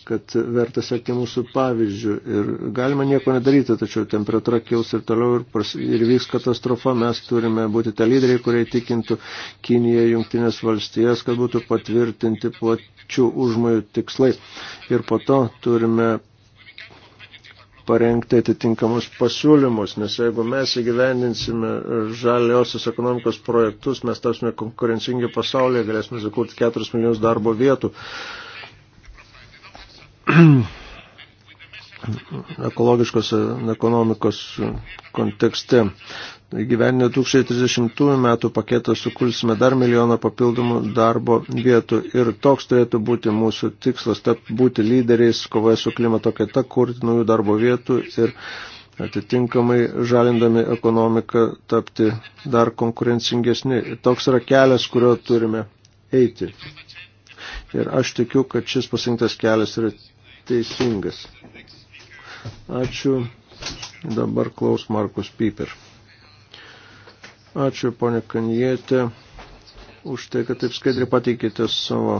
kad verta sekti mūsų pavyzdžių. Ir galima nieko nedaryti, tačiau temperatūra kils ir toliau ir, pras, ir vyks katastrofa. Mes turime būti tą lyderiai, kurie įtikintų Kiniją, Jungtinės valstijas, kad būtų patvirtinti plačių užmojų tikslai. Ir po to turime parengti atitinkamus pasiūlymus, nes jeigu mes įgyvendinsime žaliosios ekonomikos projektus, mes tapsime konkurencingi pasaulyje, galėsime sukurti 4 milijonus darbo vietų. ekologiškos ekonomikos kontekste gyvenę 2030 metų paketą sukursime dar milijoną papildomų darbo vietų ir toks turėtų būti mūsų tikslas, tap, būti lyderiais, kovoje su klimato kaita, kurti naujų darbo vietų ir atitinkamai žalindami ekonomiką tapti dar konkurencingesni. Ir toks yra kelias, kurio turime eiti. Ir aš tikiu, kad šis pasirinktas kelias yra teisingas. Ačiū. Dabar klaus Markus Piper. Ačiū, ponė Kanijėtė, už tai, kad taip skaidriai pateikėte savo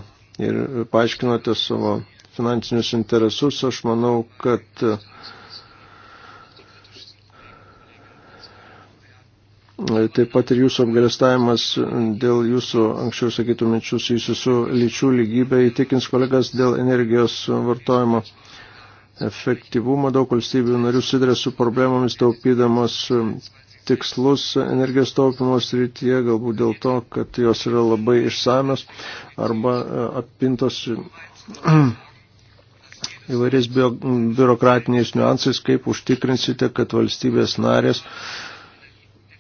ir paaiškinote savo finansinius interesus. Aš manau, kad Taip pat ir jūsų apgalestavimas dėl jūsų anksčiau sakytų minčių susijusių su lyčių lygybė įtikins kolegas dėl energijos vartojimo efektyvumo. Daug valstybių narių sudarė su problemomis taupydamos tikslus energijos taupimo srityje, galbūt dėl to, kad jos yra labai išsamios arba e, apintos įvairiais biurokratiniais niuansais, kaip užtikrinsite, kad valstybės narės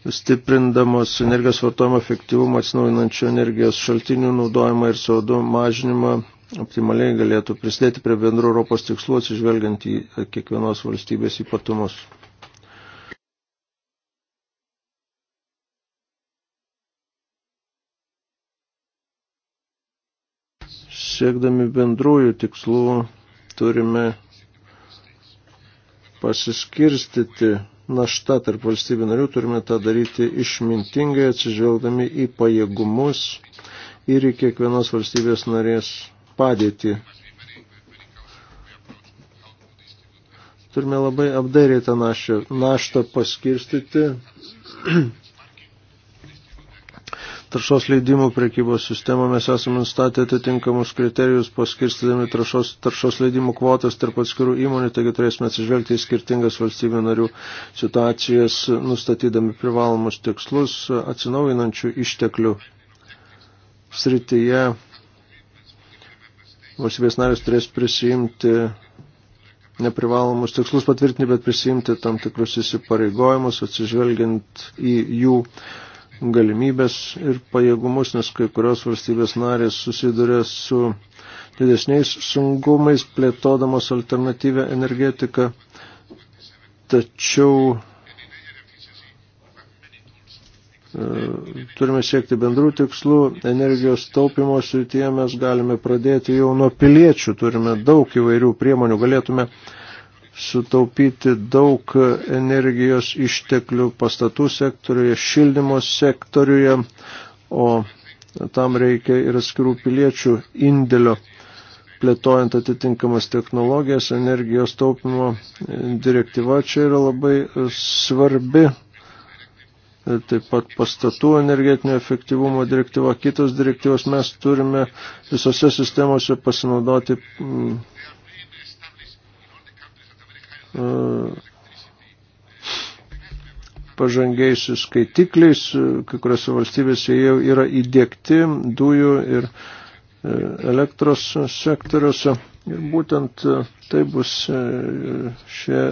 stiprindamos energijos vartojimo efektyvumą atsinaujinančių energijos šaltinių naudojimą ir saudo mažinimą optimaliai galėtų prisidėti prie bendrų Europos tikslų atsižvelgiant į kiekvienos valstybės ypatumus. siekdami bendrųjų tikslų turime pasiskirstyti naštą tarp valstybių narių, turime tą daryti išmintingai, atsižvelgdami į pajėgumus ir į kiekvienos valstybės narės padėtį. Turime labai apdairiai tą naštą paskirstyti taršos leidimų prekybos sistemą mes esame nustatę atitinkamus kriterijus paskirstydami taršos, taršos leidimų kvotas tarp atskirų įmonių, taigi turėsime atsižvelgti į skirtingas valstybių narių situacijas, nustatydami privalomus tikslus atsinaujinančių išteklių srityje. Valstybės narės turės prisiimti neprivalomus tikslus patvirtinti, bet prisimti tam tikrus įsipareigojimus, atsižvelgiant į jų galimybės ir pajėgumus, nes kai kurios valstybės narės susiduria su didesniais sunkumais plėtodamos alternatyvę energetiką, tačiau e, turime siekti bendrų tikslų, energijos taupimo srityje mes galime pradėti jau nuo piliečių, turime daug įvairių priemonių, galėtume uh, sutaupyti daug energijos išteklių pastatų sektoriuje, šildymo sektoriuje, o tam reikia ir atskirų piliečių indėlio plėtojant atitinkamas technologijas, energijos taupimo direktyva čia yra labai svarbi. Taip pat pastatų energetinio efektyvumo direktyva, kitos direktyvos mes turime visose sistemose pasinaudoti Mm. pažangiais skaitikliais, kai kuriuose valstybėse jau yra įdėkti dujų ir e, elektros sektoriuose. Ir būtent e, tai bus e, šie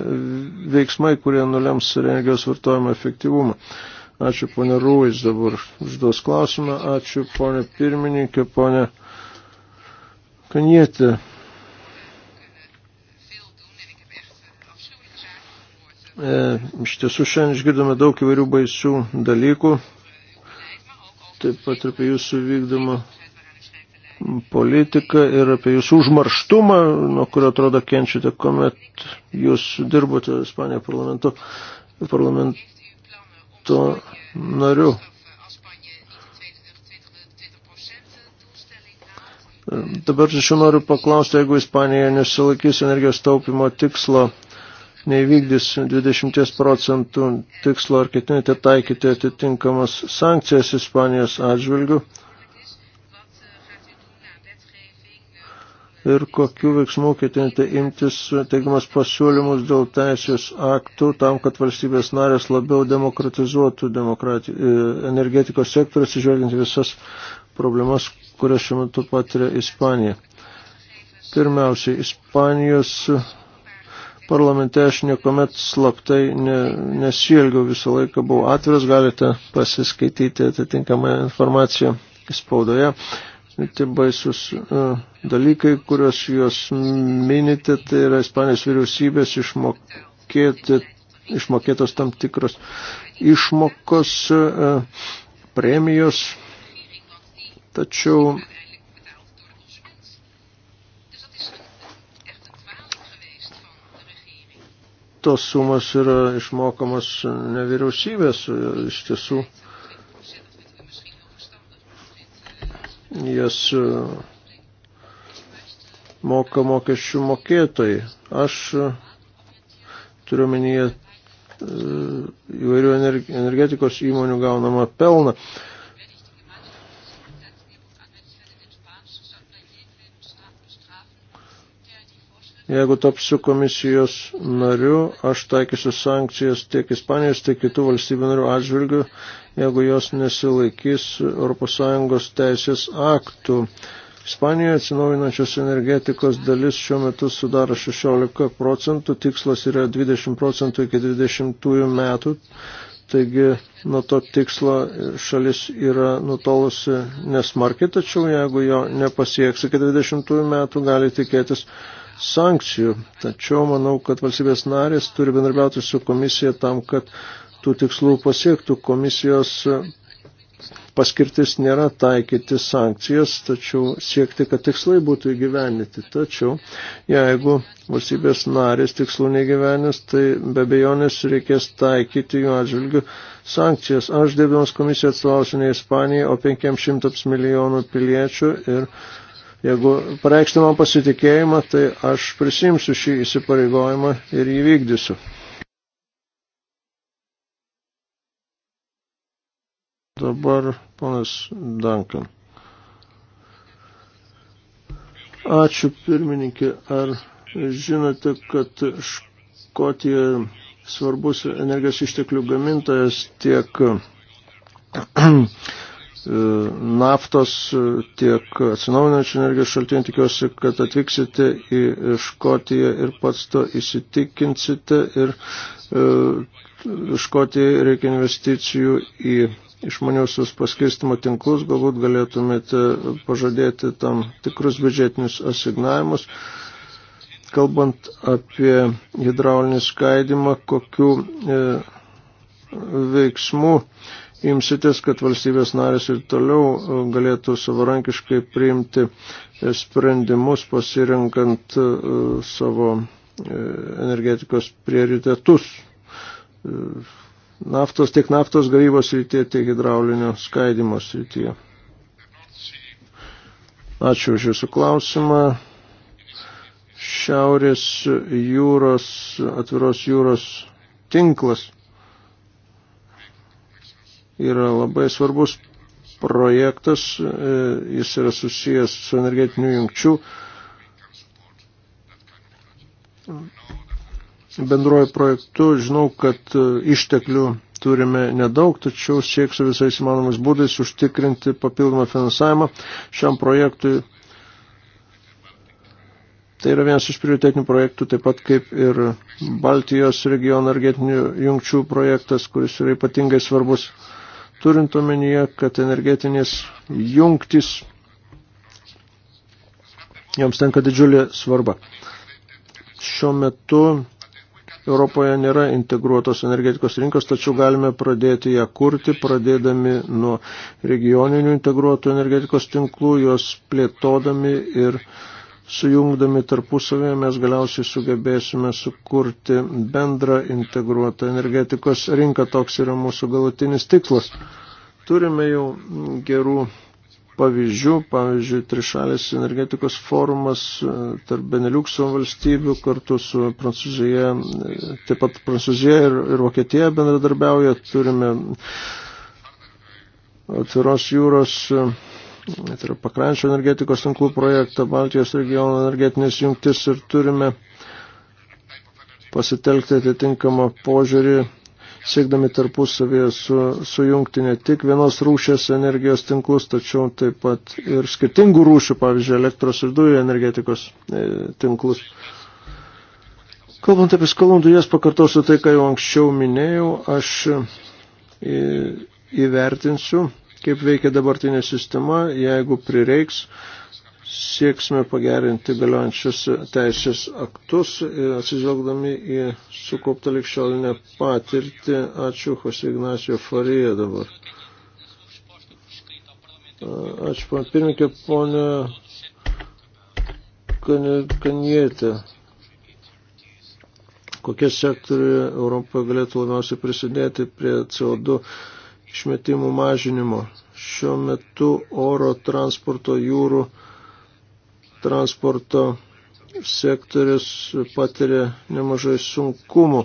veiksmai, kurie nulems energijos vartojimo efektyvumą. Ačiū ponė Rūvis dabar užduos klausimą. Ačiū ponė pirmininkė, ponė Kanietė. E, iš tiesų šiandien išgirdome daug įvairių baisių dalykų, taip pat apie jūsų vykdomą politiką ir apie jūsų užmarštumą, nuo kurio atrodo kenčiate, kuomet jūs dirbote Ispanijos parlamento, parlamento nariu. E, dabar aš noriu paklausti, jeigu Ispanija nesilaikys energijos taupimo tikslo neįvykdys 20 procentų tikslo ar ketinate taikyti atitinkamas sankcijas Ispanijos atžvilgių. ir kokiu veiksmu ketinate imtis teigiamas pasiūlymus dėl teisės aktų tam, kad valstybės narės labiau demokratizuotų demokrati... E, energetikos sektorius, išvelgiant visas problemas, kurias šiuo metu patiria Ispanija. Pirmiausiai, Ispanijos parlamente aš niekuomet slaptai ne, nesielgiau, visą laiką buvau atviras, galite pasiskaityti atitinkamą informaciją spaudoje. Tie baisus uh, e, dalykai, kuriuos jūs minite, tai yra Ispanijos vyriausybės išmokėti, išmokėtos tam tikros išmokos, uh, premijos, tačiau tos sumos yra išmokamos ne vyriausybės, iš tiesų jas e, moka mokesčių mokėtojai. Aš e, turiu menyje e, įvairių energetikos įmonių gaunamą pelną. Jeigu tapsiu komisijos nariu, aš taikysiu sankcijas tiek Ispanijos, tiek kitų valstybių narių atžvilgių, jeigu jos nesilaikys ES teisės aktų. Ispanijoje atsinaujinančios energetikos dalis šiuo metu sudaro 16 procentų, tikslas yra 20 procentų iki 20 metų, taigi nuo to tikslo šalis yra nutolusi nesmarkiai, tačiau jeigu jo nepasieks iki 20 metų, gali tikėtis sankcijų. Tačiau manau, kad valstybės narės turi bendarbiauti su komisija tam, kad tų tikslų pasiektų. Komisijos paskirtis nėra taikyti sankcijas, tačiau siekti, kad tikslai būtų įgyvenyti. Tačiau jeigu valstybės narės tikslų negyvenės, tai be bejonės reikės taikyti jų atžvilgių sankcijas. Aš dirbdamas komisiją atstovausiu ne Ispanijai, o 500 milijonų piliečių ir Jeigu pareikštų man pasitikėjimą, tai aš prisimsiu šį įsipareigojimą ir įvykdysiu. Dabar ponas Dankan. Ačiū pirmininkė. Ar žinote, kad Škotijoje svarbus energijos išteklių gamintojas tiek E, naftos, e, tiek atsinaujinančių energijos šaltinių. Tikiuosi, kad atvyksite į Škotiją ir pats to įsitikinsite. Ir e, Škotijai reikia investicijų į išmaniausius paskirstimo tinklus. Galbūt galėtumėte pažadėti tam tikrus biudžetinius asignavimus. Kalbant apie hidraulinį skaidimą, kokiu veiksmu e, imsitės, kad valstybės narės ir toliau e, galėtų savarankiškai priimti e, sprendimus pasirinkant e, savo energetikos prioritetus. Naftos, tiek naftos gavybos rytie, tiek hidraulinio skaidimo rytie. Ačiū už Jūsų klausimą. Šiaurės jūros, atviros jūros tinklas yra labai svarbus projektas, e, jis yra susijęs su energetiniu jungčių bendroju projektu. Žinau, kad e, išteklių turime nedaug, tačiau sieksiu visais įmanomais būdais užtikrinti papildomą finansavimą šiam projektui. Tai yra vienas iš prioritetinių projektų, taip pat kaip ir Baltijos regiono energetinių jungčių projektas, kuris yra ypatingai svarbus turint omenyje, kad energetinės jungtis joms tenka didžiulė svarba. Šiuo metu Europoje nėra integruotos energetikos rinkos, tačiau galime pradėti ją kurti, pradėdami nuo regioninių integruotų energetikos tinklų, juos plėtodami ir uh, sujungdami tarpusavėje mes galiausiai sugebėsime sukurti bendrą integruotą energetikos rinką. Toks yra mūsų galutinis tikslas. Turime jau gerų pavyzdžių, pavyzdžiui, trišalės energetikos forumas e, tarp Beneliukso valstybių kartu su Prancūzija, e, taip pat Prancūzija ir, ir Vokietija bendradarbiauja, turime atviros jūros e, tai yra pakrančio energetikos tinklų projektą, Baltijos regiono energetinės jungtis ir turime pasitelkti atitinkamą požiūrį, siekdami tarpusavėje su, sujungti ne tik vienos rūšės energijos tinklus, tačiau taip pat ir skirtingų rūšių, pavyzdžiui, elektros ir dujų energetikos e, tinklus. Kalbant apie skalų dujas, pakartosiu tai, ką jau anksčiau minėjau, aš e, įvertinsiu kaip veikia dabartinė sistema, jeigu prireiks, sieksime pagerinti galiojančius teisės aktus, e, atsižvelgdami į sukauptą likščiolinę patirtį. Ačiū, Jose Ignacio Farija dabar. Ačiū, pan pirmininkė, ponė Kanietė. Kokie sektoriai Europoje galėtų labiausiai prisidėti prie CO2 išmetimų mažinimo. Šiuo metu oro transporto jūrų transporto sektorius patiria nemažai sunkumų.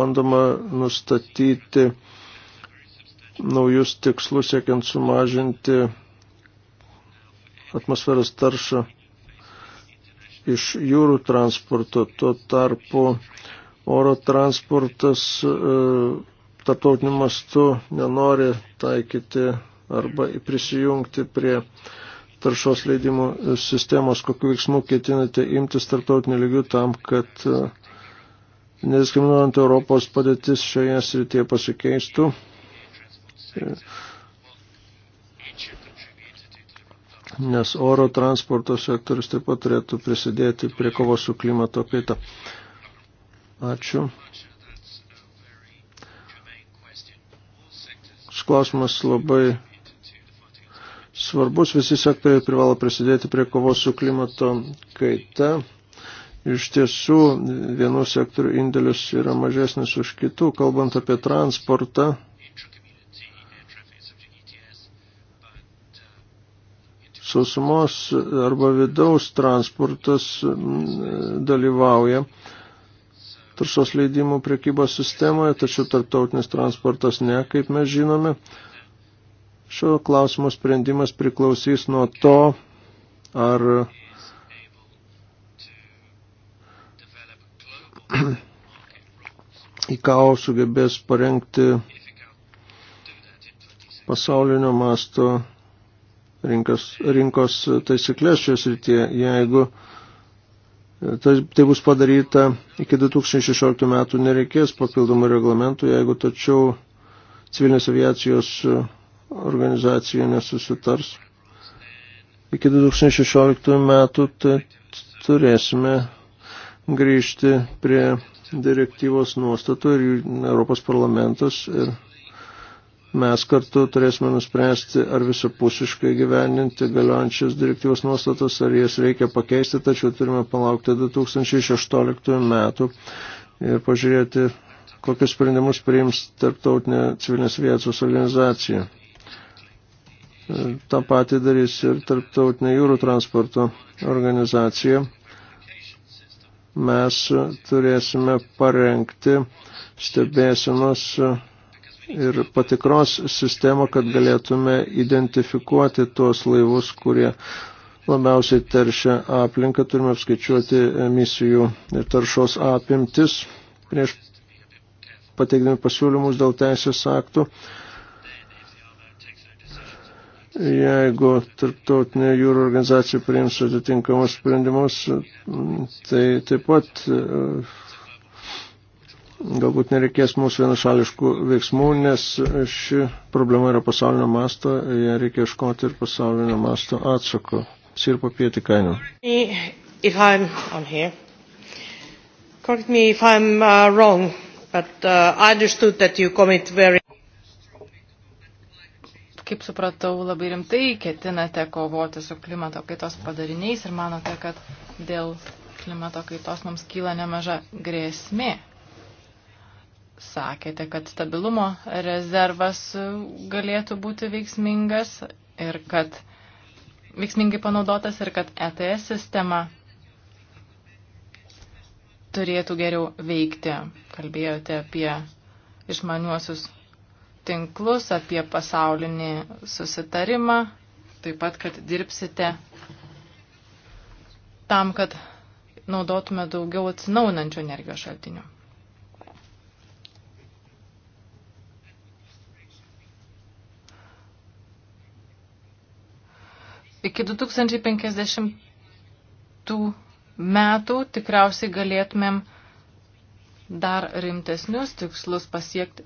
Bandoma nustatyti naujus tikslus, siekiant sumažinti atmosferos taršą iš jūrų transporto. Tuo tarpu oro transportas e, tarptautiniu mastu nenori taikyti arba prisijungti prie taršos leidimų sistemos, kokiu veiksmu ketinate imtis tarptautiniu lygiu tam, kad e, nediskriminuojant Europos padėtis šioje srityje pasikeistų. E, nes oro transporto sektorius taip pat turėtų prisidėti prie kovos su klimato kaita. Ačiū. Klausimas labai svarbus. Visi sektoriai privalo prisidėti prie kovos su klimato kaita. Iš tiesų, vienų sektorių indėlis yra mažesnis už kitų. Kalbant apie transportą, sausumos arba vidaus transportas mm, dalyvauja taršos leidimų priekybos sistemoje, tačiau tarptautinis transportas ne, kaip mes žinome. Šio klausimo sprendimas priklausys nuo to, ar IKAO sugebės parengti pasaulinio masto rinkos, rinkos taisyklės šios rytie, jeigu uh, Tai, tai bus padaryta iki 2016 metų, nereikės papildomų reglamentų, jeigu tačiau civilinės aviacijos organizacija nesusitars. Iki 2016 metų tai turėsime grįžti prie direktyvos nuostatų ir Europos parlamentas ir mes kartu turėsime nuspręsti, ar visapusiškai gyveninti galiojančias direktyvos nuostatas, ar jas reikia pakeisti, tačiau turime palaukti 2016 metų ir pažiūrėti, kokius sprendimus priims tarptautinė civilinės vietos organizacija. Ir tą patį darys ir tarptautinė jūrų transporto organizacija. Mes turėsime parengti stebėsimas ir patikros sistemą, kad galėtume identifikuoti tuos laivus, kurie labiausiai teršia aplinką. Turime apskaičiuoti emisijų ir taršos apimtis prieš pateikdami pasiūlymus dėl teisės aktų. Jeigu tarptautinė jūrų organizacija priims atitinkamus sprendimus, tai taip pat galbūt nereikės mūsų vienašališkų veiksmų, nes ši problema yra pasaulinio masto, ją reikia iškoti ir pasaulinio masto atsako. Sirpo pieti kainų. Correct me if I'm uh, wrong, but uh, I understood that you commit very. Kaip supratau, labai rimtai ketinate kovoti su klimato kaitos padariniais ir manote, kad dėl klimato kaitos mums kyla nemaža grėsmė sakėte, kad stabilumo rezervas galėtų būti veiksmingas ir kad veiksmingai panaudotas ir kad ETS sistema turėtų geriau veikti. Kalbėjote apie išmaniuosius tinklus, apie pasaulinį susitarimą, taip pat, kad dirbsite tam, kad naudotume daugiau atsinaunančių energijos šaltinių. Iki 2050 metų tikriausiai galėtumėm dar rimtesnius tikslus pasiekti.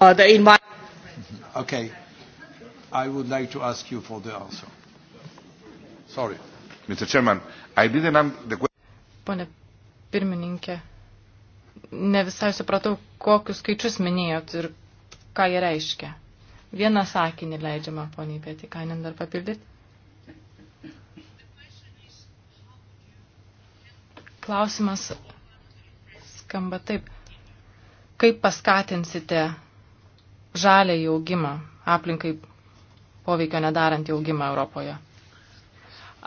Uh, okay. I would like to ask you for the answer. Sorry. Mr. Chairman, I didn't the Pone pirmininkė, ne visai supratau, kokius skaičius minėjot ir ką jie reiškia. Vieną sakinį leidžiama, poniai Pietikainen, dar papildyti. Klausimas skamba taip. Kaip paskatinsite žalę į augimą, aplinkai poveikio nedarant į augimą Europoje?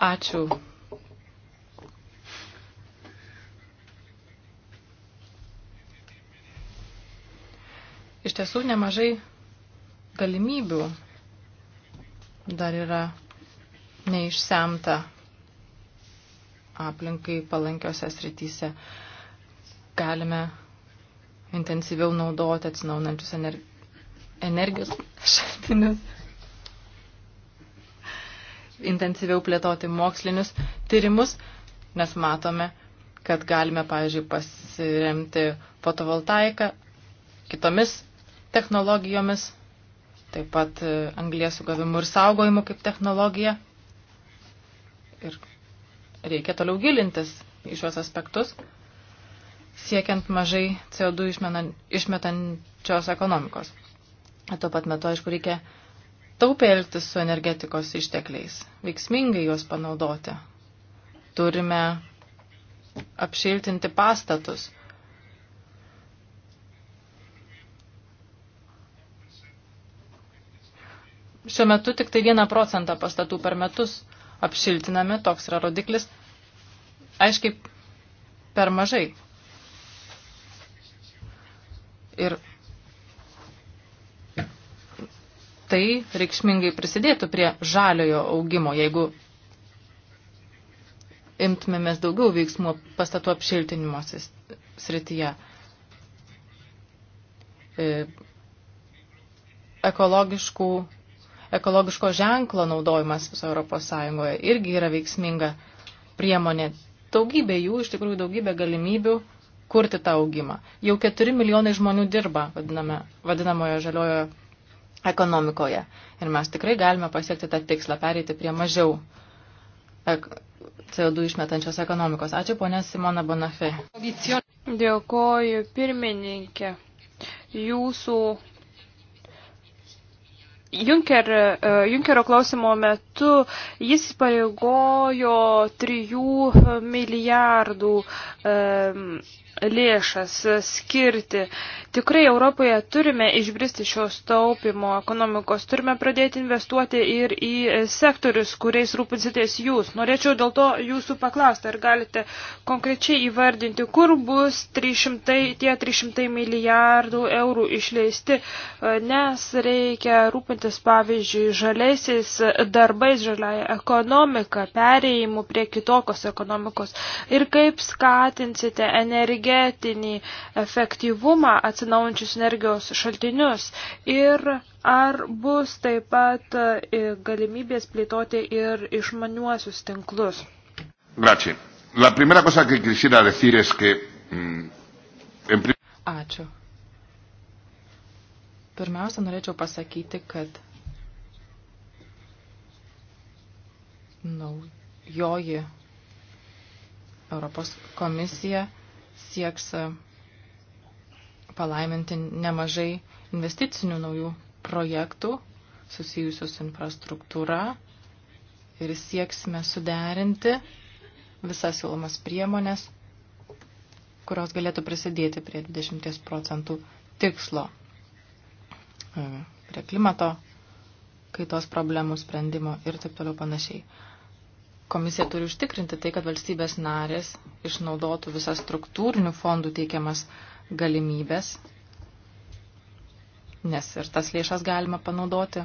Ačiū. Iš tiesų nemažai galimybių dar yra neišsemta aplinkai palankiose srityse. Galime intensyviau naudoti atsinaunančius energi energijos šaltinius, intensyviau plėtoti mokslinius tyrimus, nes matome, kad galime, pavyzdžiui, pasiremti fotovoltaiką, kitomis technologijomis taip pat e, anglės sugavimu ir saugojimu kaip technologija. Ir reikia toliau gilintis į šios aspektus, siekiant mažai CO2 išmetančios ekonomikos. Tuo pat metu, aišku, reikia taupiai elgtis su energetikos ištekliais, veiksmingai juos panaudoti. Turime apšiltinti pastatus, Šiuo metu tik tai 1 procentą pastatų per metus apšiltinami, toks yra rodiklis. Aiškiai, per mažai. Ir tai reikšmingai prisidėtų prie žaliojo augimo, jeigu imtumėmės daugiau veiksmų pastatų apšiltinimo srityje. E, ekologiškų ekologiško ženklo naudojimas viso Europos Sąjungoje irgi yra veiksminga priemonė. Daugybė jų, iš tikrųjų daugybė galimybių kurti tą augimą. Jau 4 milijonai žmonių dirba vadiname, vadinamojo žaliojo ekonomikoje. Ir mes tikrai galime pasiekti tą tikslą, pereiti prie mažiau CO2 išmetančios ekonomikos. Ačiū ponė Simona Bonafė. Dėkoju pirmininkė. Jūsų Junker, e, Junkerio klausimo metu jis pareigojo 3 milijardų e, lėšas skirti. Tikrai Europoje turime išbristi šios taupimo ekonomikos, turime pradėti investuoti ir į sektorius, kuriais rūpinsitės jūs. Norėčiau dėl to jūsų paklausti, ar galite konkrečiai įvardinti, kur bus 300, tie 300 milijardų eurų išleisti, e, nes reikia rūpintis, pavyzdžiui, žaliaisiais darbais, žaliaja ekonomika, perėjimu prie kitokios ekonomikos ir kaip skatinsite energiją energetinį efektyvumą atsinaujančius energijos šaltinius ir ar bus taip pat e, galimybės plėtoti ir išmaniuosius tinklus. Grazie. La primera cosa que quisiera decir es que... Mm, en... Ačiū. Pirmiausia, norėčiau pasakyti, kad naujoji Europos komisija sieks e, palaiminti nemažai investicinių naujų projektų susijusių su infrastruktūra ir sieksime suderinti visas siūlomas priemonės, kurios galėtų prisidėti prie 20 procentų tikslo, e, prie klimato kaitos problemų sprendimo ir taip toliau panašiai. Komisija turi užtikrinti tai, kad valstybės narės išnaudotų visas struktūrinių fondų teikiamas galimybės, nes ir tas lėšas galima panaudoti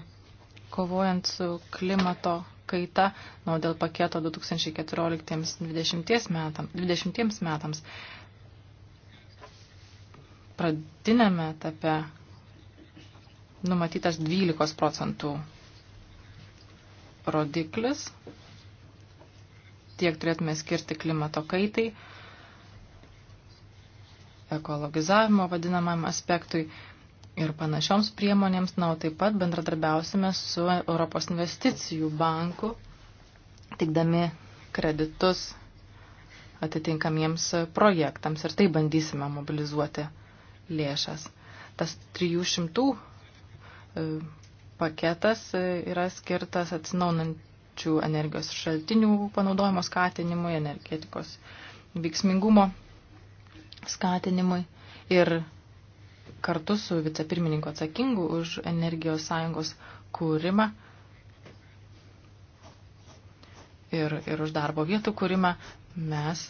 kovojant su klimato kaita, nuo dėl paketo 2014-2020 metams, metams. Pradinėme etape numatytas 12 procentų rodiklis tiek turėtume skirti klimato kaitai, ekologizavimo vadinamam aspektui ir panašioms priemonėms, na, o taip pat bendradarbiausime su Europos investicijų banku, tikdami kreditus atitinkamiems projektams ir tai bandysime mobilizuoti lėšas. Tas 300 e, paketas yra skirtas atsinaunant atsinaujinančių energijos šaltinių panaudojimo skatinimui, energetikos veiksmingumo skatinimui ir kartu su vicepirmininku atsakingu už energijos sąjungos kūrimą ir, ir už darbo vietų kūrimą mes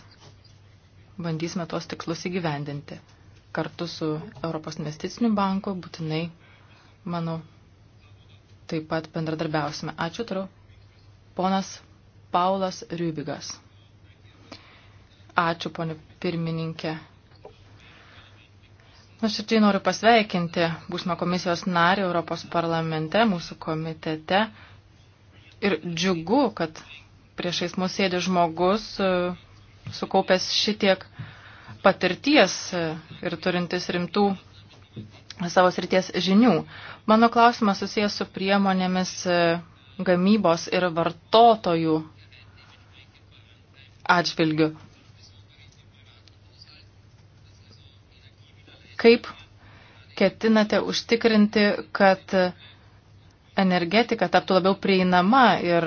bandysime tuos tikslus įgyvendinti. Kartu su Europos investiciniu banku būtinai, manau, taip pat bendradarbiausime. Ačiū, turiu ponas Paulas Rybigas. Ačiū, ponė pirmininkė. Nuoširdžiai noriu pasveikinti būsimą komisijos narį Europos parlamente, mūsų komitete. Ir džiugu, kad priešais mūsų sėdi žmogus, e, sukaupęs šitiek patirties e, ir turintis rimtų savo srities žinių. Mano klausimas susijęs su priemonėmis e, gamybos ir vartotojų atžvilgių. Kaip ketinate užtikrinti, kad energetika taptų labiau prieinama ir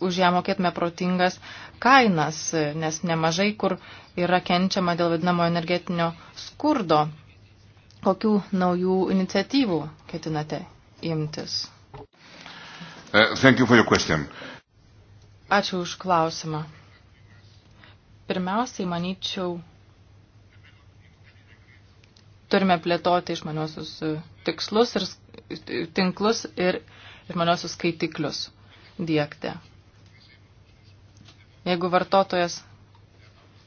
už ją mokėtume protingas kainas, nes nemažai kur yra kenčiama dėl vadinamo energetinio skurdo. Kokių naujų iniciatyvų ketinate imtis? Uh, you Ačiū už klausimą. Pirmiausiai, manyčiau, turime plėtoti išmaniosius uh, tikslus ir tinklus ir išmaniosius skaitiklius diegti. Jeigu vartotojas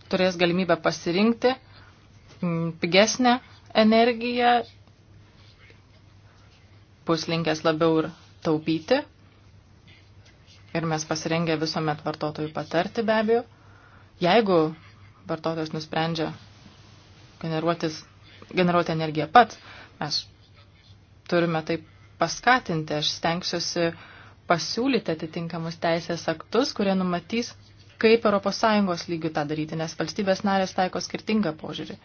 turės galimybę pasirinkti mm, pigesnę energiją, bus linkęs labiau ir taupyti, ir mes pasirengę visuomet vartotojui patarti be abejo. Jeigu vartotojas nusprendžia generuoti energiją pats, mes turime tai paskatinti. Aš stengsiuosi pasiūlyti atitinkamus teisės aktus, kurie numatys, kaip ES lygių tą daryti, nes valstybės narės taiko skirtingą požiūrį.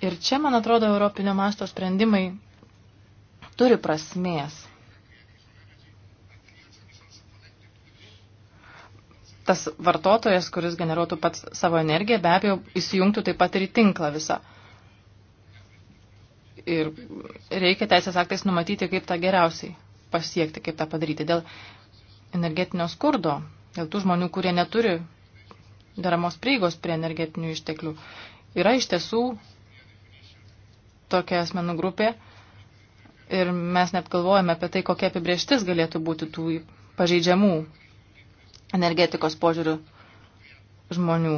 Ir čia, man atrodo, Europinio masto sprendimai turi prasmės. tas vartotojas, kuris generuotų pats savo energiją, be abejo, įsijungtų taip pat ir į tinklą visą. Ir reikia teisės aktais numatyti, kaip tą geriausiai pasiekti, kaip tą padaryti. Dėl energetinio skurdo, dėl tų žmonių, kurie neturi deramos prieigos prie energetinių išteklių, yra iš tiesų tokia asmenų grupė ir mes net galvojame apie tai, kokia apibrieštis galėtų būti tų pažeidžiamų energetikos požiūrių žmonių.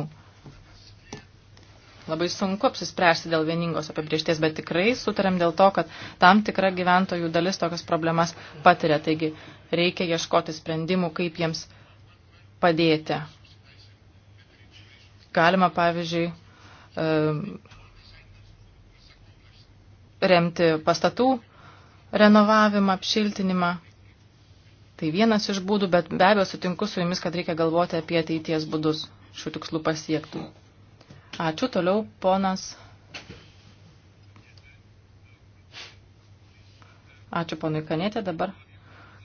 Labai sunku apsispręsti dėl vieningos apibriešties, bet tikrai sutarėm dėl to, kad tam tikra gyventojų dalis tokias problemas patiria. Taigi reikia ieškoti sprendimų, kaip jiems padėti. Galima, pavyzdžiui, remti pastatų renovavimą, apšiltinimą Tai vienas iš būdų, bet be abejo sutinku su jumis, kad reikia galvoti apie ateities būdus šių tikslų pasiektų. Ačiū toliau, ponas. Ačiū ponui Kanėtė, dabar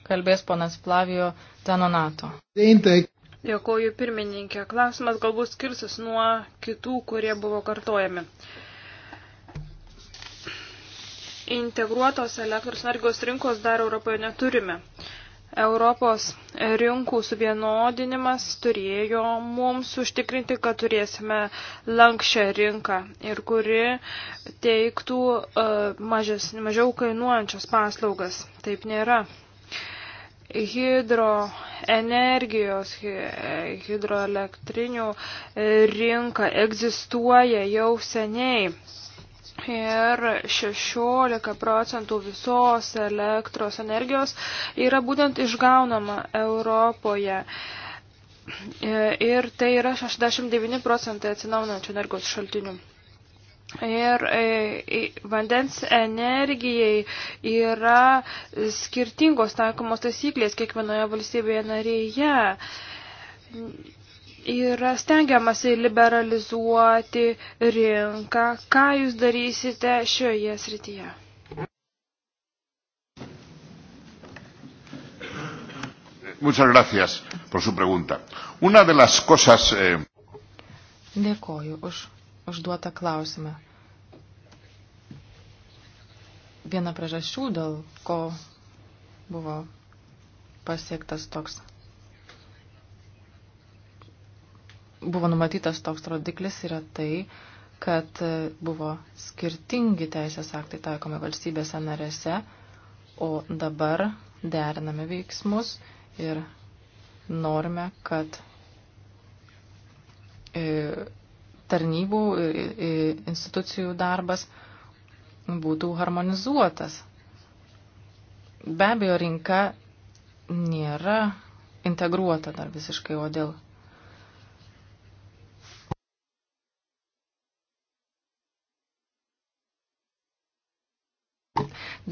kalbės ponas Plavijo Zanonato. Dėkoju pirmininkė. Klausimas galbūt skirsis nuo kitų, kurie buvo kartojami. Integruotos elektros energijos rinkos dar Europoje neturime. Europos rinkų suvienodinimas turėjo mums užtikrinti, kad turėsime lankščią rinką ir kuri teiktų e, mažes, mažiau kainuojančias paslaugas. Taip nėra. Hidroenergijos, hidroelektrinių rinka egzistuoja jau seniai ir 16 procentų visos elektros energijos yra būtent išgaunama Europoje. E, ir tai yra 69 procentai atsinaunančių energijos šaltinių. Ir e, vandens energijai yra skirtingos taikomos taisyklės kiekvienoje valstybėje narėje yra stengiamasi liberalizuoti rinką. Ką jūs darysite šioje srityje? Muchas gracias por su pregunta. Una de las cosas. Eh... Dėkoju už užduotą klausimą. Viena priežasčių, dėl ko buvo pasiektas toks buvo numatytas toks rodiklis yra tai, kad buvo skirtingi teisės aktai taikomi valstybėse narėse, o dabar deriname veiksmus ir norime, kad e, tarnybų e, e, institucijų darbas būtų harmonizuotas. Be abejo, rinka nėra integruota dar visiškai, o dėl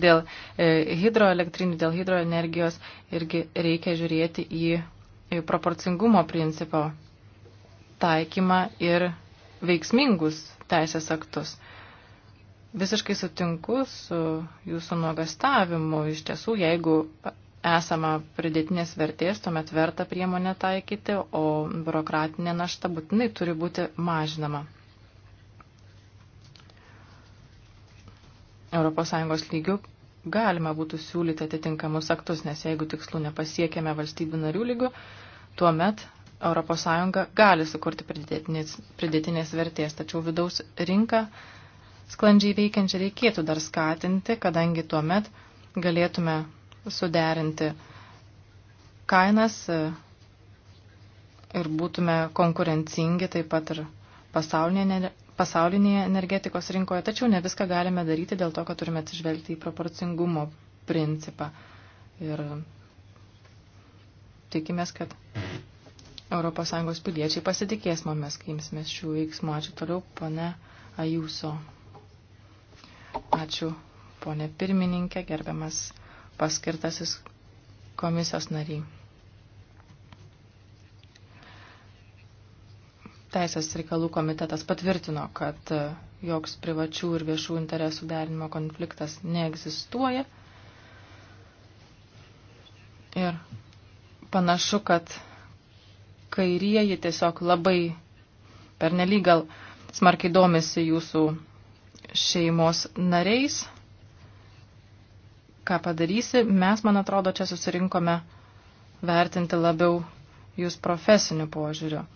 Dėl e, hidroelektrinių, dėl hidroenergijos irgi reikia žiūrėti į proporcingumo principo taikymą ir veiksmingus teisės aktus. Visiškai sutinku su jūsų nuogastavimu. Iš tiesų, jeigu esama pridėtinės vertės, tuomet verta priemonę taikyti, o biurokratinė našta būtinai turi būti mažinama. ES lygių galima būtų siūlyti atitinkamus aktus, nes jeigu tikslų nepasiekėme valstybių narių lygių, tuomet ES gali sukurti pridėtinės, pridėtinės vertės, tačiau vidaus rinką sklandžiai veikiančią reikėtų dar skatinti, kadangi tuomet galėtume suderinti kainas e, ir būtume konkurencingi taip pat ir pasaulinėje pasaulinėje energetikos rinkoje, tačiau ne viską galime daryti dėl to, kad turime atsižvelgti į proporcingumo principą. Ir tikimės, kad ES piliečiai pasitikės mumis, kai imsimės šių veiksmų. Ačiū toliau, pane Ajuso. Ačiū, ponė pirmininkė, gerbiamas paskirtasis komisijos nariai. Teisės reikalų komitetas patvirtino, kad e, joks privačių ir viešų interesų derinimo konfliktas neegzistuoja. Ir panašu, kad kairieji tiesiog labai per nelyg gal smarkiai domisi jūsų šeimos nariais. Ką padarysi, mes, man atrodo, čia susirinkome vertinti labiau jūs profesiniu požiūriu.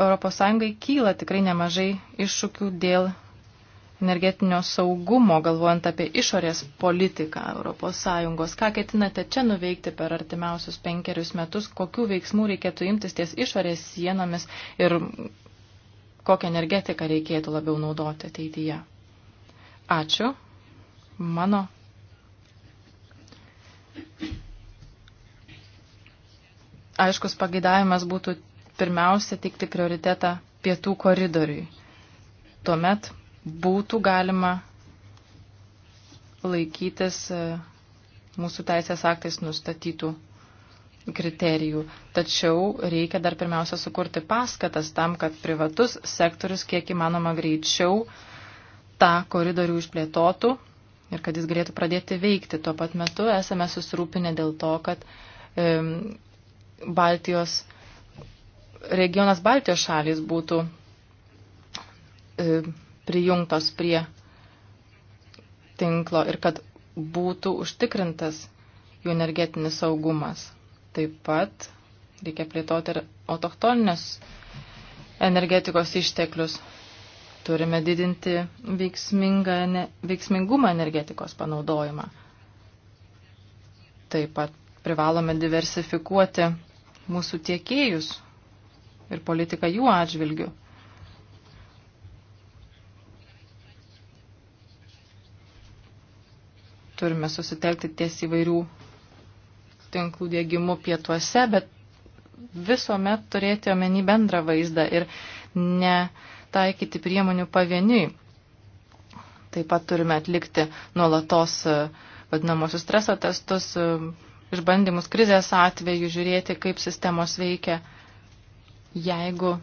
ES kyla tikrai nemažai iššūkių dėl energetinio saugumo, galvojant apie išorės politiką ES. Ką ketinate čia nuveikti per artimiausius penkerius metus, kokių veiksmų reikėtų imtis ties išorės sienomis ir kokią energetiką reikėtų labiau naudoti ateityje? Ačiū. Mano aiškus pagaidavimas būtų pirmiausia teikti prioritetą pietų koridoriui. Tuomet būtų galima laikytis e, mūsų teisės aktais nustatytų kriterijų. Tačiau reikia dar pirmiausia sukurti paskatas tam, kad privatus sektorius kiek įmanoma greičiau tą koridorių išplėtotų ir kad jis galėtų pradėti veikti. Tuo pat metu esame susirūpinę dėl to, kad e, Baltijos regionas Baltijos šalis būtų e, prijungtos prie tinklo ir kad būtų užtikrintas jų energetinis saugumas. Taip pat reikia plėtoti ir autochtoninius energetikos išteklius. Turime didinti ne, veiksmingumą energetikos panaudojimą. Taip pat privalome diversifikuoti mūsų tiekėjus, ir politiką jų atžvilgių. Turime susitelkti ties įvairių tinklų dėgymų pietuose, bet visuomet turėti omeny bendrą vaizdą ir ne taikyti priemonių pavieniui. Taip pat turime atlikti nuolatos e, vadinamosius streso testus, e, išbandymus krizės atveju, žiūrėti, kaip sistemos veikia jeigu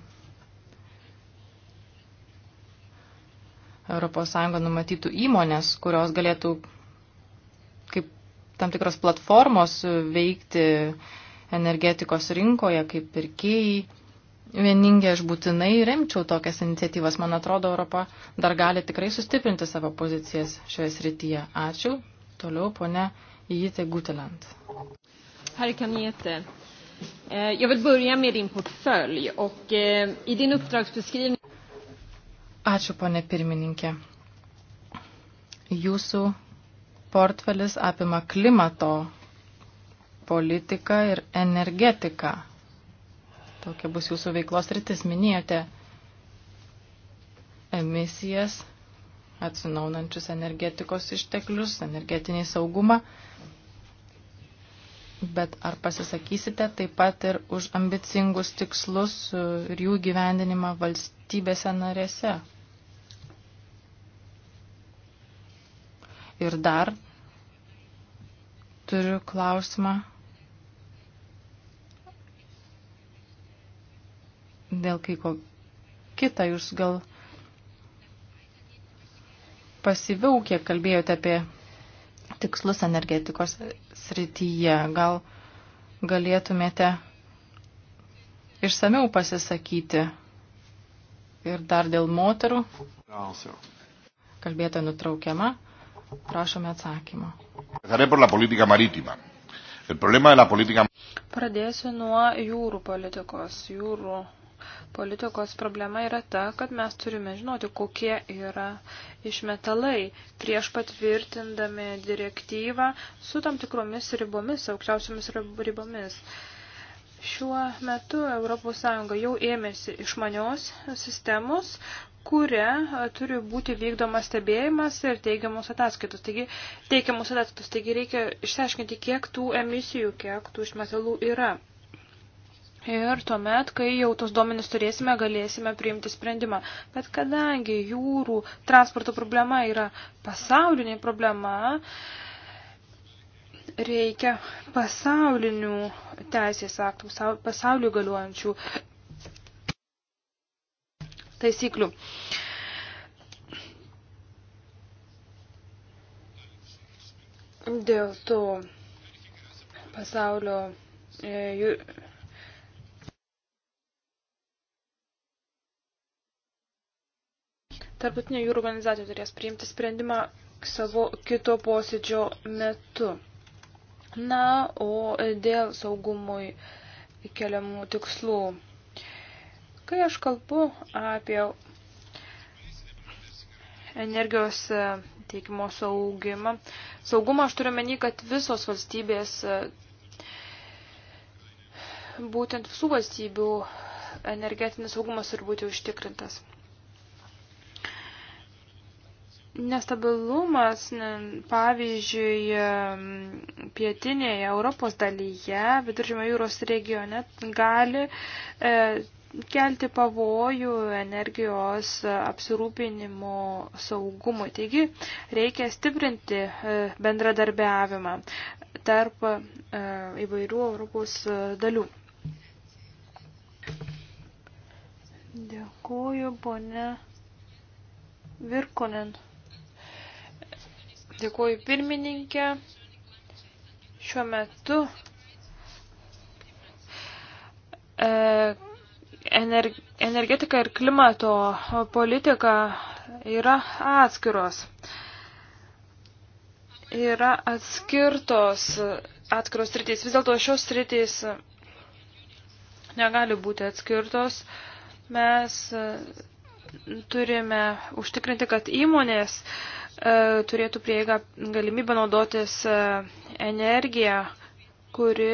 ES numatytų įmonės, kurios galėtų kaip tam tikros platformos veikti energetikos rinkoje, kaip pirkėjai. Vieningi aš būtinai remčiau tokias iniciatyvas. Man atrodo, Europa dar gali tikrai sustiprinti savo pozicijas šioje srityje. Ačiū. Toliau, ponia Jytė Gutelant. Herr Kanjete, Eh, jag vill börja med din portfölj och eh, i din uppdragsbeskrivning. Ačiū, ponė pirmininkė. Jūsų portfelis apima klimato politiką ir energetiką. Tokia bus jūsų veiklos rytis. Minėjote emisijas, atsinaunančius energetikos išteklius, energetinį saugumą. Bet ar pasisakysite taip pat ir už ambicingus tikslus e, ir jų gyvendinimą valstybėse narėse? Ir dar turiu klausimą dėl kai ko kita. Jūs gal pasiviau, kiek kalbėjote apie tikslus energetikos srityje. Gal galėtumėte išsameu pasisakyti ir dar dėl moterų. Kalbėta nutraukiama. Prašome atsakymo. Pradėsiu nuo jūrų politikos, jūrų politikos problema yra ta, kad mes turime žinoti, kokie yra išmetalai prieš patvirtindami direktyvą su tam tikromis ribomis, aukščiausiamis ribomis. Šiuo metu ES jau ėmėsi išmanios sistemos, kuria turi būti vykdomas stebėjimas ir teigiamos ataskaitos. Taigi, teikiamos ataskaitos, taigi reikia išsiaiškinti, kiek tų emisijų, kiek tų išmetalų yra. Ir tuomet, kai jau tos duomenys turėsime, galėsime priimti sprendimą. Bet kadangi jūrų transporto problema yra pasaulinė problema, reikia pasaulinių teisės aktų, pasaulių galiuojančių taisyklių. Dėl to pasaulio e, Tarptautinė jūrų organizacija turės priimti sprendimą savo kito posėdžio metu. Na, o dėl saugumui keliamų tikslų. Kai aš kalbu apie energijos e, teikimo saugimą, saugumą aš turiu menį, kad visos valstybės, e, būtent visų valstybių energetinis saugumas turi būti užtikrintas. Nestabilumas, pavyzdžiui, pietinėje Europos dalyje, viduržymio jūros regione, gali e, kelti pavojų energijos apsirūpinimo saugumui. Taigi reikia stiprinti e, bendradarbiavimą tarp e, įvairių Europos e, dalių. Dėkuoju, ponė Virkonen. Dėkuoju pirmininkė. Šiuo metu e, energetika ir klimato politika yra atskiros. Yra atskirtos atskiros sritys. Vis dėlto šios sritys negali būti atskirtos. Mes turime užtikrinti, kad įmonės e, turėtų prieigą galimybę naudotis e, energiją, kuri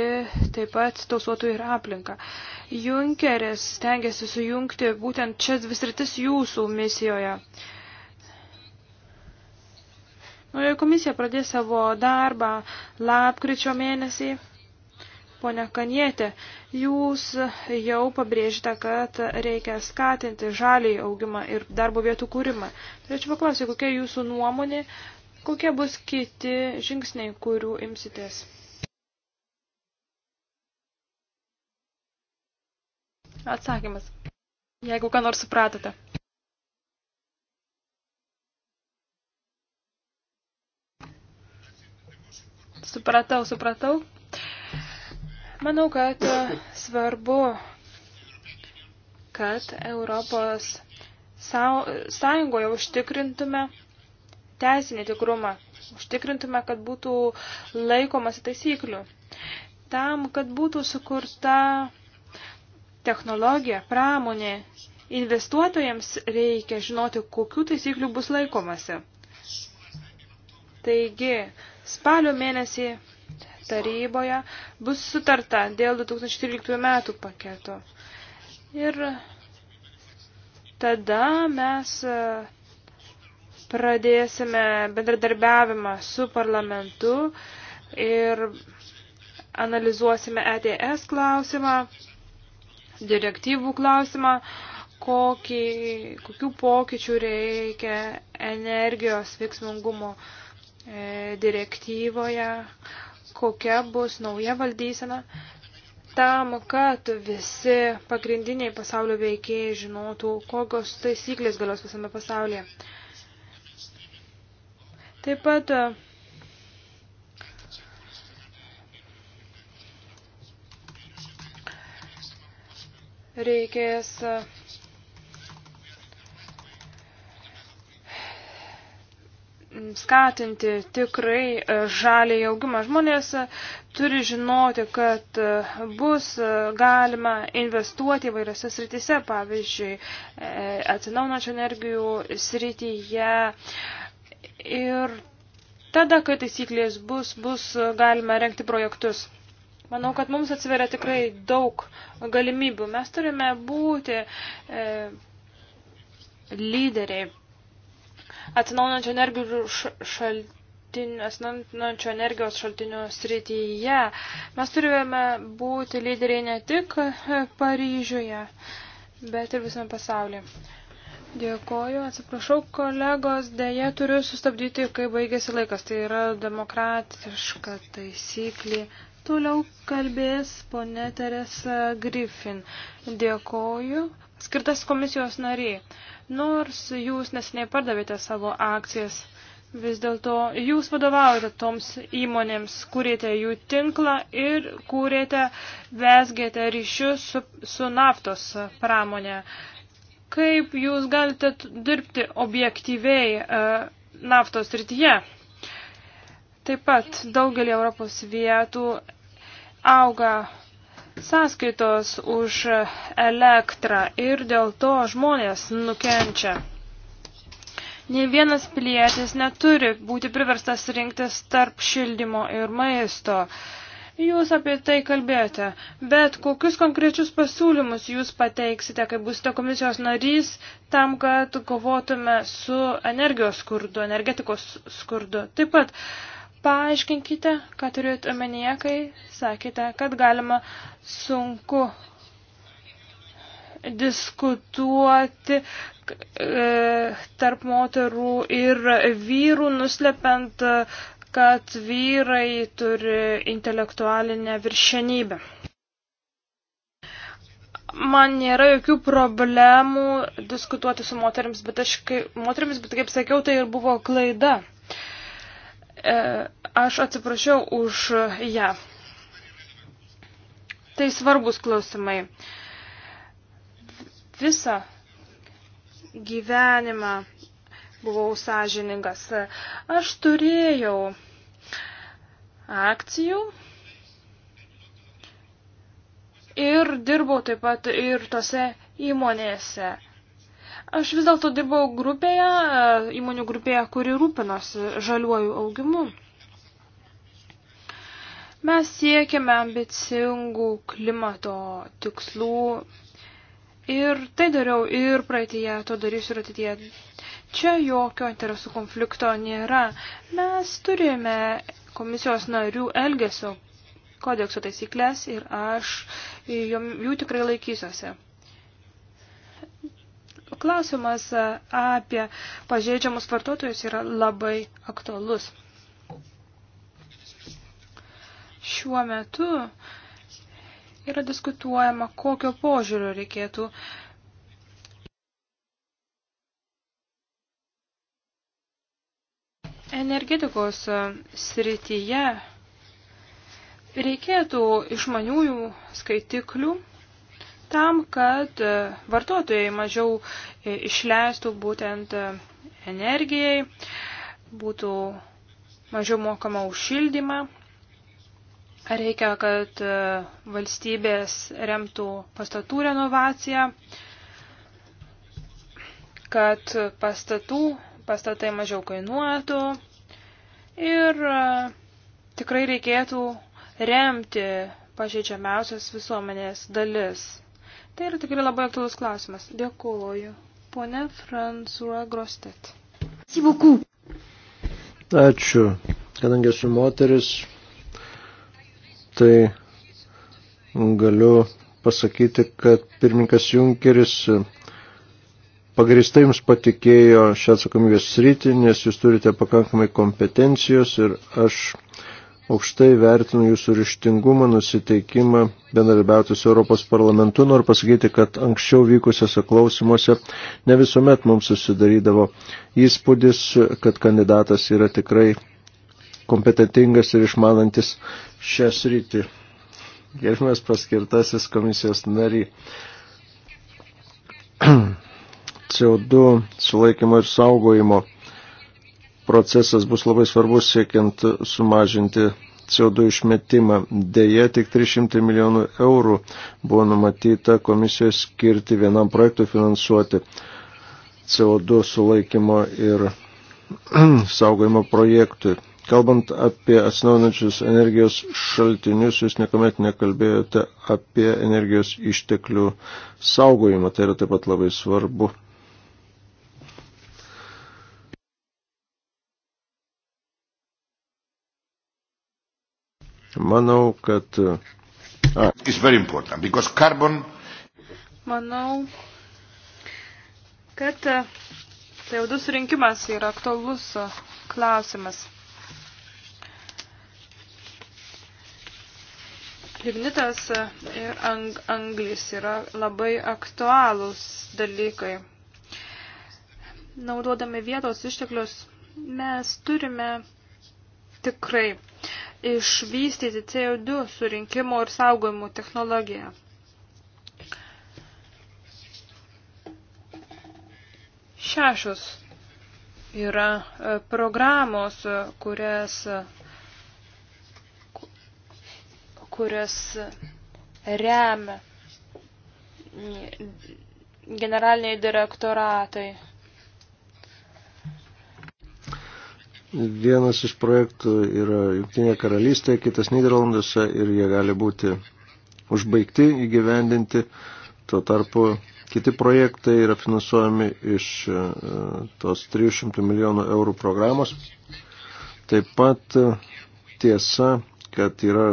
taip pat tausuotų ir aplinką. Junkeris stengiasi sujungti būtent čia vis rytis jūsų misijoje. Naujoji komisija pradės savo darbą lapkričio mėnesį. Pone Kanietė, jūs jau pabrėžite, kad reikia skatinti žalį augimą ir darbo vietų kūrimą. Tačiau paklausiu, kokia jūsų nuomonė, kokie bus kiti žingsniai, kurių imsitės? Atsakymas. Jeigu ką nors supratote. Supratau, supratau. Manau, kad e, svarbu, kad Europos sąjungoje užtikrintume teisinį tikrumą, užtikrintume, kad būtų laikomasi taisyklių. Tam, kad būtų sukurta technologija, pramonė, investuotojams reikia žinoti, kokių taisyklių bus laikomasi. Taigi, spalio mėnesį taryboje bus sutarta dėl 2013 metų paketo. Ir tada mes e, pradėsime bendradarbiavimą su parlamentu ir analizuosime ETS klausimą, direktyvų klausimą, kokį, kokių pokyčių reikia energijos veiksmingumo e, direktyvoje, kokia bus nauja valdysena, tam, kad visi pagrindiniai pasaulio veikėjai žinotų, kokios taisyklės galios visame pasaulyje. Taip pat reikės skatinti tikrai e, žalį augimą. Žmonės e, turi žinoti, kad e, bus galima investuoti įvairiose srityse, pavyzdžiui, atsinaujančių energijų srityje. Ir tada, kai taisyklės bus, bus galima renkti projektus. Manau, kad mums atsiveria tikrai daug galimybių. Mes turime būti e, lyderiai atsinaujinančių energijų šaltinių atsinaujinančio energijos šaltinių srityje. Mes turime būti lyderiai ne tik Paryžiuje, bet ir visame pasaulyje. Dėkoju, atsiprašau kolegos, dėje turiu sustabdyti, kai baigėsi laikas. Tai yra demokratiška taisyklė. Toliau kalbės ponė Teresa Griffin. Dėkoju. Skirtas komisijos nariai. Nors jūs nesiniai pardavėte savo akcijas, vis dėlto jūs vadovaujate toms įmonėms, kūrėte jų tinklą ir kūrėte, vesgėte ryšius su, su naftos pramonė. Kaip jūs galite dirbti objektyviai e, naftos rytyje? Taip pat daugelį Europos vietų auga sąskaitos už elektrą ir dėl to žmonės nukenčia. Ne vienas pilietis neturi būti priverstas rinktis tarp šildymo ir maisto. Jūs apie tai kalbėjote, bet kokius konkrečius pasiūlymus jūs pateiksite, kai būsite komisijos narys, tam, kad kovotume su energijos skurdu, energetikos skurdu. Taip pat paaiškinkite, ką turėjot omenyje, kai sakėte, kad galima sunku diskutuoti e, tarp moterų ir vyrų, nuslepiant, kad vyrai turi intelektualinę viršenybę. Man nėra jokių problemų diskutuoti su moteriams, bet aš, kai, moteriams, bet kaip sakiau, tai ir buvo klaida. Uh, E, aš atsiprašiau už ją. Tai svarbus klausimai. Visą gyvenimą buvau sąžiningas. Aš turėjau akcijų ir dirbau taip pat ir tose įmonėse. Aš vis dėlto dirbau grupėje, e, įmonių grupėje, kuri rūpinosi žaliuoju augimu. Mes siekiame ambicingų klimato tikslų ir tai dariau ir praeitie, to darysiu ir ateitie. Čia jokio interesų konflikto nėra. Mes turime komisijos narių elgesio kodekso taisyklės ir aš jų tikrai laikysiuosi klausimas e, apie pažeidžiamus vartotojus yra labai aktualus. Šiuo metu yra diskutuojama, kokio požiūrio reikėtų energetikos e, srityje reikėtų išmaniųjų skaitiklių tam, kad e, vartotojai mažiau e, išleistų būtent e, energijai, būtų mažiau mokama už šildymą. Reikia, kad valstybės remtų pastatų renovaciją, kad pastatų, pastatai mažiau kainuotų ir tikrai reikėtų remti pažeidžiamiausias visuomenės dalis. Tai yra tikrai labai aktualus klausimas. Dėkuoju. Pone François Grostet. Ačiū. Kadangi esu moteris, tai galiu pasakyti, kad pirmininkas Junkeris pagristai jums patikėjo šią atsakomybės sritį, nes jūs turite pakankamai kompetencijos ir aš aukštai vertinu jūsų ryštingumą, nusiteikimą bendradarbiauti su Europos parlamentu. Noriu pasakyti, kad anksčiau vykusiuose klausimuose ne visuomet mums susidarydavo įspūdis, kad kandidatas yra tikrai kompetentingas ir išmanantis šią sritį. Gerbimas paskirtasis komisijos nary. CO2 sulaikymo ir saugojimo procesas bus labai svarbus siekiant sumažinti CO2 išmetimą. Deja, tik 300 milijonų eurų buvo numatyta komisijos skirti vienam projektui finansuoti CO2 sulaikymo ir saugojimo projektui. Kalbant apie atsinaujinančius energijos šaltinius, jūs niekuomet nekalbėjote apie energijos išteklių saugojimą. Tai yra taip pat labai svarbu Manau, kad. A. Carbon... Manau, kad e, CO2 surinkimas yra aktualus e, klausimas. Lignitas e, ir ang anglis yra labai aktualūs dalykai. Naudodami vietos išteklius mes turime tikrai išvystyti CO2 surinkimo ir saugojimo technologiją. Šešios yra e, programos, kurias, kurias remia generaliniai direktoratai. Vienas iš projektų yra Junktinėje karalystėje, kitas Niderlanduose ir jie gali būti užbaigti, įgyvendinti. Tuo tarpu kiti projektai yra finansuojami iš e, tos 300 milijonų eurų programos. Taip pat e, tiesa, kad yra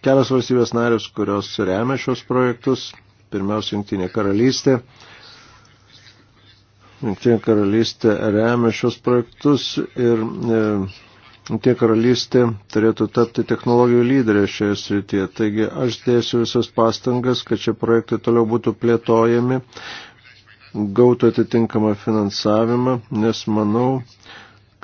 kelios valstybės narius, kurios remia šios projektus. Pirmiausia, Junktinė karalystė Jungtinė karalystė remia šios projektus ir e, Jungtinė karalystė turėtų tapti technologijų lyderė šioje srityje. Taigi aš dėsiu visas pastangas, kad šie projektai toliau būtų plėtojami, gautų atitinkamą finansavimą, nes manau,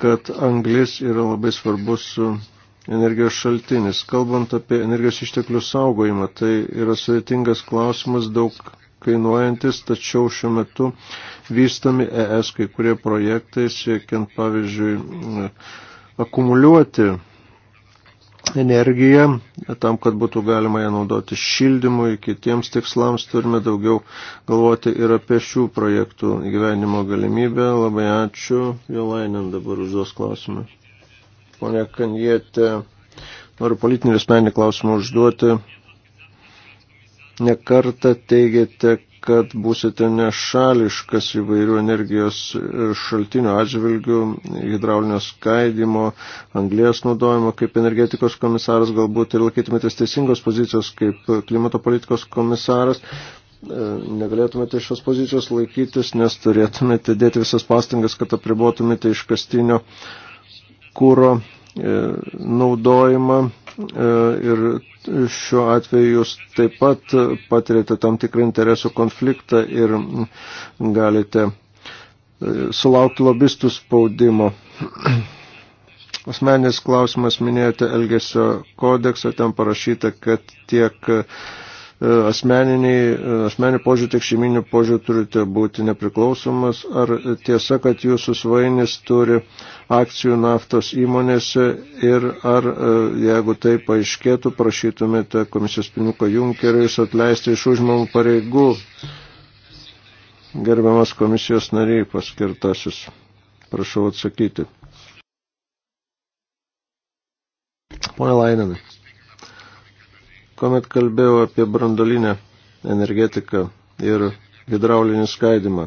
kad anglis yra labai svarbus energijos šaltinis. Kalbant apie energijos išteklių saugojimą, tai yra sudėtingas klausimas, daug kainuojantis, tačiau šiuo metu vystami ES kai kurie projektai siekiant, pavyzdžiui, akumuliuoti energiją, tam, kad būtų galima ją naudoti šildymui, kitiems tikslams turime daugiau galvoti ir apie šių projektų gyvenimo galimybę. Labai ačiū, Jolainin dabar užduos klausimą. Pone Kanjėte, noriu politinį ir asmenį klausimą užduoti. Nekartą teigėte, kad būsite nešališkas įvairių energijos šaltinių atžvilgių, hidraulinio skaidimo, anglės naudojimo kaip energetikos komisaras, galbūt ir laikytumėtės teisingos pozicijos kaip klimato politikos komisaras. E, negalėtumėte šios pozicijos laikytis, nes turėtumėte dėti visas pastangas, kad apribotumėte iškastinio kūro E, naudojimą e, ir šiuo atveju jūs taip pat patirėte tam tikrą interesų konfliktą ir galite e, sulaukti lobistų spaudimo. Asmenis klausimas minėjote Elgesio kodeksą, ten parašyta, kad tiek E, e, asmeninių požiūrį, tiek šeiminių požiūrį turite būti nepriklausomas. Ar tiesa, kad jūsų svainis turi akcijų naftos įmonėse ir ar, e, jeigu tai paaiškėtų, prašytumėte komisijos pirmininko Junkeris atleisti iš užmamų pareigų gerbiamas komisijos nariai paskirtasis. Prašau atsakyti. Pone Laininai kuomet kalbėjau apie brandolinę energetiką ir hidraulinį skaidimą.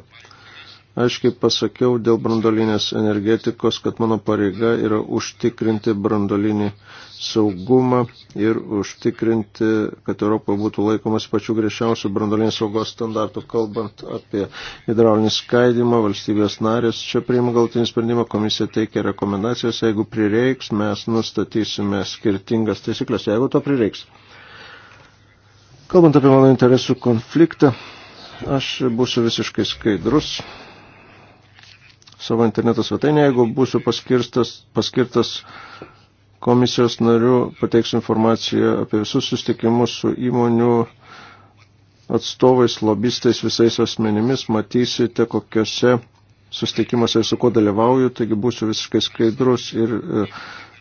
Aiškiai pasakiau dėl brandolinės energetikos, kad mano pareiga yra užtikrinti brandolinį saugumą ir užtikrinti, kad Europoje būtų laikomas pačių griežčiausių brandolinės saugos standartų, kalbant apie hidraulinį skaidimą, valstybės narės. Čia priima galtinį sprendimą, komisija teikia rekomendacijas, jeigu prireiks, mes nustatysime skirtingas taisyklės, jeigu to prireiks. Kalbant apie mano interesų konfliktą, aš būsiu visiškai skaidrus savo interneto svetainėje, jeigu būsiu paskirtas, paskirtas komisijos nariu, pateiksiu informaciją apie visus sustikimus su įmonių atstovais, lobistais, visais asmenimis, matysite, kokiuose sustikimuose su kuo dalyvauju, taigi būsiu visiškai skaidrus ir e,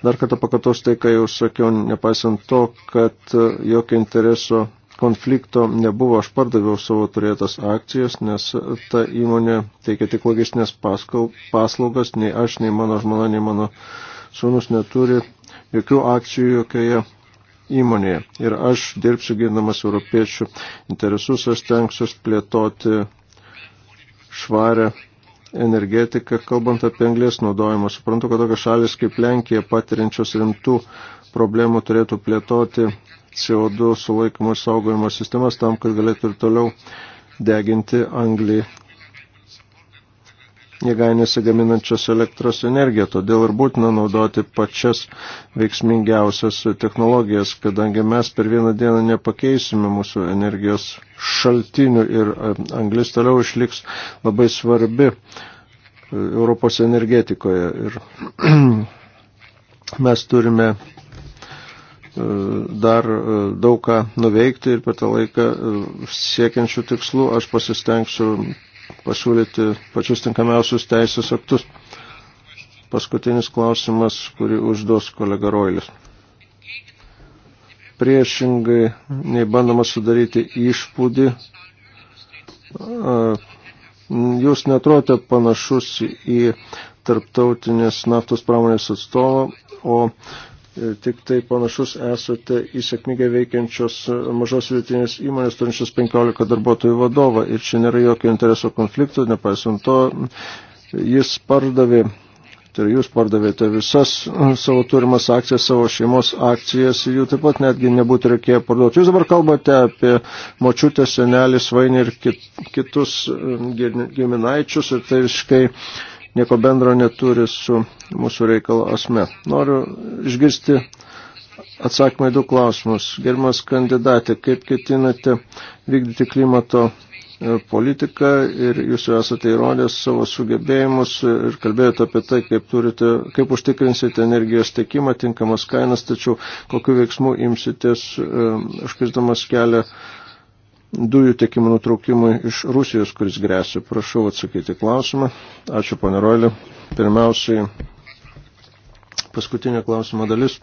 dar kartą pakatos tai, ką jau sakiau, nepaisant to, kad e, jokio intereso konflikto nebuvo, aš pardaviau savo turėtas akcijas, nes ta įmonė teikia tik logistinės paskal, paslaugas, nei aš, nei mano žmona, nei mano sūnus neturi jokių akcijų jokioje įmonėje. Ir aš dirbsiu gindamas europiečių interesus, aš tenksiu plėtoti švarę energetiką, kalbant apie anglės naudojimą. Suprantu, kad tokios šalis kaip Lenkija patiriančios rimtų problemų turėtų plėtoti CO2 sulaikymo ir saugojimo sistemas tam, kad galėtų ir toliau deginti anglį jėgainėse gaminančios elektros energiją. Todėl ir būtina naudoti pačias veiksmingiausias technologijas, kadangi mes per vieną dieną nepakeisime mūsų energijos šaltinių ir e, anglis toliau išliks labai svarbi e, Europos energetikoje. Ir mes turime e, dar daug ką nuveikti ir per tą laiką siekiančių tikslų aš pasistengsiu pasiūlyti pačius tinkamiausius teisės aktus. Paskutinis klausimas, kurį užduos kolega Roilis. Priešingai, nei bandoma sudaryti išpūdį, jūs netrodote panašus į tarptautinės naftos pramonės atstovą, o E, tik tai panašus esate į sėkmingai veikiančios e, mažos vidutinės įmonės turinčios 15 darbuotojų vadovą ir čia nėra jokio intereso konflikto, nepaisant to, jis pardavė, tai jūs pardavėte visas e, savo turimas akcijas, savo šeimos akcijas, jų taip pat netgi nebūtų reikėję parduoti. Jūs dabar kalbate apie močiutę, senelį, svainį ir kitus giminaičius ir tai visiškai uh, nieko bendro neturi su mūsų reikalo asme. Noriu išgirsti atsakymai du klausimus. Gerbiamas kandidatė, kaip ketinate vykdyti klimato e, politiką ir jūs jau esate įrodęs savo sugebėjimus ir kalbėjote apie tai, kaip, turite, kaip užtikrinsite energijos tiekimą, tinkamas kainas, tačiau kokiu veiksmu imsitės, e, užkirtamas kelią dujų tiekimo nutraukimui iš Rusijos, kuris grėsia. Prašau atsakyti klausimą. Ačiū, pane Roilė. Pirmiausiai, paskutinė klausimo dalis,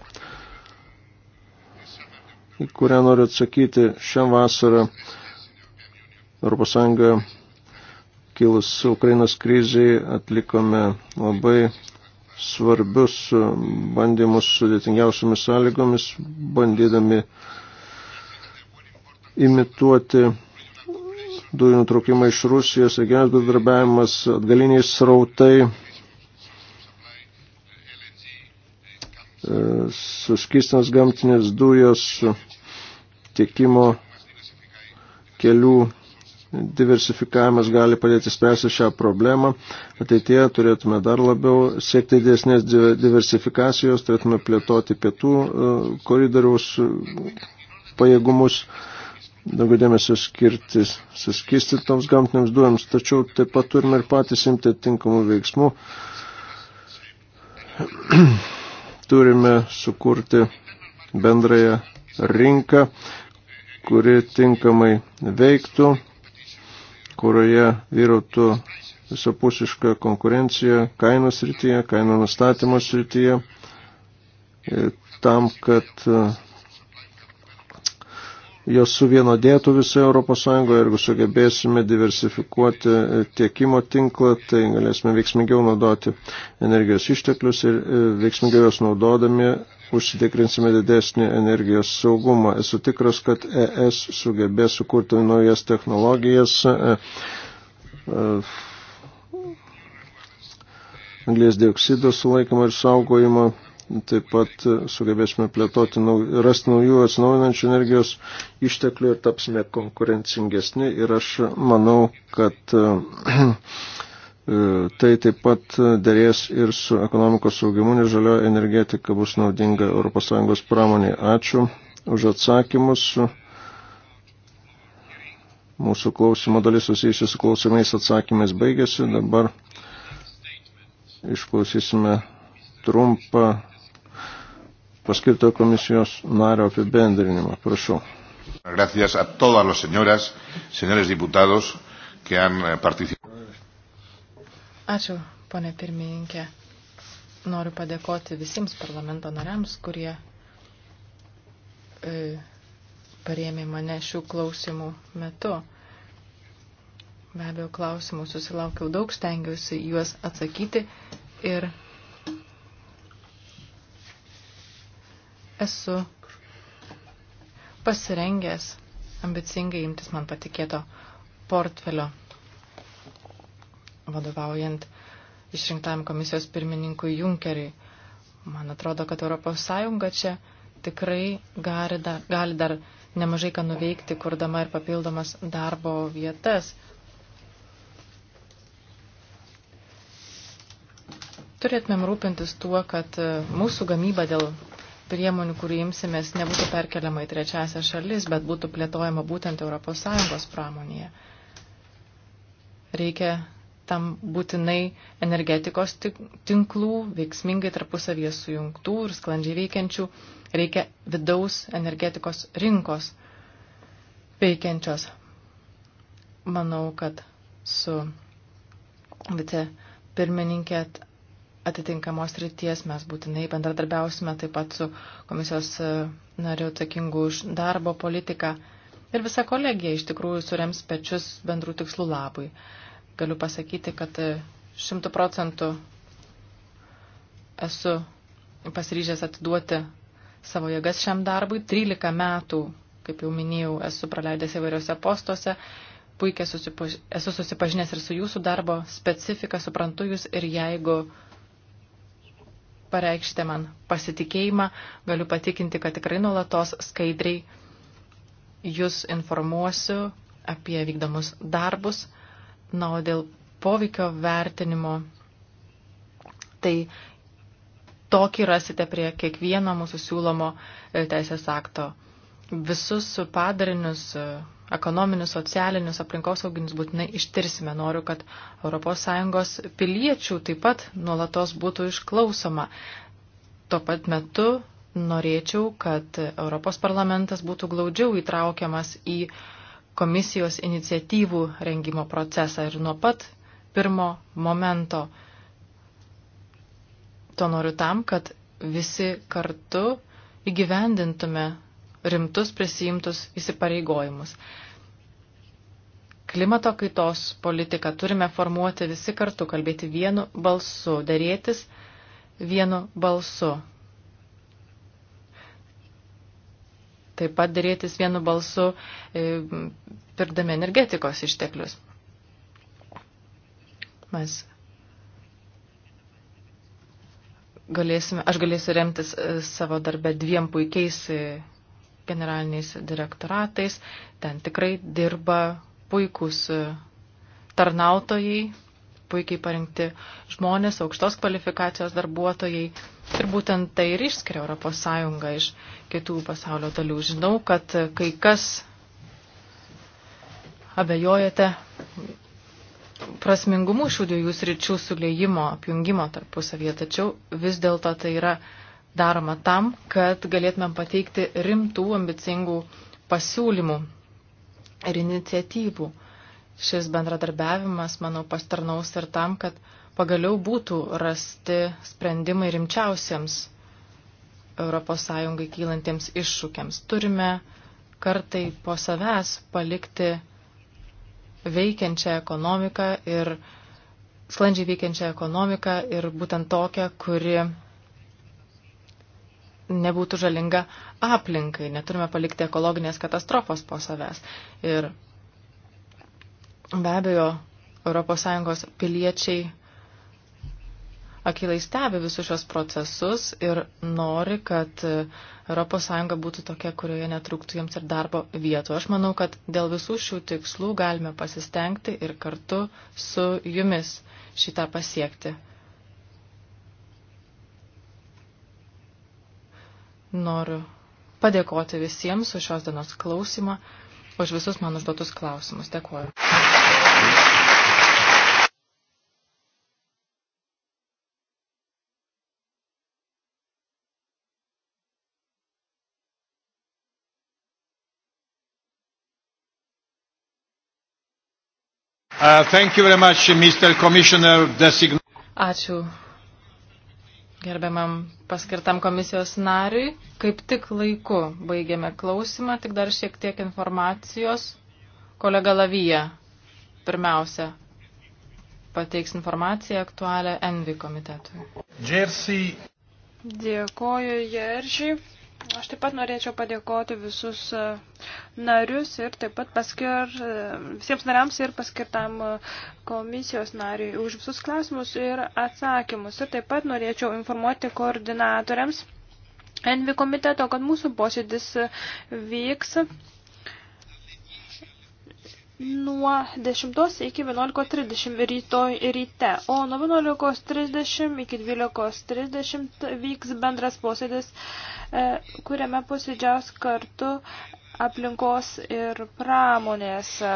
į kurią noriu atsakyti šią vasarą ES kilus Ukrainos kriziai atlikome labai svarbius bandymus sudėtingiausiamis sąlygomis, bandydami uh, imituoti dujų nutraukimą iš Rusijos, regioninis bendradarbiavimas, atgaliniai srautai, e, suskistinas gamtinės dujos, tiekimo kelių diversifikavimas gali padėti spręsti šią problemą. Ateityje turėtume dar labiau siekti didesnės diversifikacijos, turėtume plėtoti pietų e, koridoriaus pajėgumus daugiau dėmesio skirti suskistytoms gamtiniams duojams, tačiau taip pat turime ir patys imti tinkamų veiksmų. turime sukurti bendrąją rinką, kuri tinkamai veiktų, kurioje vyrautų visapusiška konkurencija kainos rytyje, kainų nustatymo rytyje, e, tam, kad jos suvienodėtų visoje Europos Sąjungoje, jeigu sugebėsime diversifikuoti e, tiekimo tinklą, tai galėsime veiksmingiau naudoti energijos išteklius ir e, veiksmingiau jos naudodami užsitikrinsime didesnį energijos saugumą. Esu tikras, kad ES sugebės sukurti naujas technologijas. E, Anglės dioksido sulaikymą ir saugojimą Taip pat e, sugebėsime plėtoti, rasti naujų atsinaujinančių energijos išteklių ir tapsime konkurencingesni. Ir aš manau, kad e, e, tai taip pat dėrės ir su ekonomikos saugimu, nes žalio energetika bus naudinga ES pramonė. Ačiū už atsakymus. Mūsų klausimo dalis susijusi su klausimais atsakymais baigėsi. Dabar išklausysime trumpą paskirto komisijos nario apibendrinimą. Prašau. Gracias a todas las señoras, señores diputados que han eh, participado. Ačiū, ponė pirmininkė. Noriu padėkoti visiems parlamento nariams, kurie e, parėmė mane šių klausimų metu. Be abejo, klausimų susilaukiau daug, stengiausi juos atsakyti ir esu pasirengęs ambicingai imtis man patikėto portfelio vadovaujant išrinktam komisijos pirmininkui Junkeriui. Man atrodo, kad Europos Sąjunga čia tikrai gali dar, gali dar nemažai ką nuveikti, kurdama ir papildomas darbo vietas. Turėtumėm rūpintis tuo, kad mūsų gamyba dėl priemonių, kurį imsimės, nebūtų perkeliama į trečiąsią šalis, bet būtų plėtojama būtent ES pramonėje. Reikia tam būtinai energetikos tinklų, veiksmingai tarpusavyje sujungtų ir sklandžiai veikiančių, reikia vidaus energetikos rinkos veikiančios. Manau, kad su vice pirmininkė atitinkamos ryties mes būtinai bendradarbiausime taip pat su komisijos e, nariu atsakingu už darbo politiką. Ir visa kolegija iš tikrųjų surems pečius bendrų tikslų labui. Galiu pasakyti, kad e, šimtų procentų esu pasiryžęs atiduoti savo jėgas šiam darbui. 13 metų, kaip jau minėjau, esu praleidęs įvairiose postuose puikiai susipaž... esu susipažinęs ir su jūsų darbo specifika, suprantu jūs ir jeigu pareikšite man pasitikėjimą, galiu patikinti, kad tikrai nuolatos skaidriai jūs informuosiu apie vykdomus darbus. Na, o dėl poveikio vertinimo, tai tokį rasite prie kiekvieno mūsų siūlomo e, teisės akto. Visus padarinius e, ekonominius, socialinius, aplinkosauginius būtinai ištirsime. Noriu, kad ES piliečių taip pat nuolatos būtų išklausoma. Tuo pat metu norėčiau, kad Europos parlamentas būtų glaudžiau įtraukiamas į komisijos iniciatyvų rengimo procesą ir nuo pat pirmo momento. To noriu tam, kad visi kartu įgyvendintume rimtus prisijimtus įsipareigojimus. Klimato kaitos politiką turime formuoti visi kartu, kalbėti vienu balsu, dėrėtis vienu balsu. Taip pat dėrėtis vienu balsu e, pirdami energetikos išteklius. Mes galėsime, aš galėsiu remtis e, savo darbę dviem puikiais e, generaliniais direktoratais. Ten tikrai dirba puikūs e, tarnautojai, puikiai parinkti žmonės, aukštos kvalifikacijos darbuotojai. Ir būtent tai ir išskiria ES iš kitų pasaulio dalių. Žinau, kad kai kas abejojate prasmingumu šių dviejų sričių sulėjimo, apjungimo tarpusavyje, tačiau vis dėlto tai yra daroma tam, kad galėtumėm pateikti rimtų, ambicingų pasiūlymų ir iniciatyvų. Šis bendradarbiavimas, manau, pastarnaus ir tam, kad pagaliau būtų rasti sprendimai rimčiausiems ES kylantiems iššūkiams. Turime kartai po savęs palikti veikiančią ekonomiką ir sklandžiai veikiančią ekonomiką ir būtent tokią, kuri nebūtų žalinga aplinkai, neturime palikti ekologinės katastrofos po savęs. Ir be abejo, ES piliečiai akilai stebi visus šios procesus ir nori, kad ES būtų tokia, kurioje netrūktų jiems ir darbo vietų. Aš manau, kad dėl visų šių tikslų galime pasistengti ir kartu su jumis šitą pasiekti. Noriu padėkoti visiems už šios dienos klausimą, už visus man užduotus klausimus. Dėkuoju. Uh, thank you very much, Mr. Commissioner Designate. Ačiū gerbiamam paskirtam komisijos nariui. Kaip tik laiku baigėme klausimą, tik dar šiek tiek informacijos. Kolega Lavija pirmiausia pateiks informaciją aktualią Envi komitetui. Jersey. Dėkoju, Jeržiai. Aš taip pat norėčiau padėkoti visus e, narius ir taip pat paskir, e, visiems nariams ir paskirtam e, komisijos nariui už visus klausimus ir atsakymus. Ir taip pat norėčiau informuoti koordinatoriams Envi komiteto, kad mūsų posėdis vyks nuo 10 iki 11.30 rytoj ryte, o nuo 11.30 iki 12.30 vyks bendras posėdis, e, kuriame posėdžiaus kartu aplinkos ir pramonės e,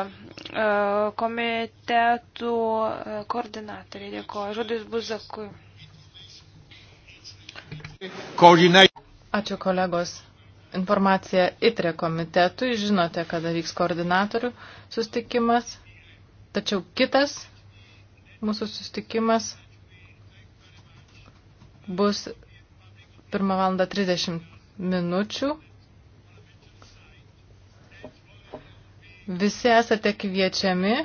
komitetų e, koordinatoriai. Dėkuoju. Žodis bus zakui. Ačiū kolegos informaciją ITRE komitetui. Žinote, kada vyks koordinatorių sustikimas. Tačiau kitas mūsų sustikimas bus 1 val. 30 minučių. Visi esate kviečiami.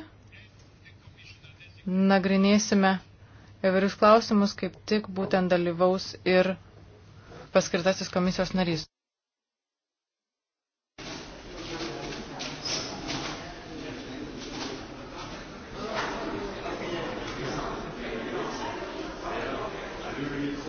Nagrinėsime įvairius klausimus, kaip tik būtent dalyvaus ir paskirtasis komisijos narys.